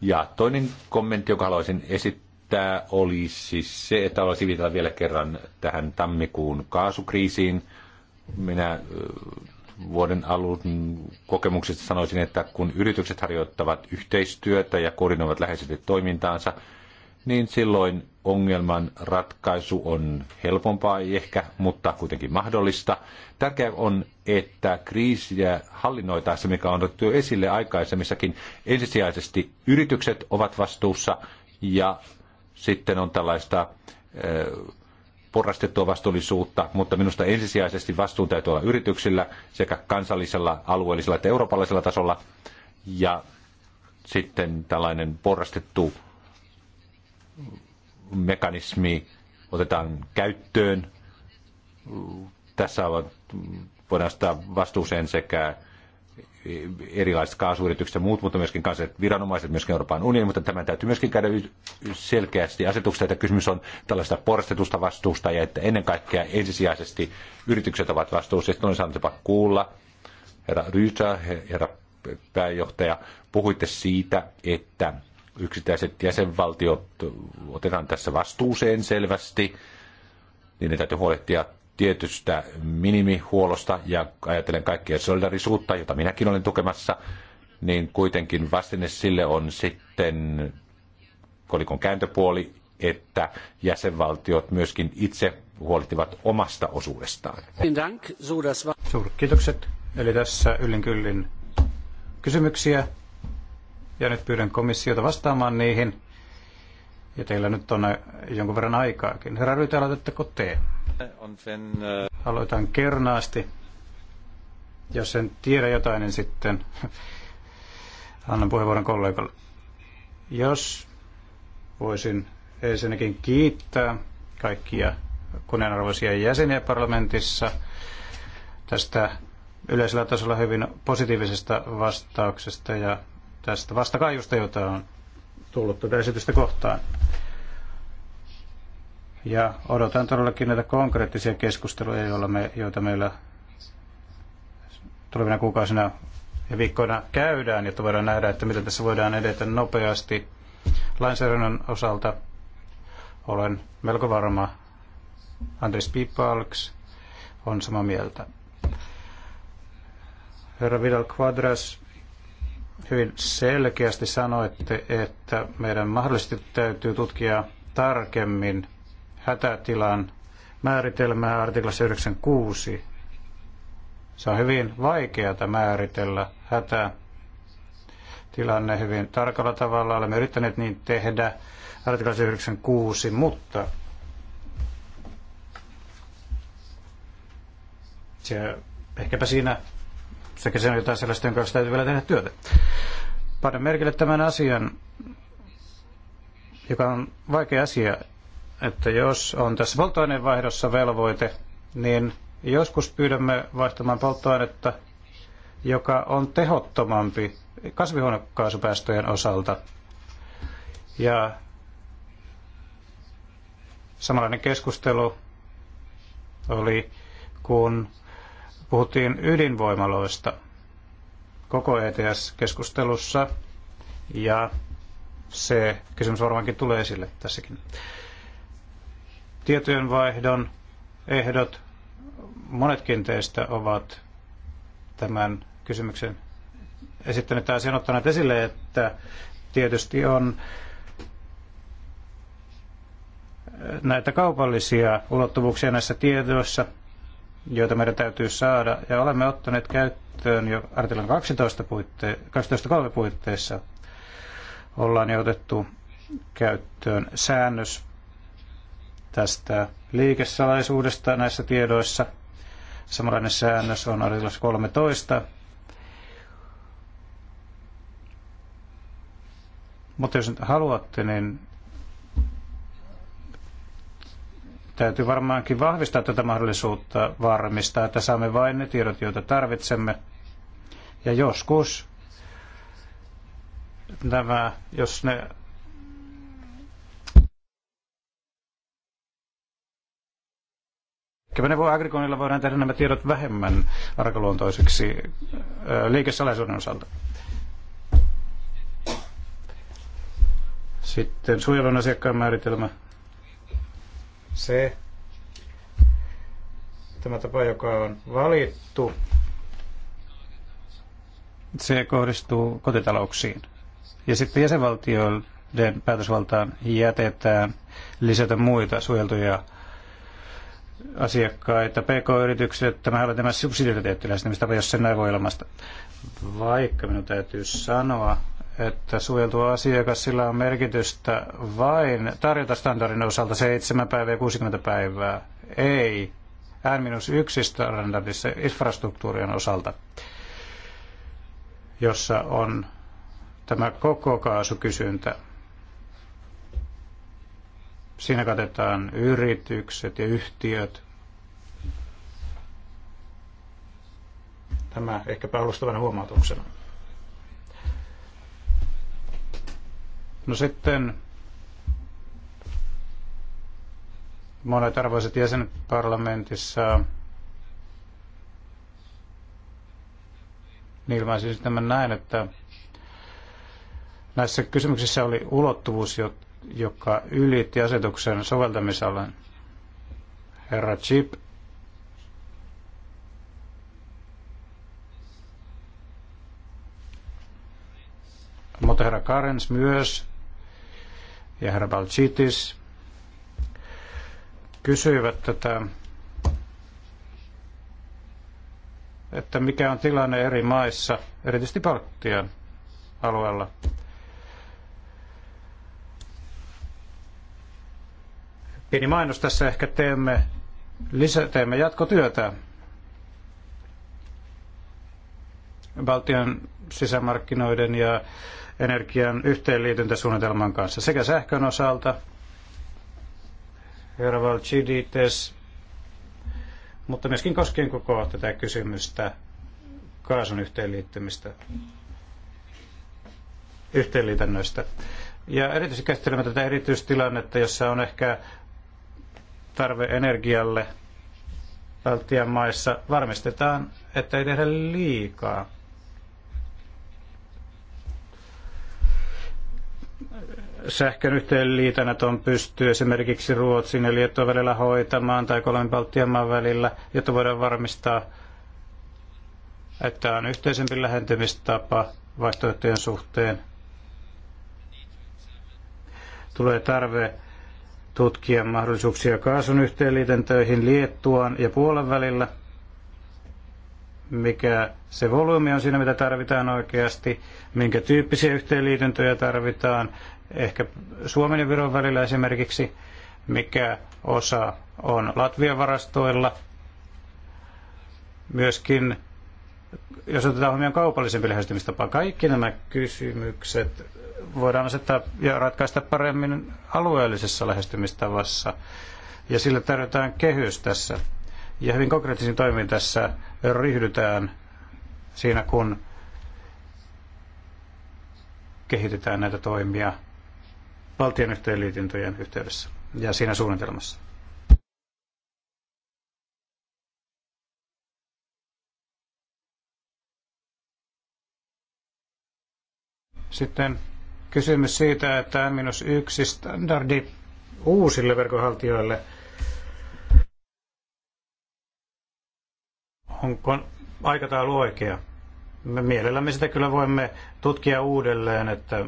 Ja toinen kommentti, joka haluaisin esittää, olisi se, että haluaisin viitata vielä kerran tähän tammikuun kaasukriisiin. Minä vuoden alun kokemuksesta sanoisin, että kun yritykset harjoittavat yhteistyötä ja koordinoivat läheisesti toimintaansa, niin silloin ongelman ratkaisu on helpompaa ehkä, mutta kuitenkin mahdollista. Tärkeää on, että kriisiä hallinnoitaessa, mikä on otettu esille aikaisemmissakin, ensisijaisesti yritykset ovat vastuussa ja sitten on tällaista porrastettua vastuullisuutta, mutta minusta ensisijaisesti vastuun täytyy olla yrityksillä sekä kansallisella, alueellisella että eurooppalaisella tasolla. Ja sitten tällainen porrastettu mekanismi otetaan käyttöön. Tässä ovat, voidaan sitä vastuuseen sekä erilaiset kaasuyritykset ja muut, mutta myöskin kansalliset viranomaiset, myöskin Euroopan unioni, mutta tämän täytyy myöskin käydä selkeästi asetuksesta, että kysymys on tällaista porstetusta vastuusta ja että ennen kaikkea ensisijaisesti yritykset ovat vastuussa. Sitten on saanut jopa kuulla, herra Ryytä, herra pääjohtaja, puhuitte siitä, että yksittäiset jäsenvaltiot otetaan tässä vastuuseen selvästi, niin ne täytyy huolehtia tietystä minimihuollosta ja ajatellen kaikkia solidarisuutta, jota minäkin olen tukemassa, niin kuitenkin vastine sille on sitten kolikon kääntöpuoli, että jäsenvaltiot myöskin itse huolehtivat omasta osuudestaan. Kiitokset. Eli tässä yllin kyllin kysymyksiä ja nyt pyydän komissiota vastaamaan niihin. Ja teillä nyt on äh, jonkun verran aikaakin. Herra Ryytä, aloitatteko te? Äh, Aloitan kernaasti. Jos en tiedä jotain, niin sitten annan puheenvuoron kollegalle. Jos voisin ensinnäkin kiittää kaikkia kunnianarvoisia jäseniä parlamentissa tästä yleisellä tasolla hyvin positiivisesta vastauksesta ja tästä vastakaiusta, jota on tullut tätä esitystä kohtaan. Ja odotan todellakin näitä konkreettisia keskusteluja, joilla me, joita meillä tulevina kuukausina ja viikkoina käydään, jotta voidaan nähdä, että miten tässä voidaan edetä nopeasti lainsäädännön osalta. Olen melko varma, Andres Pipalks on samaa mieltä. Herra Vidal Quadras hyvin selkeästi sanoitte, että meidän mahdollisesti täytyy tutkia tarkemmin hätätilan määritelmää artiklassa 96. Se on hyvin vaikeata määritellä hätätilanne hyvin tarkalla tavalla. Olemme yrittäneet niin tehdä artikla 96, mutta se, ehkäpä siinä sekä se on jotain sellaista, jonka kanssa täytyy vielä tehdä työtä. Panen merkille tämän asian, joka on vaikea asia, että jos on tässä vaihdossa velvoite, niin joskus pyydämme vaihtamaan polttoainetta, joka on tehottomampi kasvihuonekaasupäästöjen osalta. Ja samanlainen keskustelu oli, kun puhuttiin ydinvoimaloista koko ETS-keskustelussa ja se kysymys varmaankin tulee esille tässäkin. Tietojenvaihdon ehdot, monetkin teistä ovat tämän kysymyksen esittäneet tai asian ottaneet esille, että tietysti on näitä kaupallisia ulottuvuuksia näissä tiedoissa – joita meidän täytyy saada, ja olemme ottaneet käyttöön jo artiklan 12.3 puitte- puitteissa ollaan jo otettu käyttöön säännös tästä liikesalaisuudesta näissä tiedoissa. Samanlainen säännös on artiklassa 13. Mutta jos nyt haluatte, niin Täytyy varmaankin vahvistaa tätä mahdollisuutta varmistaa, että saamme vain ne tiedot, joita tarvitsemme. Ja joskus nämä, jos ne Kymmenen vuoden agrikonilla voidaan tehdä nämä tiedot vähemmän arkaluontoisiksi liikesalaisuuden osalta. Sitten suojelun asiakkaan määritelmä se, tämä tapa, joka on valittu, se kohdistuu kotitalouksiin. Ja sitten jäsenvaltioiden päätösvaltaan jätetään lisätä muita suojeltuja asiakkaita, pk-yritykset, tämä on tämä subsidiariteettiläisnimistapa, jos sen näin voi ilmaista. Vaikka minun täytyy sanoa, että suojeltu asiakas sillä on merkitystä vain tarjota standardin osalta 7 päivää ja 60 päivää. Ei. r 1 standardissa infrastruktuurien osalta, jossa on tämä koko kaasukysyntä. Siinä katetaan yritykset ja yhtiöt. Tämä ehkäpä alustavana huomautuksena. No sitten monet arvoiset jäsenet parlamentissa ilmaisin siis tämän näin, että näissä kysymyksissä oli ulottuvuus, joka ylitti asetuksen soveltamisalan. Herra Chip mutta herra Karens myös ja herra Balchitis kysyivät tätä, että mikä on tilanne eri maissa, erityisesti Baltian alueella. Pieni mainos tässä ehkä teemme, lisä, teemme jatkotyötä Baltian sisämarkkinoiden ja energian yhteenliityntäsuunnitelman kanssa sekä sähkön osalta. Herra Valchidites, mutta myöskin koskien koko tätä kysymystä kaasun yhteenliittymistä, yhteenliitännöistä. Ja erityisesti käsittelemme tätä erityistilannetta, jossa on ehkä tarve energialle Baltian maissa. Varmistetaan, että ei tehdä liikaa sähkön yhteenliitännät on pystyy esimerkiksi Ruotsin ja Liettuan välillä hoitamaan tai kolmen Baltian maan välillä, jotta voidaan varmistaa, että on yhteisempi lähentymistapa vaihtoehtojen suhteen. Tulee tarve tutkia mahdollisuuksia kaasun yhteenliitäntöihin Liettuaan ja Puolan välillä – mikä se volyymi on siinä, mitä tarvitaan oikeasti, minkä tyyppisiä yhteenliityntöjä tarvitaan, ehkä Suomen ja Viron välillä esimerkiksi, mikä osa on Latvian varastoilla, myöskin jos otetaan huomioon kaupallisempi lähestymistapa, kaikki nämä kysymykset voidaan asettaa ja ratkaista paremmin alueellisessa lähestymistavassa. Ja sillä tarjotaan kehys tässä ja hyvin konkreettisin toimin tässä ryhdytään siinä, kun kehitetään näitä toimia valtion yhteenliitintojen yhteydessä ja siinä suunnitelmassa. Sitten kysymys siitä, että M-1 standardi uusille verkonhaltijoille – onko aikataulu oikea. Me mielellämme sitä kyllä voimme tutkia uudelleen, että,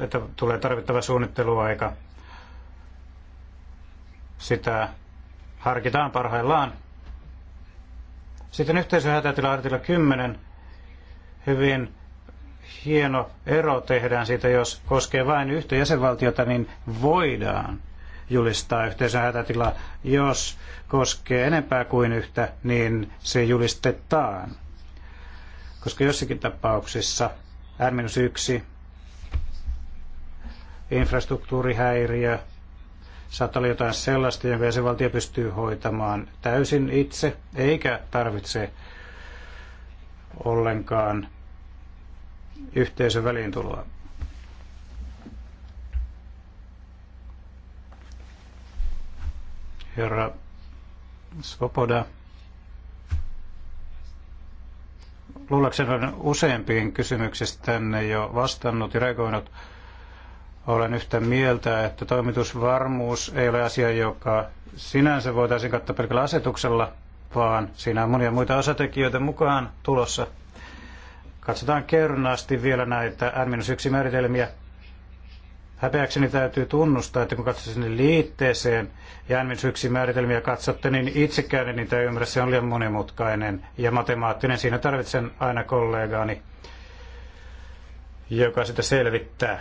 että tulee tarvittava suunnitteluaika. Sitä harkitaan parhaillaan. Sitten yhteisöhätätila artikla 10. Hyvin hieno ero tehdään siitä, jos koskee vain yhtä jäsenvaltiota, niin voidaan julistaa yhteisön hätätila. Jos koskee enempää kuin yhtä, niin se julistetaan. Koska jossakin tapauksissa R-1, infrastruktuurihäiriö, saattaa olla jotain sellaista, jonka jäsenvaltio pystyy hoitamaan täysin itse, eikä tarvitse ollenkaan yhteisön väliintuloa. Herra Svoboda, Luulakseni olen useampiin kysymyksistänne jo vastannut ja reagoinut. Olen yhtä mieltä, että toimitusvarmuus ei ole asia, joka sinänsä voitaisiin kattaa pelkällä asetuksella, vaan siinä on monia muita osatekijöitä mukaan tulossa. Katsotaan kernaasti vielä näitä N-1 määritelmiä. Häpeäkseni täytyy tunnustaa, että kun katsoo sinne liitteeseen ja NMIN määritelmiä katsotte, niin itsekään en niitä ymmärrä. Se on liian monimutkainen ja matemaattinen. Siinä tarvitsen aina kollegaani, joka sitä selvittää.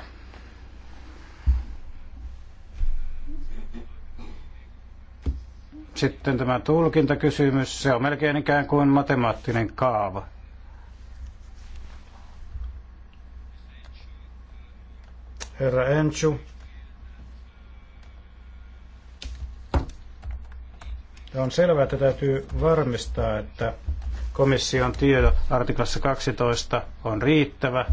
Sitten tämä tulkintakysymys, se on melkein ikään kuin matemaattinen kaava. herra Enchu. Ja on selvää, että täytyy varmistaa, että komission tieto artiklassa 12 on riittävä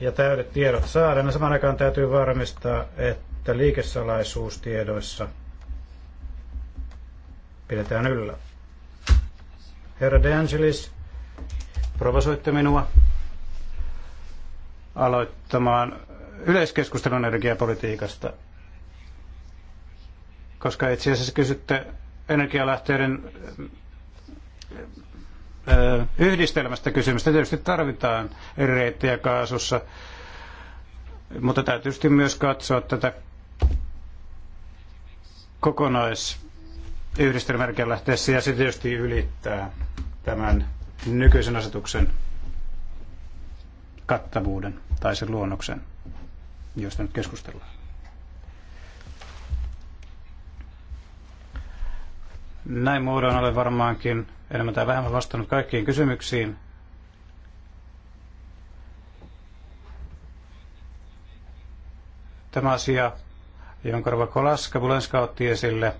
ja täydet tiedot saadaan. Samaan aikaan täytyy varmistaa, että liikesalaisuustiedoissa pidetään yllä. Herra De Angelis, provosoitte minua aloittamaan yleiskeskustelun energiapolitiikasta, koska itse asiassa kysytte energialähteiden yhdistelmästä kysymystä. Tietysti tarvitaan eri reittejä kaasussa, mutta täytyy myös katsoa tätä kokonaisyhdistelmäärkeen lähteessä ja se tietysti ylittää tämän nykyisen asetuksen kattavuuden tai sen luonnoksen, josta nyt keskustellaan. Näin muodoin olen varmaankin enemmän tai vähemmän vastannut kaikkiin kysymyksiin. Tämä asia, jonka Rova Kolaska Bulenska otti esille,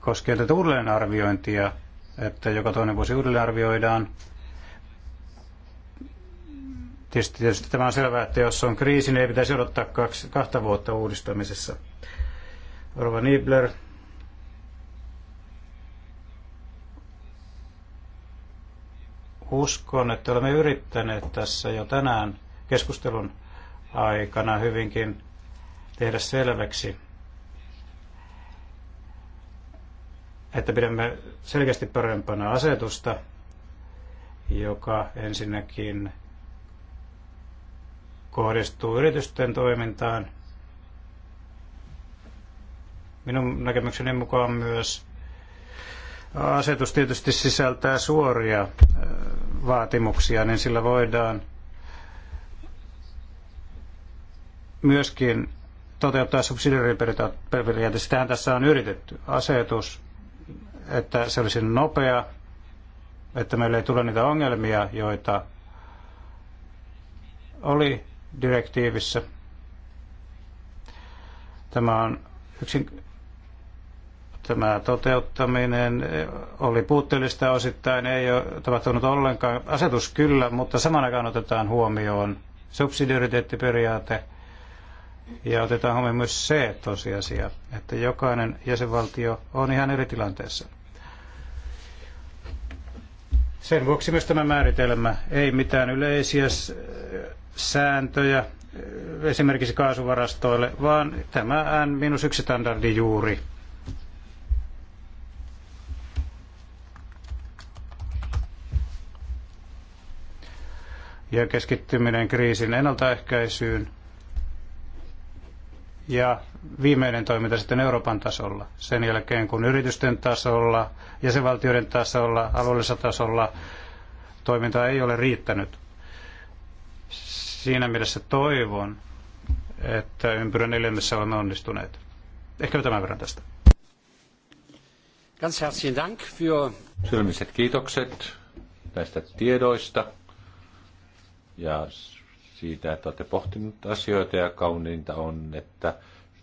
koskee tätä uudelleenarviointia, että joka toinen vuosi uudelleenarvioidaan arvioidaan Tietysti, tietysti tämä on selvää, että jos on kriisi, niin ei pitäisi odottaa kaksi, kahta vuotta uudistamisessa. Orva Nibler. Uskon, että olemme yrittäneet tässä jo tänään keskustelun aikana hyvinkin tehdä selväksi, että pidämme selkeästi parempana asetusta, joka ensinnäkin kohdistuu yritysten toimintaan. Minun näkemykseni mukaan myös asetus tietysti sisältää suoria äh, vaatimuksia, niin sillä voidaan myöskin toteuttaa subsidiariteettiperiaate. Sitähän tässä on yritetty. Asetus, että se olisi nopea, että meillä ei tule niitä ongelmia, joita oli direktiivissä. Tämä on yksin, tämä toteuttaminen oli puutteellista osittain, ei ole tapahtunut ollenkaan. Asetus kyllä, mutta saman aikaan otetaan huomioon subsidiariteettiperiaate ja otetaan huomioon myös se tosiasia, että jokainen jäsenvaltio on ihan eri tilanteessa. Sen vuoksi myös tämä määritelmä ei mitään yleisiä sääntöjä äh, esimerkiksi kaasuvarastoille, vaan tämä N-1 standardi juuri. ja keskittyminen kriisin ennaltaehkäisyyn ja viimeinen toiminta sitten Euroopan tasolla, sen jälkeen kun yritysten tasolla, jäsenvaltioiden tasolla, alueellisella tasolla toiminta ei ole riittänyt. Siinä mielessä toivon, että ympyrän neljännessä olemme onnistuneet. Ehkä tämän verran tästä. Ganz herzlichen Dank für... Sylmiset kiitokset näistä tiedoista ja siitä, että olette pohtinut asioita ja kauniinta on, että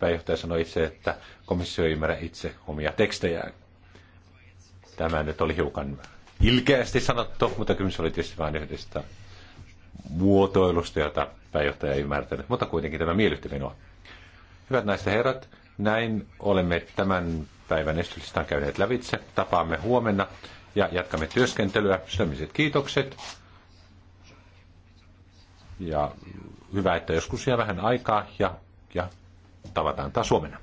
pääjohtaja sanoi itse, että komissio ei ymmärrä itse omia tekstejään. Tämä nyt oli hiukan ilkeästi sanottu, mutta se oli tietysti vain yhdestä muotoilusta, jota pääjohtaja ei ymmärtänyt, mutta kuitenkin tämä miellytti minua. Hyvät naiset ja herrat, näin olemme tämän päivän esityslistan käyneet lävitse. Tapaamme huomenna ja jatkamme työskentelyä. Sydämiset kiitokset. Ja hyvä, että joskus jää vähän aikaa ja, ja tavataan taas huomenna.